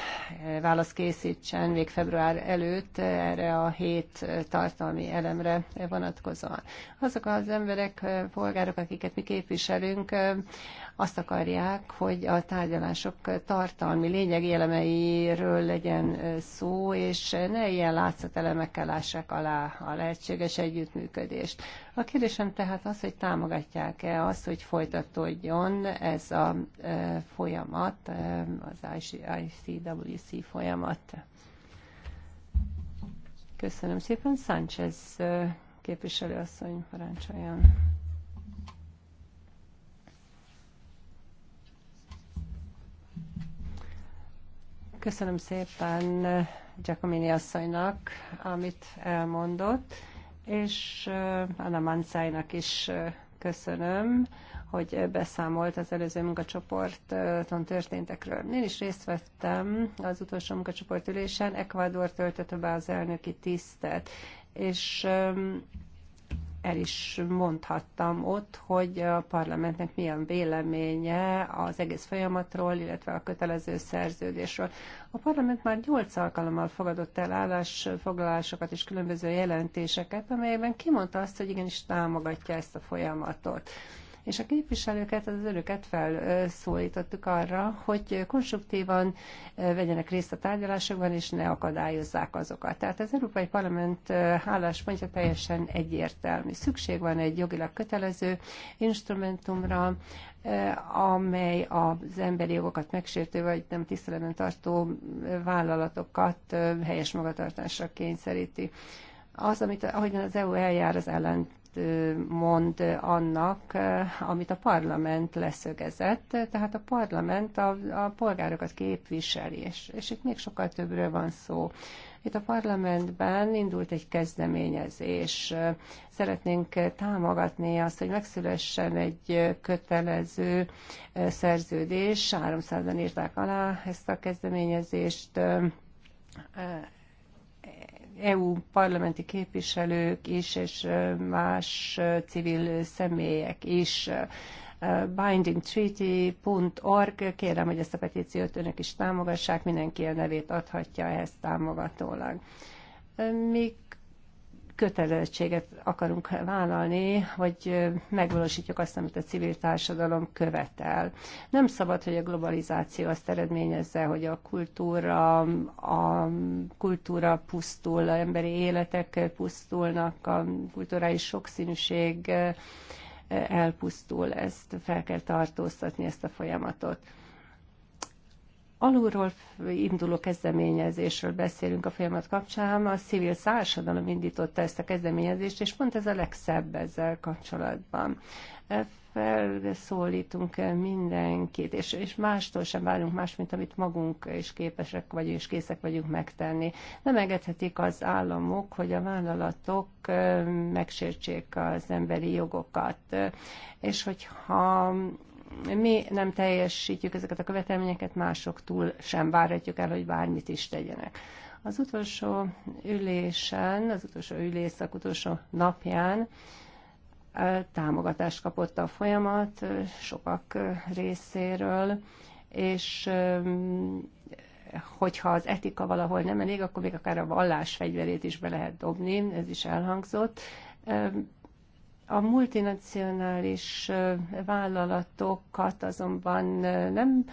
válasz készítsen még február előtt erre a hét tartalmi elemre vonatkozóan. Azok az emberek, polgárok, akiket mi képviselünk, azt akarják, hogy a tárgyalások tartalmi lényegi elemeiről legyen szó, és ne ilyen látszatelemekkel lássák alá a lehetséges együttműködést. A kérdésem tehát az, hogy támogatják-e azt, hogy folytatódjon ez a folyamat, az ICWC folyamat. Köszönöm szépen. Sánchez képviselőasszony parancsoljon. Köszönöm szépen eh, Giacomini asszonynak, amit elmondott, és eh, Anna Mancájnak is eh, köszönöm, hogy beszámolt az előző munkacsoporton történtekről. Én is részt vettem az utolsó munkacsoport ülésen, Ecuador töltötte be az elnöki tisztet, és el is mondhattam ott, hogy a parlamentnek milyen véleménye az egész folyamatról, illetve a kötelező szerződésről. A parlament már nyolc alkalommal fogadott el állásfoglalásokat és különböző jelentéseket, amelyekben kimondta azt, hogy igenis támogatja ezt a folyamatot és a képviselőket, az önöket felszólítottuk arra, hogy konstruktívan vegyenek részt a tárgyalásokban, és ne akadályozzák azokat. Tehát az Európai Parlament álláspontja teljesen egyértelmű. Szükség van egy jogilag kötelező instrumentumra, amely az emberi jogokat megsértő vagy nem tiszteletben tartó vállalatokat helyes magatartásra kényszeríti. Az, amit ahogyan az EU e eljár, az ellen mond annak, amit a parlament leszögezett, tehát a parlament a, a polgárokat képviseli, és, és itt még sokkal többről van szó. Itt a parlamentben indult egy kezdeményezés. Szeretnénk támogatni azt, hogy megszülessen egy kötelező szerződés. 300-an írták alá ezt a kezdeményezést EU parlamenti képviselők is, és más civil személyek is. bindingtreaty.org, kérem, hogy ezt a petíciót önök is támogassák, mindenki a nevét adhatja ehhez támogatólag. Mik kötelezettséget akarunk vállalni, vagy megvalósítjuk azt, amit a civil társadalom követel. Nem szabad, hogy a globalizáció azt eredményezze, hogy a kultúra, a kultúra pusztul, a emberi életek pusztulnak, a kulturális sokszínűség elpusztul. Ezt fel kell tartóztatni, ezt a folyamatot alulról induló kezdeményezésről beszélünk a folyamat kapcsán. A civil társadalom indította ezt a kezdeményezést, és pont ez a legszebb ezzel kapcsolatban. Felszólítunk mindenkit, és, és mástól sem várunk más, mint amit magunk is képesek vagyunk, és készek vagyunk megtenni. Nem engedhetik az államok, hogy a vállalatok megsértsék az emberi jogokat. És hogyha mi nem teljesítjük ezeket a követelményeket, mások túl sem várhatjuk el, hogy bármit is tegyenek. Az utolsó ülésen, az utolsó ülésszak utolsó napján támogatást kapott a folyamat sokak részéről, és hogyha az etika valahol nem elég, akkor még akár a vallás fegyverét is be lehet dobni, ez is elhangzott. A multinacionális vállalatokat azonban nem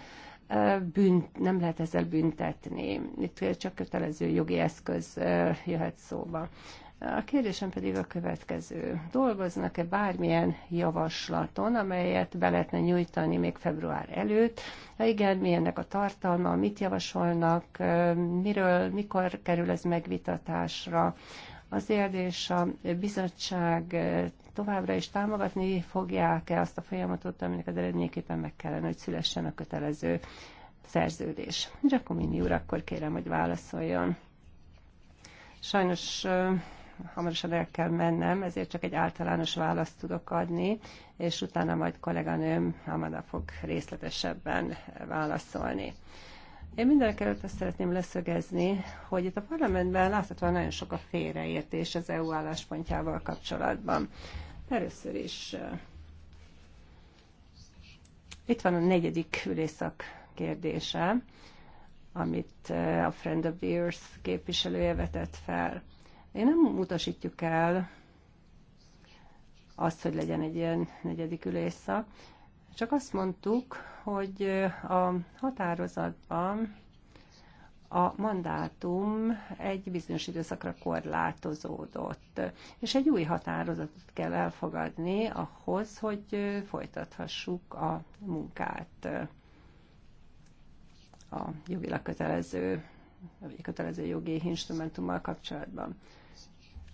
bűnt, nem lehet ezzel büntetni. Itt csak kötelező jogi eszköz jöhet szóba. A kérdésem pedig a következő. Dolgoznak-e bármilyen javaslaton, amelyet be lehetne nyújtani még február előtt? Ha igen, mi ennek a tartalma, mit javasolnak, miről, mikor kerül ez megvitatásra? Az érdés a bizottság továbbra is támogatni fogják-e azt a folyamatot, aminek az eredményképpen meg kellene, hogy szülessen a kötelező szerződés. Giacomini úr, akkor kérem, hogy válaszoljon. Sajnos hamarosan el kell mennem, ezért csak egy általános választ tudok adni, és utána majd kolléganőm Hamada fog részletesebben válaszolni. Én mindenek előtt azt szeretném leszögezni, hogy itt a parlamentben láthatóan nagyon sok a félreértés az EU álláspontjával kapcsolatban. Először is eh, itt van a negyedik ülésszak kérdése, amit eh, a Friend of Beers képviselője vetett fel. Én nem utasítjuk el azt, hogy legyen egy ilyen negyedik ülésszak, csak azt mondtuk, hogy eh, a határozatban a mandátum egy bizonyos időszakra korlátozódott, és egy új határozatot kell elfogadni ahhoz, hogy folytathassuk a munkát a jogilag kötelező, vagy kötelező jogi instrumentummal kapcsolatban.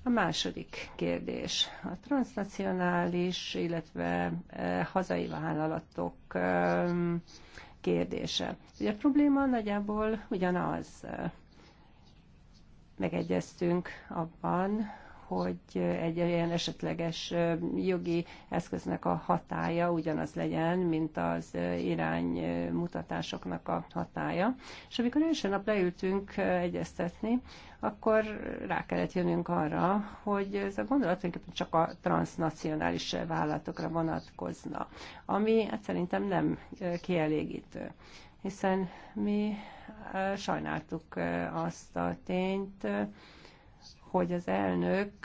A második kérdés. A transnacionális, illetve eh, hazai vállalatok eh, kérdése. Ugye a probléma nagyjából ugyanaz. Megegyeztünk abban, hogy egy olyan esetleges jogi eszköznek a hatája ugyanaz legyen, mint az iránymutatásoknak a hatája. És amikor első nap leültünk egyeztetni, akkor rá kellett jönnünk arra, hogy ez a gondolat tulajdonképpen csak a transnacionális vállalatokra vonatkozna, ami hát szerintem nem kielégítő hiszen mi sajnáltuk azt a tényt, hogy az elnök,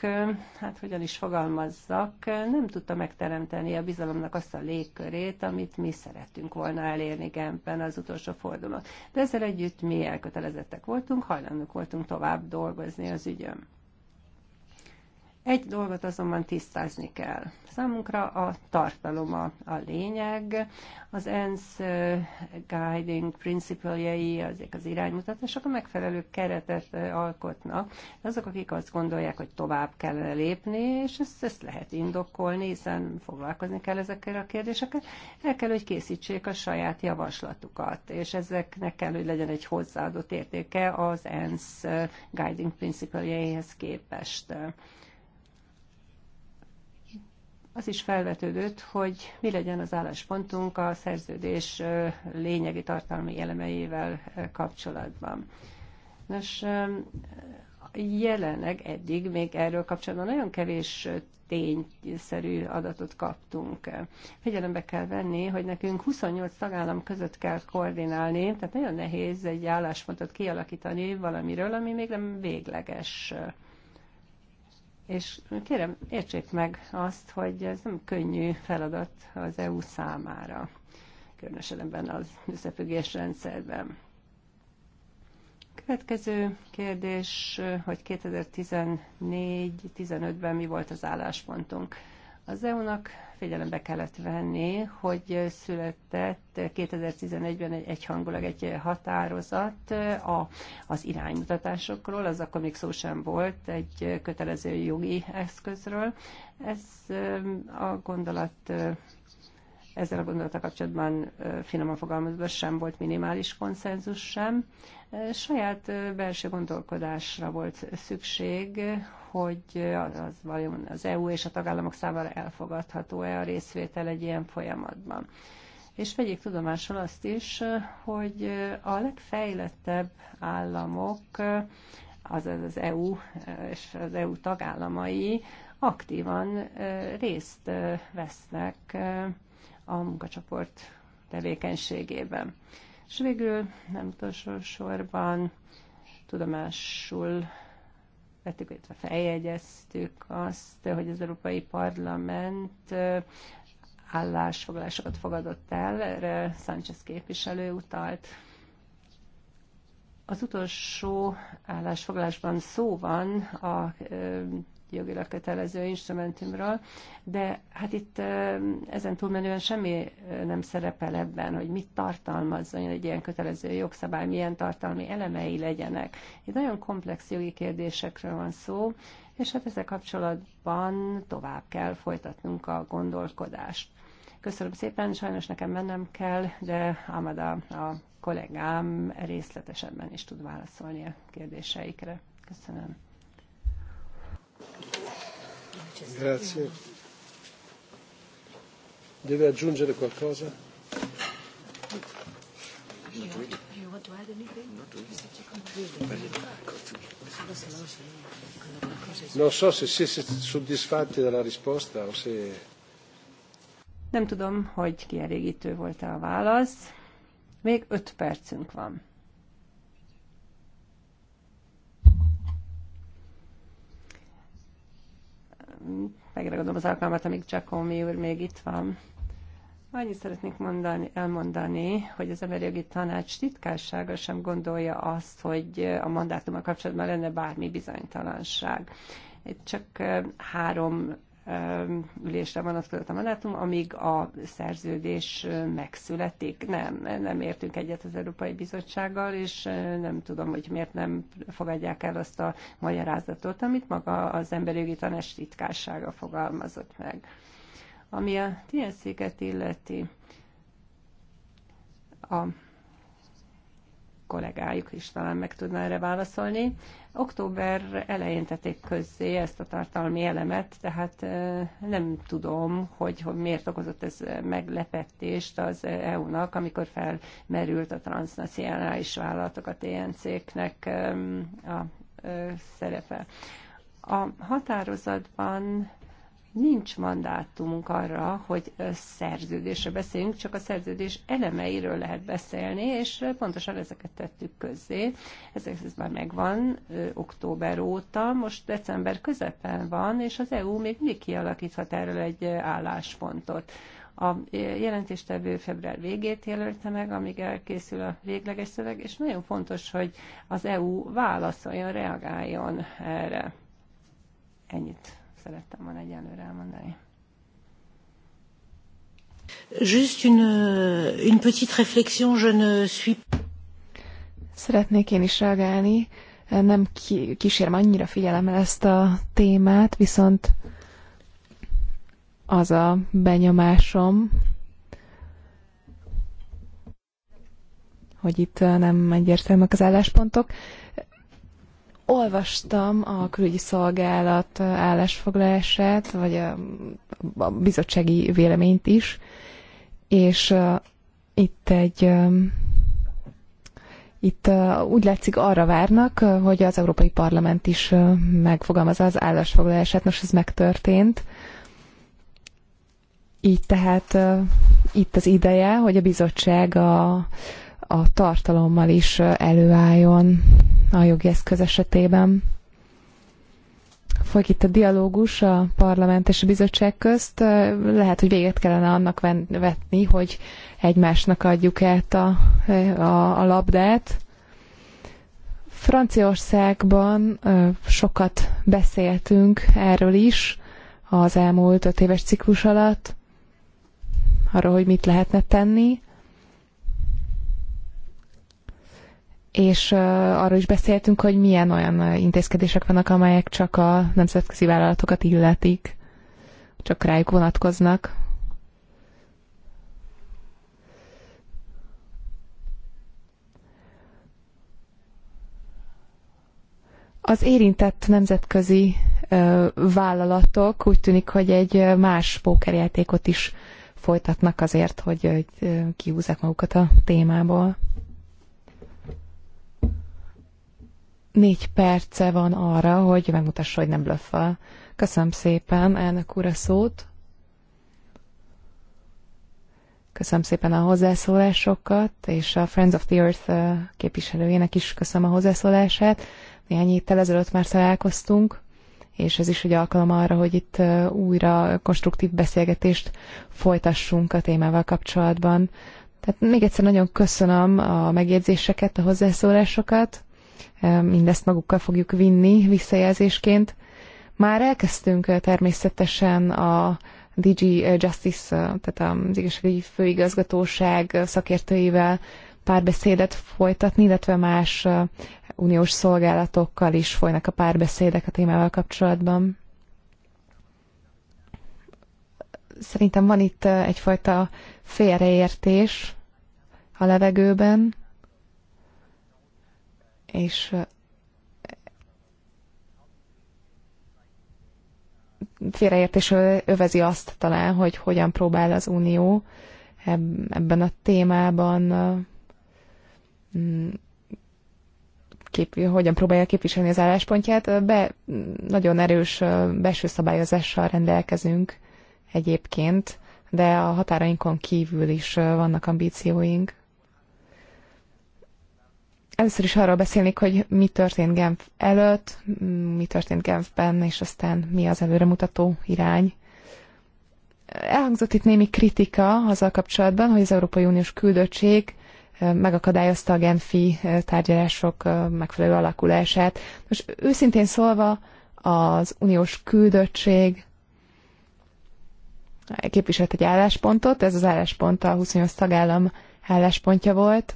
hát hogyan is fogalmazzak, nem tudta megteremteni a bizalomnak azt a légkörét, amit mi szerettünk volna elérni Genfben az utolsó fordulón. De ezzel együtt mi elkötelezettek voltunk, hajlandók voltunk tovább dolgozni az ügyön. Egy dolgot azonban tisztázni kell. Számunkra a tartalom a lényeg. Az ENSZ guiding Principles-jei, azok az iránymutatások a megfelelő keretet alkotnak. Azok, akik azt gondolják, hogy tovább kellene lépni, és ezt, ezt lehet indokolni, hiszen foglalkozni kell ezekkel a kérdésekkel, el kell, hogy készítsék a saját javaslatukat, és ezeknek kell, hogy legyen egy hozzáadott értéke az ENSZ guiding Principles-jeihez képest az is felvetődött, hogy mi legyen az álláspontunk a szerződés lényegi tartalmi elemeivel kapcsolatban. Nos, jelenleg eddig még erről kapcsolatban nagyon kevés tényszerű adatot kaptunk. Figyelembe kell venni, hogy nekünk 28 tagállam között kell koordinálni, tehát nagyon nehéz egy álláspontot kialakítani valamiről, ami még nem végleges. És kérem, értsék meg azt, hogy ez nem könnyű feladat az EU számára, különösen ebben az összefüggés rendszerben. Következő kérdés, hogy 2014-15-ben mi volt az álláspontunk. Az EU-nak figyelembe kellett venni, hogy született 2011-ben egy egyhangulag egy határozat a, az iránymutatásokról, az akkor még szó sem volt egy kötelező jogi eszközről. Ez a gondolat ezzel a gondolata kapcsolatban finoman fogalmazva sem volt minimális konszenzus sem. Saját belső gondolkodásra volt szükség, hogy az, az EU és a tagállamok számára elfogadható-e a részvétel egy ilyen folyamatban. És vegyék tudomásul azt is, hogy a legfejlettebb államok, azaz az EU és az EU tagállamai aktívan részt vesznek a munkacsoport tevékenységében. És végül, nem utolsó sorban, tudomásul vettük, illetve feljegyeztük azt, hogy az Európai Parlament állásfoglalásokat fogadott el, erre Sánchez képviselő utalt. Az utolsó állásfoglalásban szó van a jogilag kötelező instrumentumról, de hát itt ezen túlmenően semmi nem szerepel ebben, hogy mit tartalmazzon egy ilyen kötelező jogszabály, milyen tartalmi elemei legyenek. Itt nagyon komplex jogi kérdésekről van szó, és hát ezzel kapcsolatban tovább kell folytatnunk a gondolkodást. Köszönöm szépen, sajnos nekem mennem kell, de Amada a kollégám részletesebben is tud válaszolni a kérdéseikre. Köszönöm. Grazie. Deve aggiungere qualcosa? Non so se siete soddisfatti della risposta o se... Nem tudom, hogy kielégítő volt a válasz. Még öt percünk van. megragadom az alkalmat, amíg Giacomi úr még itt van. Annyit szeretnék mondani, elmondani, hogy az emberi jogi tanács titkássága sem gondolja azt, hogy a mandátummal kapcsolatban lenne bármi bizonytalanság. Itt csak három ülésre vonatkozott a mandátum, amíg a szerződés megszületik. Nem, nem értünk egyet az Európai Bizottsággal, és nem tudom, hogy miért nem fogadják el azt a magyarázatot, amit maga az emberi jogi tanács titkássága fogalmazott meg. Ami a tnc illeti, a kollégájuk is talán meg tudna erre válaszolni. Október elején tették közzé ezt a tartalmi elemet, tehát nem tudom, hogy miért okozott ez meglepetést az EU-nak, amikor felmerült a transnacionális vállalatok, a TNC-knek a szerepe. A határozatban nincs mandátumunk arra, hogy szerződésre beszéljünk, csak a szerződés elemeiről lehet beszélni, és pontosan ezeket tettük közzé. Ezek ez már megvan október óta, most december közepén van, és az EU még mindig kialakíthat erről egy álláspontot. A jelentéstevő február végét jelölte meg, amíg elkészül a végleges szöveg, és nagyon fontos, hogy az EU válaszoljon, reagáljon erre. Ennyit szerettem volna egyenlőre elmondani. Just une, une petite réflexion, je ne suis... Szeretnék én is reagálni. Nem ki, kísérem annyira figyelemmel ezt a témát, viszont az a benyomásom, hogy itt nem egyértelműek az álláspontok olvastam a külügyi szolgálat állásfoglalását, vagy a, a bizottsági véleményt is, és uh, itt egy um, itt uh, úgy látszik arra várnak, uh, hogy az Európai Parlament is uh, megfogalmazza az állásfoglalását. Nos, ez megtörtént. Így tehát uh, itt az ideje, hogy a bizottság a a tartalommal is előálljon a jogi eszköz esetében. Folyik itt a dialógus a parlament és a bizottság közt. Lehet, hogy véget kellene annak vetni, hogy egymásnak adjuk át a, a, a labdát. Franciaországban sokat beszéltünk erről is az elmúlt öt éves ciklus alatt, arról, hogy mit lehetne tenni. és arról is beszéltünk, hogy milyen olyan intézkedések vannak, amelyek csak a nemzetközi vállalatokat illetik, csak rájuk vonatkoznak. Az érintett nemzetközi vállalatok úgy tűnik, hogy egy más pókerjátékot is folytatnak azért, hogy kihúzzák magukat a témából. négy perce van arra, hogy megmutassa, hogy nem blöffel. Köszönöm szépen, elnök úr, a szót. Köszönöm szépen a hozzászólásokat, és a Friends of the Earth képviselőjének is köszönöm a hozzászólását. Néhány héttel ezelőtt már találkoztunk, és ez is egy alkalom arra, hogy itt újra konstruktív beszélgetést folytassunk a témával kapcsolatban. Tehát még egyszer nagyon köszönöm a megjegyzéseket, a hozzászólásokat mindezt magukkal fogjuk vinni visszajelzésként. Már elkezdtünk természetesen a DG Justice, tehát az igazságügyi főigazgatóság szakértőivel párbeszédet folytatni, illetve más uniós szolgálatokkal is folynak a párbeszédek a témával kapcsolatban. Szerintem van itt egyfajta félreértés a levegőben és félreértés övezi azt talán, hogy hogyan próbál az Unió ebben a témában mm, kép, hogyan próbálja képviselni az álláspontját. Be, nagyon erős belső szabályozással rendelkezünk egyébként, de a határainkon kívül is vannak ambícióink. Először is arról beszélnék, hogy mi történt Genf előtt, mi történt Genfben, és aztán mi az előremutató irány. Elhangzott itt némi kritika azzal kapcsolatban, hogy az Európai Uniós küldöttség megakadályozta a genfi tárgyalások megfelelő alakulását. Most őszintén szólva az uniós küldöttség képviselt egy álláspontot, ez az álláspont a 28 tagállam álláspontja volt,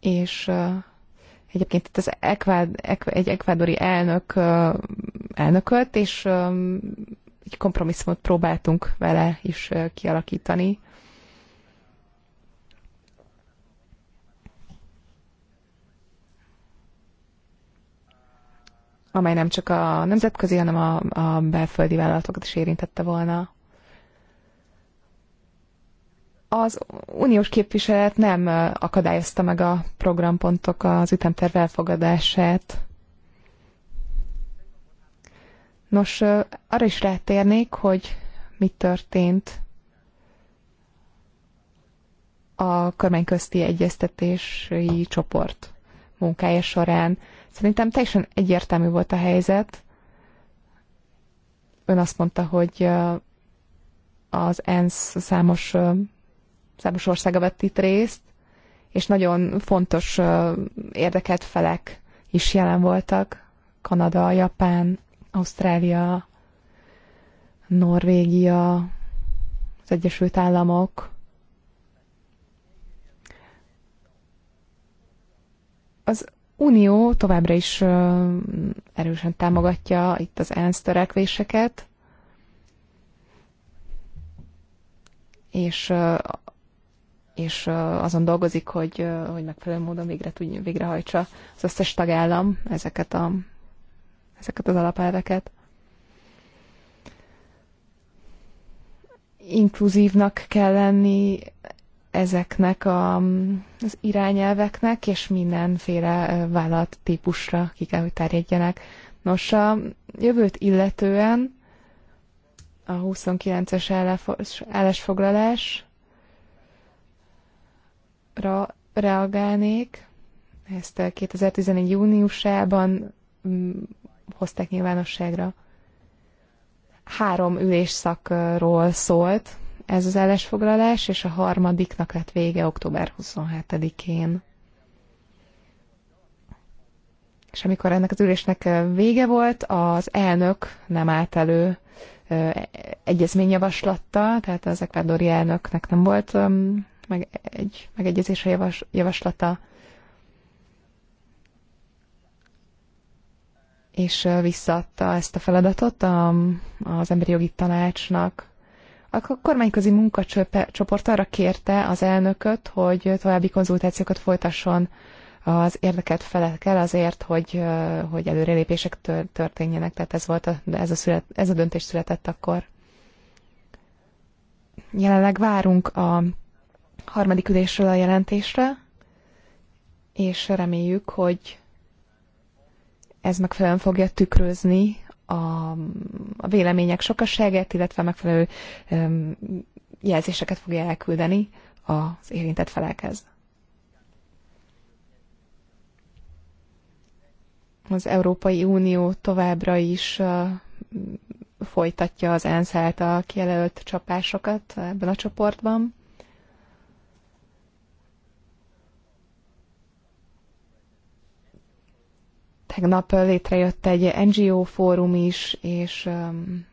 és egyébként itt az ekvád, ek, egy ekvádori elnök elnökölt, és egy kompromisszumot próbáltunk vele is kialakítani. amely nem csak a nemzetközi, hanem a, a belföldi vállalatokat is érintette volna az uniós képviselet nem akadályozta meg a programpontok az ütemterv elfogadását. Nos, arra is rátérnék, hogy mi történt a kormányközti egyeztetési csoport munkája során. Szerintem teljesen egyértelmű volt a helyzet. Ön azt mondta, hogy az ENSZ számos számos országa vett itt részt, és nagyon fontos érdekelt felek is jelen voltak. Kanada, Japán, Ausztrália, Norvégia, az Egyesült Államok. Az Unió továbbra is erősen támogatja itt az ENSZ törekvéseket, és és azon dolgozik, hogy, hogy megfelelő módon végre tudj, végrehajtsa az összes tagállam ezeket, a, ezeket az alapelveket. Inkluzívnak kell lenni ezeknek a, az irányelveknek, és mindenféle vállalat típusra ki kell, hogy terjedjenek. Nos, a jövőt illetően a 29-es állásfoglalás ra reagálnék. Ezt 2014. júniusában mm, hozták nyilvánosságra. Három ülésszakról szólt ez az állásfoglalás, és a harmadiknak lett vége október 27-én. És amikor ennek az ülésnek vége volt, az elnök nem állt elő egyezményjavaslattal, tehát az ekvádori elnöknek nem volt meg egy megegyezésre javas, javaslata, és visszaadta ezt a feladatot a, az Emberi Jogi Tanácsnak. A kormányközi munkacsoport arra kérte az elnököt, hogy további konzultációkat folytasson az érdekelt felekkel azért, hogy, hogy előrelépések történjenek. Tehát ez, volt a, ez, a szület, ez a döntés született akkor. Jelenleg várunk a harmadik ülésről a jelentésre, és reméljük, hogy ez megfelelően fogja tükrözni a, a vélemények sokasságát, illetve megfelelő um, jelzéseket fogja elküldeni az érintett felekhez. Az Európai Unió továbbra is uh, folytatja az ENSZ által kijelölt csapásokat ebben a csoportban. Tegnap létrejött egy NGO fórum is, és um,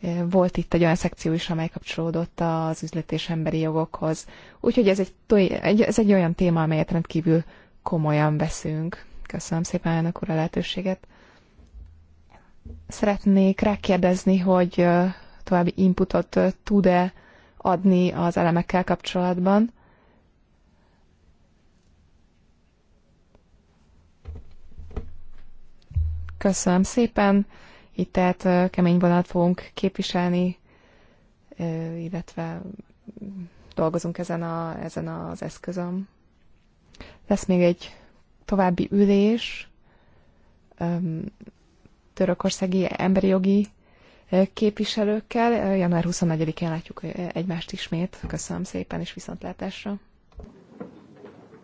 e, volt itt egy olyan szekció is, amely kapcsolódott az üzlet és emberi jogokhoz. Úgyhogy ez egy, ez egy olyan téma, amelyet rendkívül komolyan veszünk. Köszönöm szépen elnök úr a lehetőséget. Szeretnék rákérdezni, hogy e, további inputot e, tud-e adni az elemekkel kapcsolatban. Köszönöm szépen. Itt tehát kemény vonalat fogunk képviselni, illetve dolgozunk ezen, a, ezen az eszközön. Lesz még egy további ülés, törökországi emberi jogi képviselőkkel. Január 24-én látjuk egymást ismét. Köszönöm szépen, és viszontlátásra!